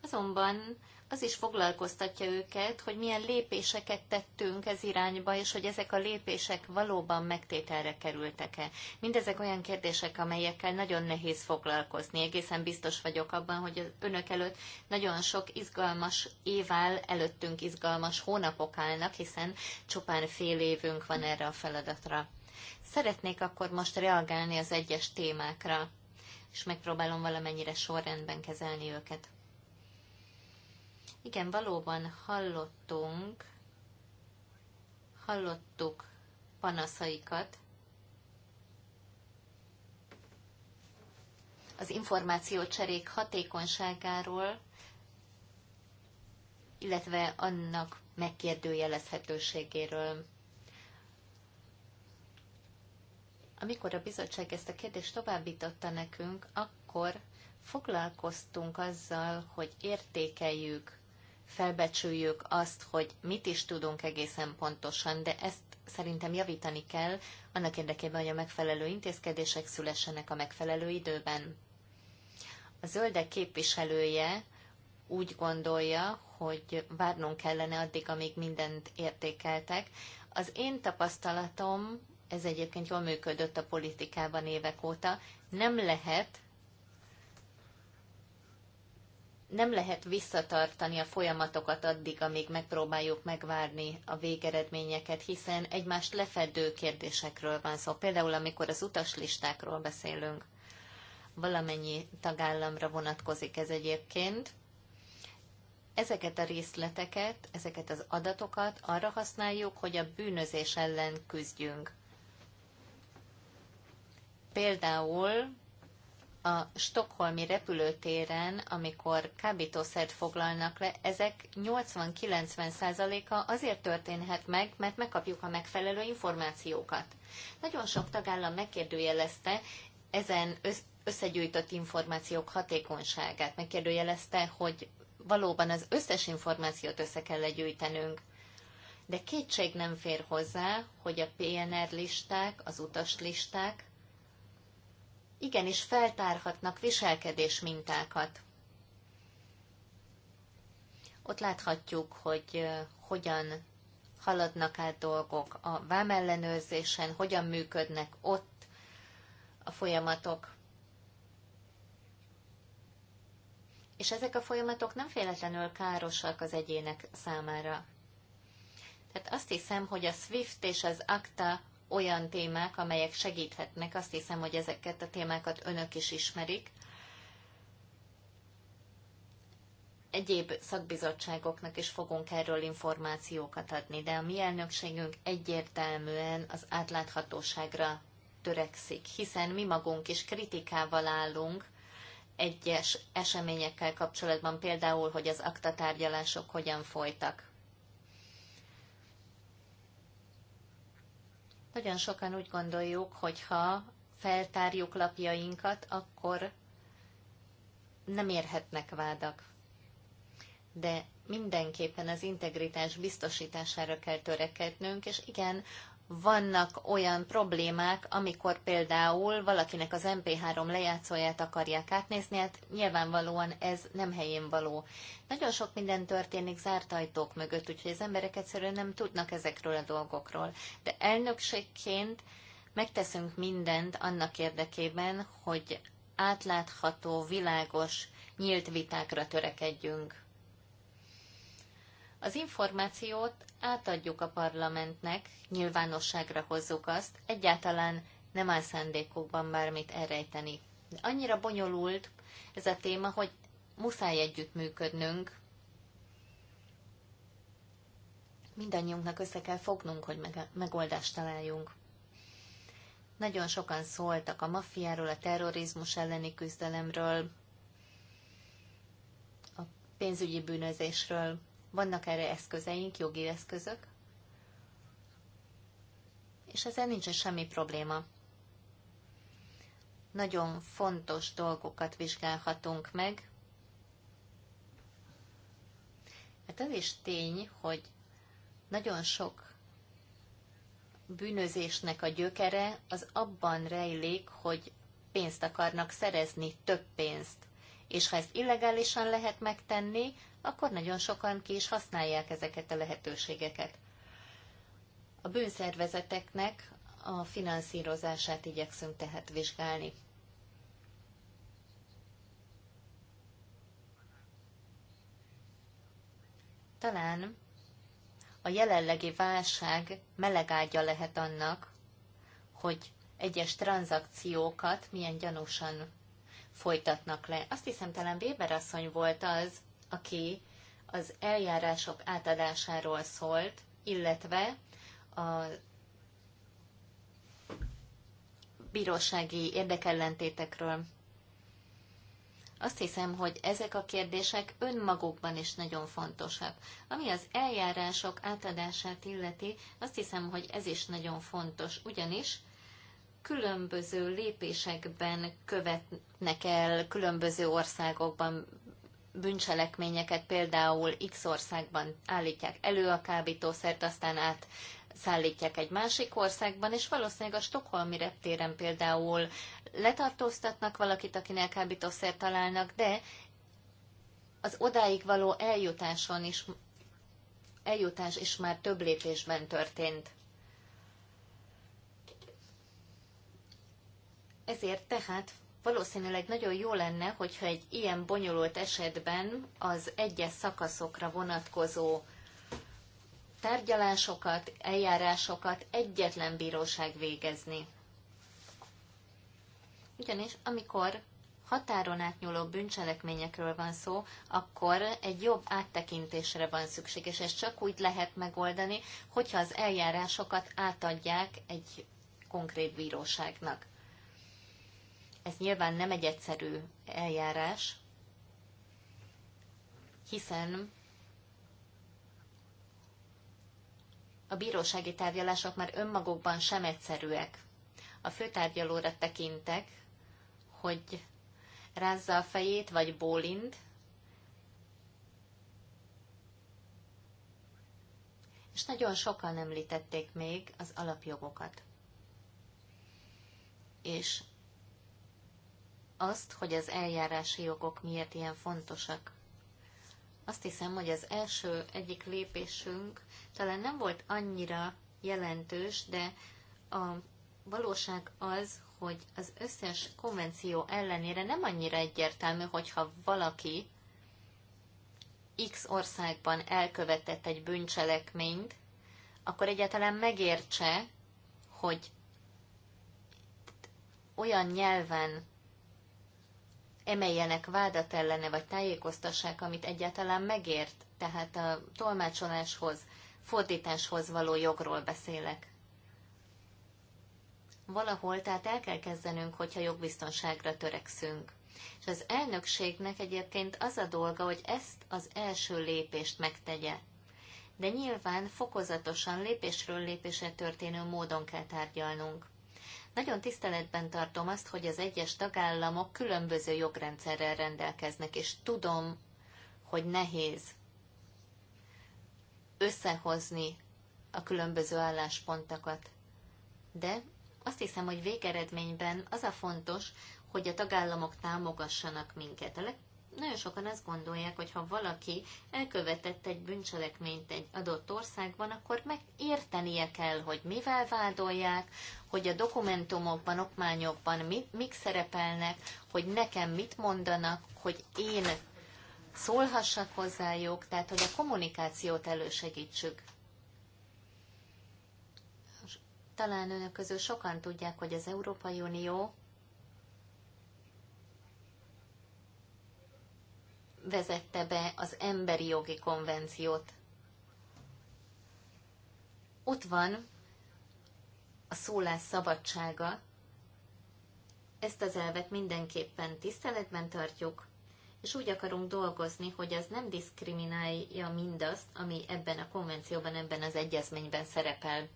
Azonban az is foglalkoztatja őket, hogy milyen lépéseket tettünk ez irányba, és hogy ezek a lépések valóban megtételre kerültek-e. Mindezek olyan kérdések, amelyekkel nagyon nehéz foglalkozni. Egészen biztos vagyok abban, hogy az önök előtt nagyon sok izgalmas évvel előttünk izgalmas hónapok állnak, hiszen csupán fél évünk van erre a feladatra. Szeretnék akkor most reagálni az egyes témákra, és megpróbálom valamennyire sorrendben kezelni őket. Igen, valóban hallottunk, hallottuk panaszaikat, az információcserék hatékonyságáról, illetve annak megkérdőjelezhetőségéről. Amikor a bizottság ezt a kérdést továbbította nekünk, akkor foglalkoztunk azzal, hogy értékeljük felbecsüljük azt, hogy mit is tudunk egészen pontosan, de ezt szerintem javítani kell, annak érdekében, hogy a megfelelő intézkedések szülessenek a megfelelő időben. A zöldek képviselője úgy gondolja, hogy várnunk kellene addig, amíg mindent értékeltek. Az én tapasztalatom, ez egyébként jól működött a politikában évek óta, nem lehet nem lehet visszatartani a folyamatokat addig, amíg megpróbáljuk megvárni a végeredményeket, hiszen egymást lefedő kérdésekről van szó. Például, amikor az utaslistákról beszélünk, valamennyi tagállamra vonatkozik ez egyébként. Ezeket a részleteket, ezeket az adatokat arra használjuk, hogy a bűnözés ellen küzdjünk. Például a stokholmi repülőtéren, amikor kábítószert foglalnak le, ezek 80-90%-a azért történhet meg, mert megkapjuk a megfelelő információkat. Nagyon sok tagállam megkérdőjelezte ezen összegyűjtött információk hatékonyságát, megkérdőjelezte, hogy valóban az összes információt össze kell gyűjtenünk. De kétség nem fér hozzá, hogy a PNR listák, az utaslisták, igenis feltárhatnak viselkedés mintákat. Ott láthatjuk, hogy hogyan haladnak át dolgok a vámellenőrzésen, hogyan működnek ott a folyamatok. És ezek a folyamatok nem féletlenül károsak az egyének számára. Tehát azt hiszem, hogy a SWIFT és az ACTA olyan témák, amelyek segíthetnek. Azt hiszem, hogy ezeket a témákat önök is ismerik. Egyéb szakbizottságoknak is fogunk erről információkat adni, de a mi elnökségünk egyértelműen az átláthatóságra törekszik, hiszen mi magunk is kritikával állunk egyes eseményekkel kapcsolatban, például, hogy az aktatárgyalások hogyan folytak. Nagyon sokan úgy gondoljuk, hogy ha feltárjuk lapjainkat, akkor nem érhetnek vádak. De mindenképpen az integritás biztosítására kell törekednünk, és igen, vannak olyan problémák, amikor például valakinek az MP3 lejátszóját akarják átnézni, hát nyilvánvalóan ez nem helyén való. Nagyon sok minden történik zárt ajtók mögött, úgyhogy az emberek egyszerűen nem tudnak ezekről a dolgokról. De elnökségként megteszünk mindent annak érdekében, hogy átlátható, világos, nyílt vitákra törekedjünk. Az információt átadjuk a parlamentnek, nyilvánosságra hozzuk azt, egyáltalán nem áll szándékokban bármit elrejteni. De annyira bonyolult ez a téma, hogy muszáj együttműködnünk. Mindannyiunknak össze kell fognunk, hogy megoldást találjunk. Nagyon sokan szóltak a maffiáról, a terrorizmus elleni küzdelemről, a pénzügyi bűnözésről. Vannak erre eszközeink, jogi eszközök, és ezzel nincsen semmi probléma. Nagyon fontos dolgokat vizsgálhatunk meg, mert hát az is tény, hogy nagyon sok bűnözésnek a gyökere az abban rejlik, hogy pénzt akarnak szerezni, több pénzt. És ha ezt illegálisan lehet megtenni, akkor nagyon sokan ki is használják ezeket a lehetőségeket. A bűnszervezeteknek a finanszírozását igyekszünk tehát vizsgálni. Talán a jelenlegi válság melegágya lehet annak, hogy egyes tranzakciókat milyen gyanúsan folytatnak le. Azt hiszem, talán Weber asszony volt az, aki az eljárások átadásáról szólt, illetve a bírósági érdekellentétekről. Azt hiszem, hogy ezek a kérdések önmagukban is nagyon fontosak. Ami az eljárások átadását illeti, azt hiszem, hogy ez is nagyon fontos, ugyanis különböző lépésekben követnek el különböző országokban bűncselekményeket például X országban állítják elő a kábítószert, aztán át szállítják egy másik országban, és valószínűleg a Stockholmi reptéren például letartóztatnak valakit, akinek kábítószert találnak, de az odáig való eljutáson is, eljutás is már több lépésben történt. Ezért tehát valószínűleg nagyon jó lenne, hogyha egy ilyen bonyolult esetben az egyes szakaszokra vonatkozó tárgyalásokat, eljárásokat egyetlen bíróság végezni. Ugyanis amikor határon átnyúló bűncselekményekről van szó, akkor egy jobb áttekintésre van szükség, és ezt csak úgy lehet megoldani, hogyha az eljárásokat átadják egy konkrét bíróságnak. Ez nyilván nem egy egyszerű eljárás, hiszen a bírósági tárgyalások már önmagukban sem egyszerűek. A főtárgyalóra tekintek, hogy rázza a fejét, vagy bólint, és nagyon sokan említették még az alapjogokat. És azt, hogy az eljárási jogok miért ilyen fontosak. Azt hiszem, hogy az első egyik lépésünk talán nem volt annyira jelentős, de a valóság az, hogy az összes konvenció ellenére nem annyira egyértelmű, hogyha valaki X országban elkövetett egy bűncselekményt, akkor egyáltalán megértse, hogy olyan nyelven emeljenek vádat ellene, vagy tájékoztassák, amit egyáltalán megért. Tehát a tolmácsoláshoz, fordításhoz való jogról beszélek. Valahol, tehát el kell kezdenünk, hogyha jogbiztonságra törekszünk. És az elnökségnek egyébként az a dolga, hogy ezt az első lépést megtegye. De nyilván fokozatosan lépésről lépésre történő módon kell tárgyalnunk. Nagyon tiszteletben tartom azt, hogy az egyes tagállamok különböző jogrendszerrel rendelkeznek, és tudom, hogy nehéz összehozni a különböző álláspontokat. De azt hiszem, hogy végeredményben az a fontos, hogy a tagállamok támogassanak minket. A leg- nagyon sokan azt gondolják, hogy ha valaki elkövetett egy bűncselekményt egy adott országban, akkor megértenie kell, hogy mivel vádolják, hogy a dokumentumokban, okmányokban mi, mik szerepelnek, hogy nekem mit mondanak, hogy én szólhassak hozzájuk, tehát hogy a kommunikációt elősegítsük. Talán önök közül sokan tudják, hogy az Európai Unió vezette be az emberi jogi konvenciót. Ott van a szólás szabadsága. Ezt az elvet mindenképpen tiszteletben tartjuk, és úgy akarunk dolgozni, hogy az nem diszkriminálja mindazt, ami ebben a konvencióban, ebben az egyezményben szerepel.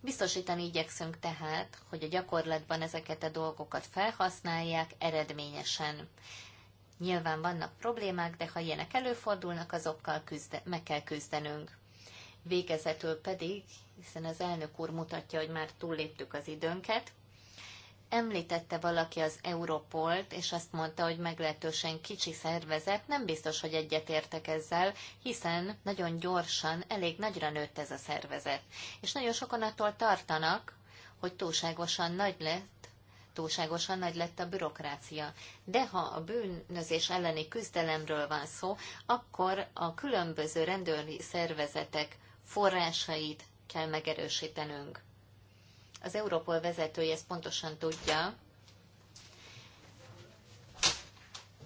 Biztosítani igyekszünk tehát, hogy a gyakorlatban ezeket a dolgokat felhasználják eredményesen. Nyilván vannak problémák, de ha ilyenek előfordulnak, azokkal küzde- meg kell küzdenünk. Végezetül pedig, hiszen az elnök úr mutatja, hogy már túlléptük az időnket, említette valaki az Europolt, és azt mondta, hogy meglehetősen kicsi szervezet, nem biztos, hogy egyetértek ezzel, hiszen nagyon gyorsan, elég nagyra nőtt ez a szervezet. És nagyon sokan attól tartanak, hogy túlságosan nagy lett, túlságosan nagy lett a bürokrácia. De ha a bűnözés elleni küzdelemről van szó, akkor a különböző rendőri szervezetek forrásait kell megerősítenünk. Az Európol vezetője ezt pontosan tudja.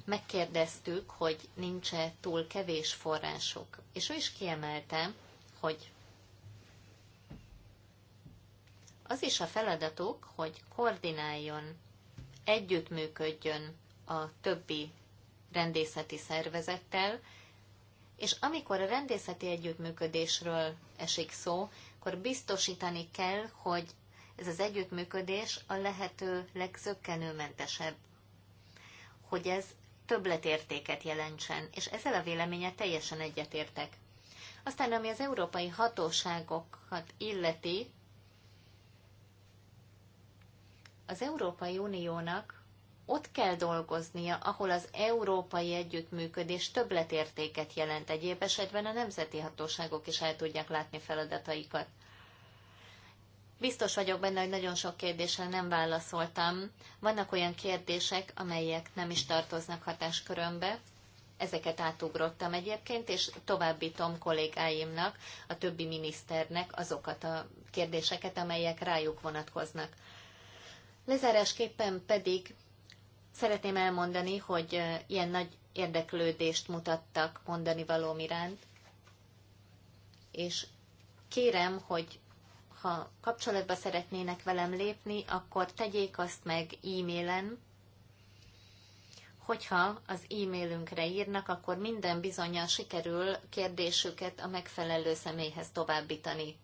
Megkérdeztük, hogy nincs-e túl kevés forrásuk, és ő is kiemelte, hogy az is a feladatuk, hogy koordináljon, együttműködjön a többi rendészeti szervezettel, és amikor a rendészeti együttműködésről esik szó, akkor biztosítani kell, hogy ez az együttműködés a lehető legzökkenőmentesebb, hogy ez többletértéket jelentsen, és ezzel a véleménye teljesen egyetértek. Aztán, ami az európai hatóságokat illeti, az Európai Uniónak ott kell dolgoznia, ahol az európai együttműködés többletértéket jelent. Egyéb esetben a nemzeti hatóságok is el tudják látni feladataikat. Biztos vagyok benne, hogy nagyon sok kérdéssel nem válaszoltam. Vannak olyan kérdések, amelyek nem is tartoznak hatáskörömbe. Ezeket átugrottam egyébként, és továbbítom kollégáimnak, a többi miniszternek azokat a kérdéseket, amelyek rájuk vonatkoznak. Lezárásképpen pedig Szeretném elmondani, hogy ilyen nagy érdeklődést mutattak mondani valóm iránt, és kérem, hogy ha kapcsolatba szeretnének velem lépni, akkor tegyék azt meg e-mailen, hogyha az e-mailünkre írnak, akkor minden bizonyal sikerül kérdésüket a megfelelő személyhez továbbítani.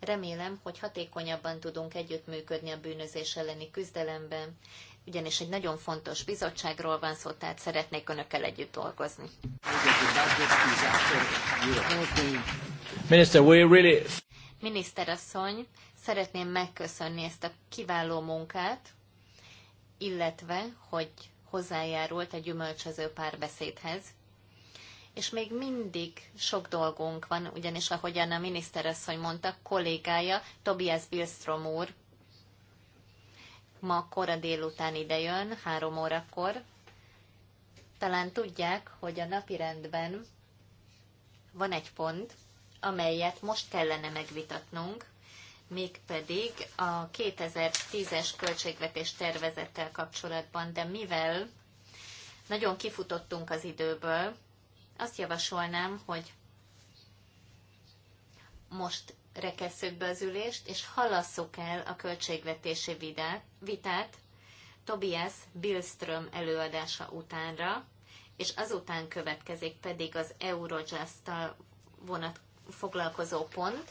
Remélem, hogy hatékonyabban tudunk együttműködni a bűnözés elleni küzdelemben, ugyanis egy nagyon fontos bizottságról van szó, tehát szeretnék önökkel együtt dolgozni.
Minister, we really...
Miniszterasszony, szeretném megköszönni ezt a kiváló munkát, illetve, hogy hozzájárult a gyümölcsöző párbeszédhez. És még mindig sok dolgunk van, ugyanis ahogyan a miniszterasszony mondta, kollégája Tobias Bilstrom úr ma kora délután idejön, három órakor. Talán tudják, hogy a napi rendben van egy pont, amelyet most kellene megvitatnunk, mégpedig a 2010-es költségvetés tervezettel kapcsolatban, de mivel nagyon kifutottunk az időből, azt javasolnám, hogy most rekesszük be az ülést, és halasszuk el a költségvetési vitát Tobias Billström előadása utánra, és azután következik pedig az Eurojust-tal vonat foglalkozó pont,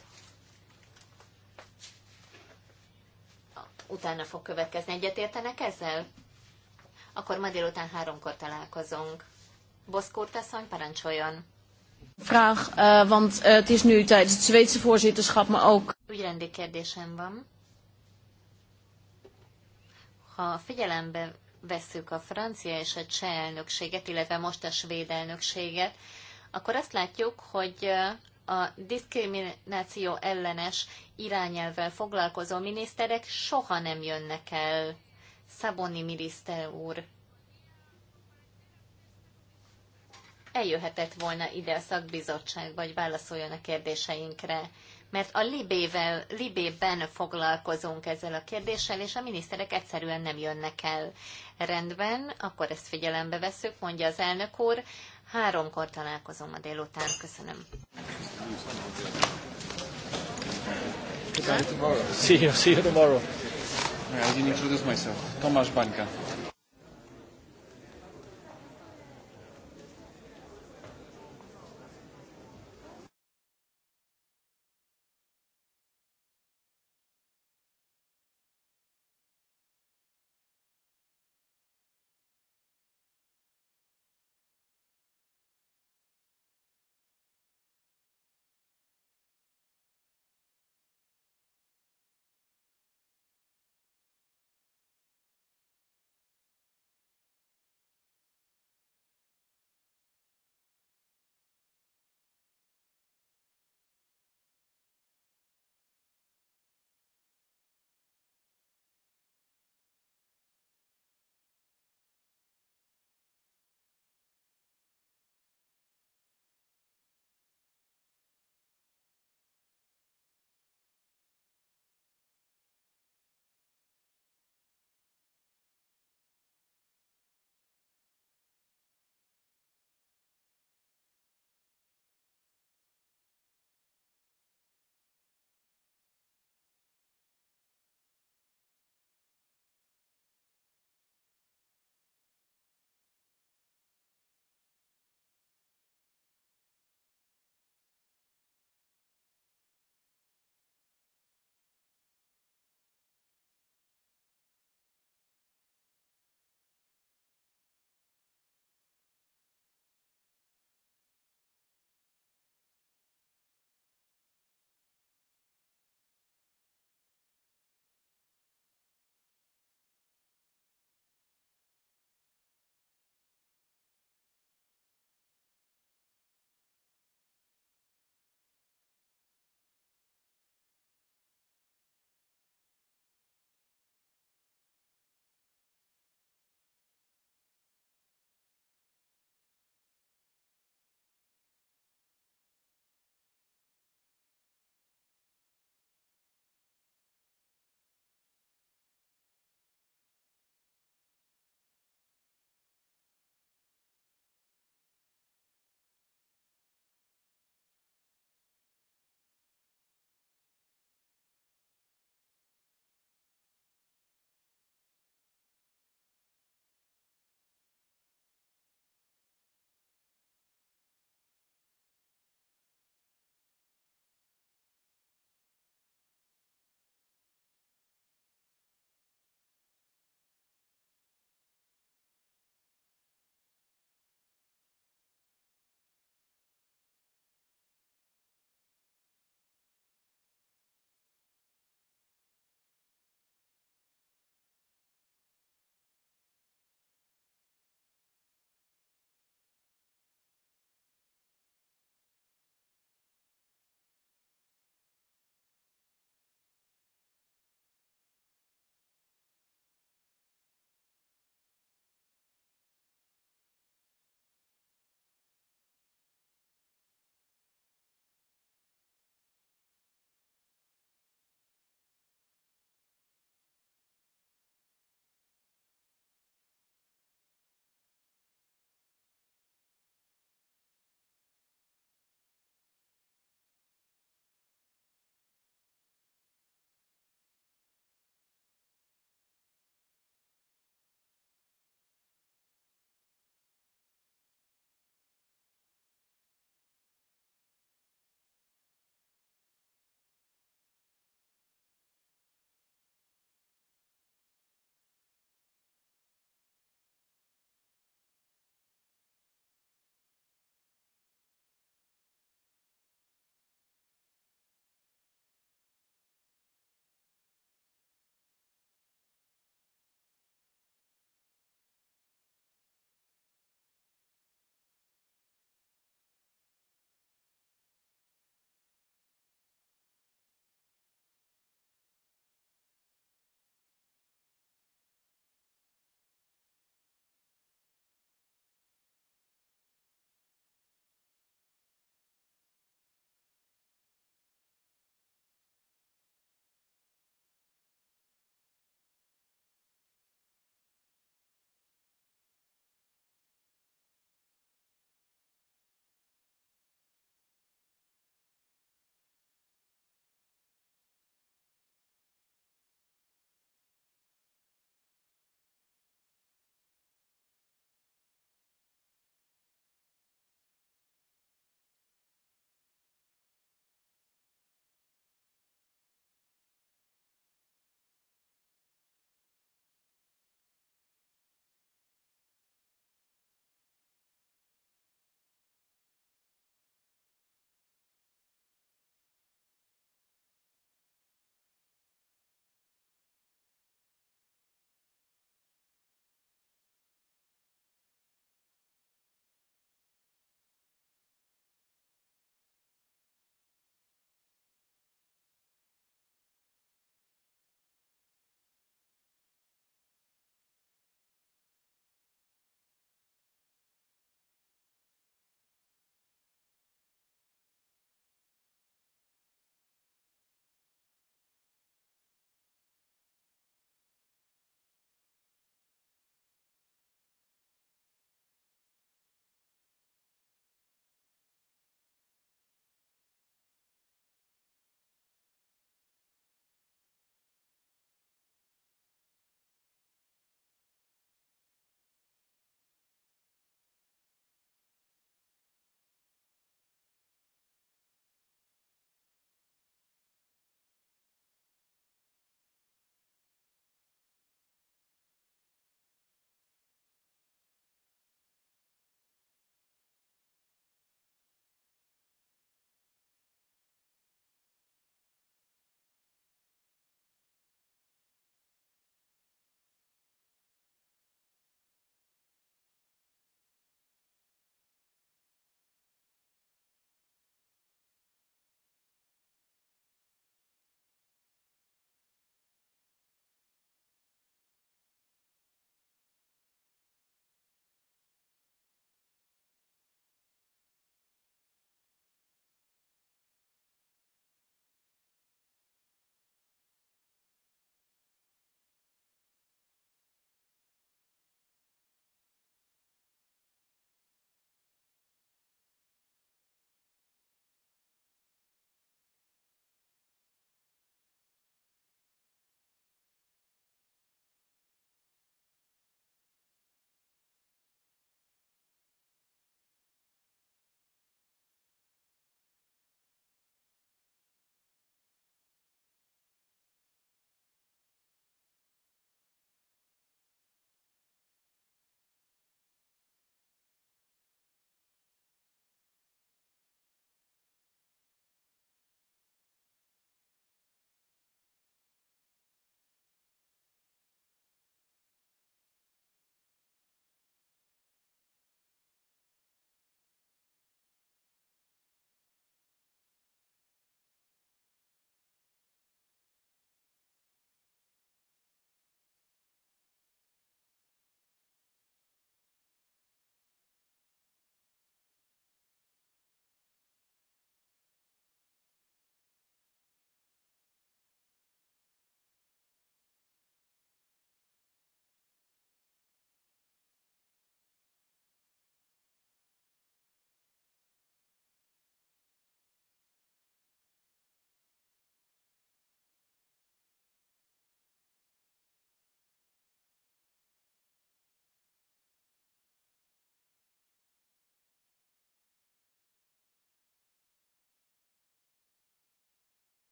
utána fog következni. Egyetértenek ezzel? Akkor ma délután háromkor találkozunk. Boszkurt asszony, parancsoljon!
Vraag, uh, want uh, het is nu tijdens het Zweedse voorzitterschap, maar
ook... Ügyrendi kérdésem van. Ha figyelembe vesszük a francia és a cseh elnökséget, illetve most a svéd elnökséget, akkor azt látjuk, hogy eh, a diszkrimináció ellenes irányelvvel foglalkozó miniszterek soha nem jönnek el. Szaboni miniszter úr eljöhetett volna ide a szakbizottság, vagy válaszoljon a kérdéseinkre. Mert a libével, libében foglalkozunk ezzel a kérdéssel, és a miniszterek egyszerűen nem jönnek el. Rendben, akkor ezt figyelembe veszük, mondja az elnök úr. Háromkor találkozom a délután. Köszönöm.
See you, see you tomorrow. I didn't introduce myself. Tomasz Banka.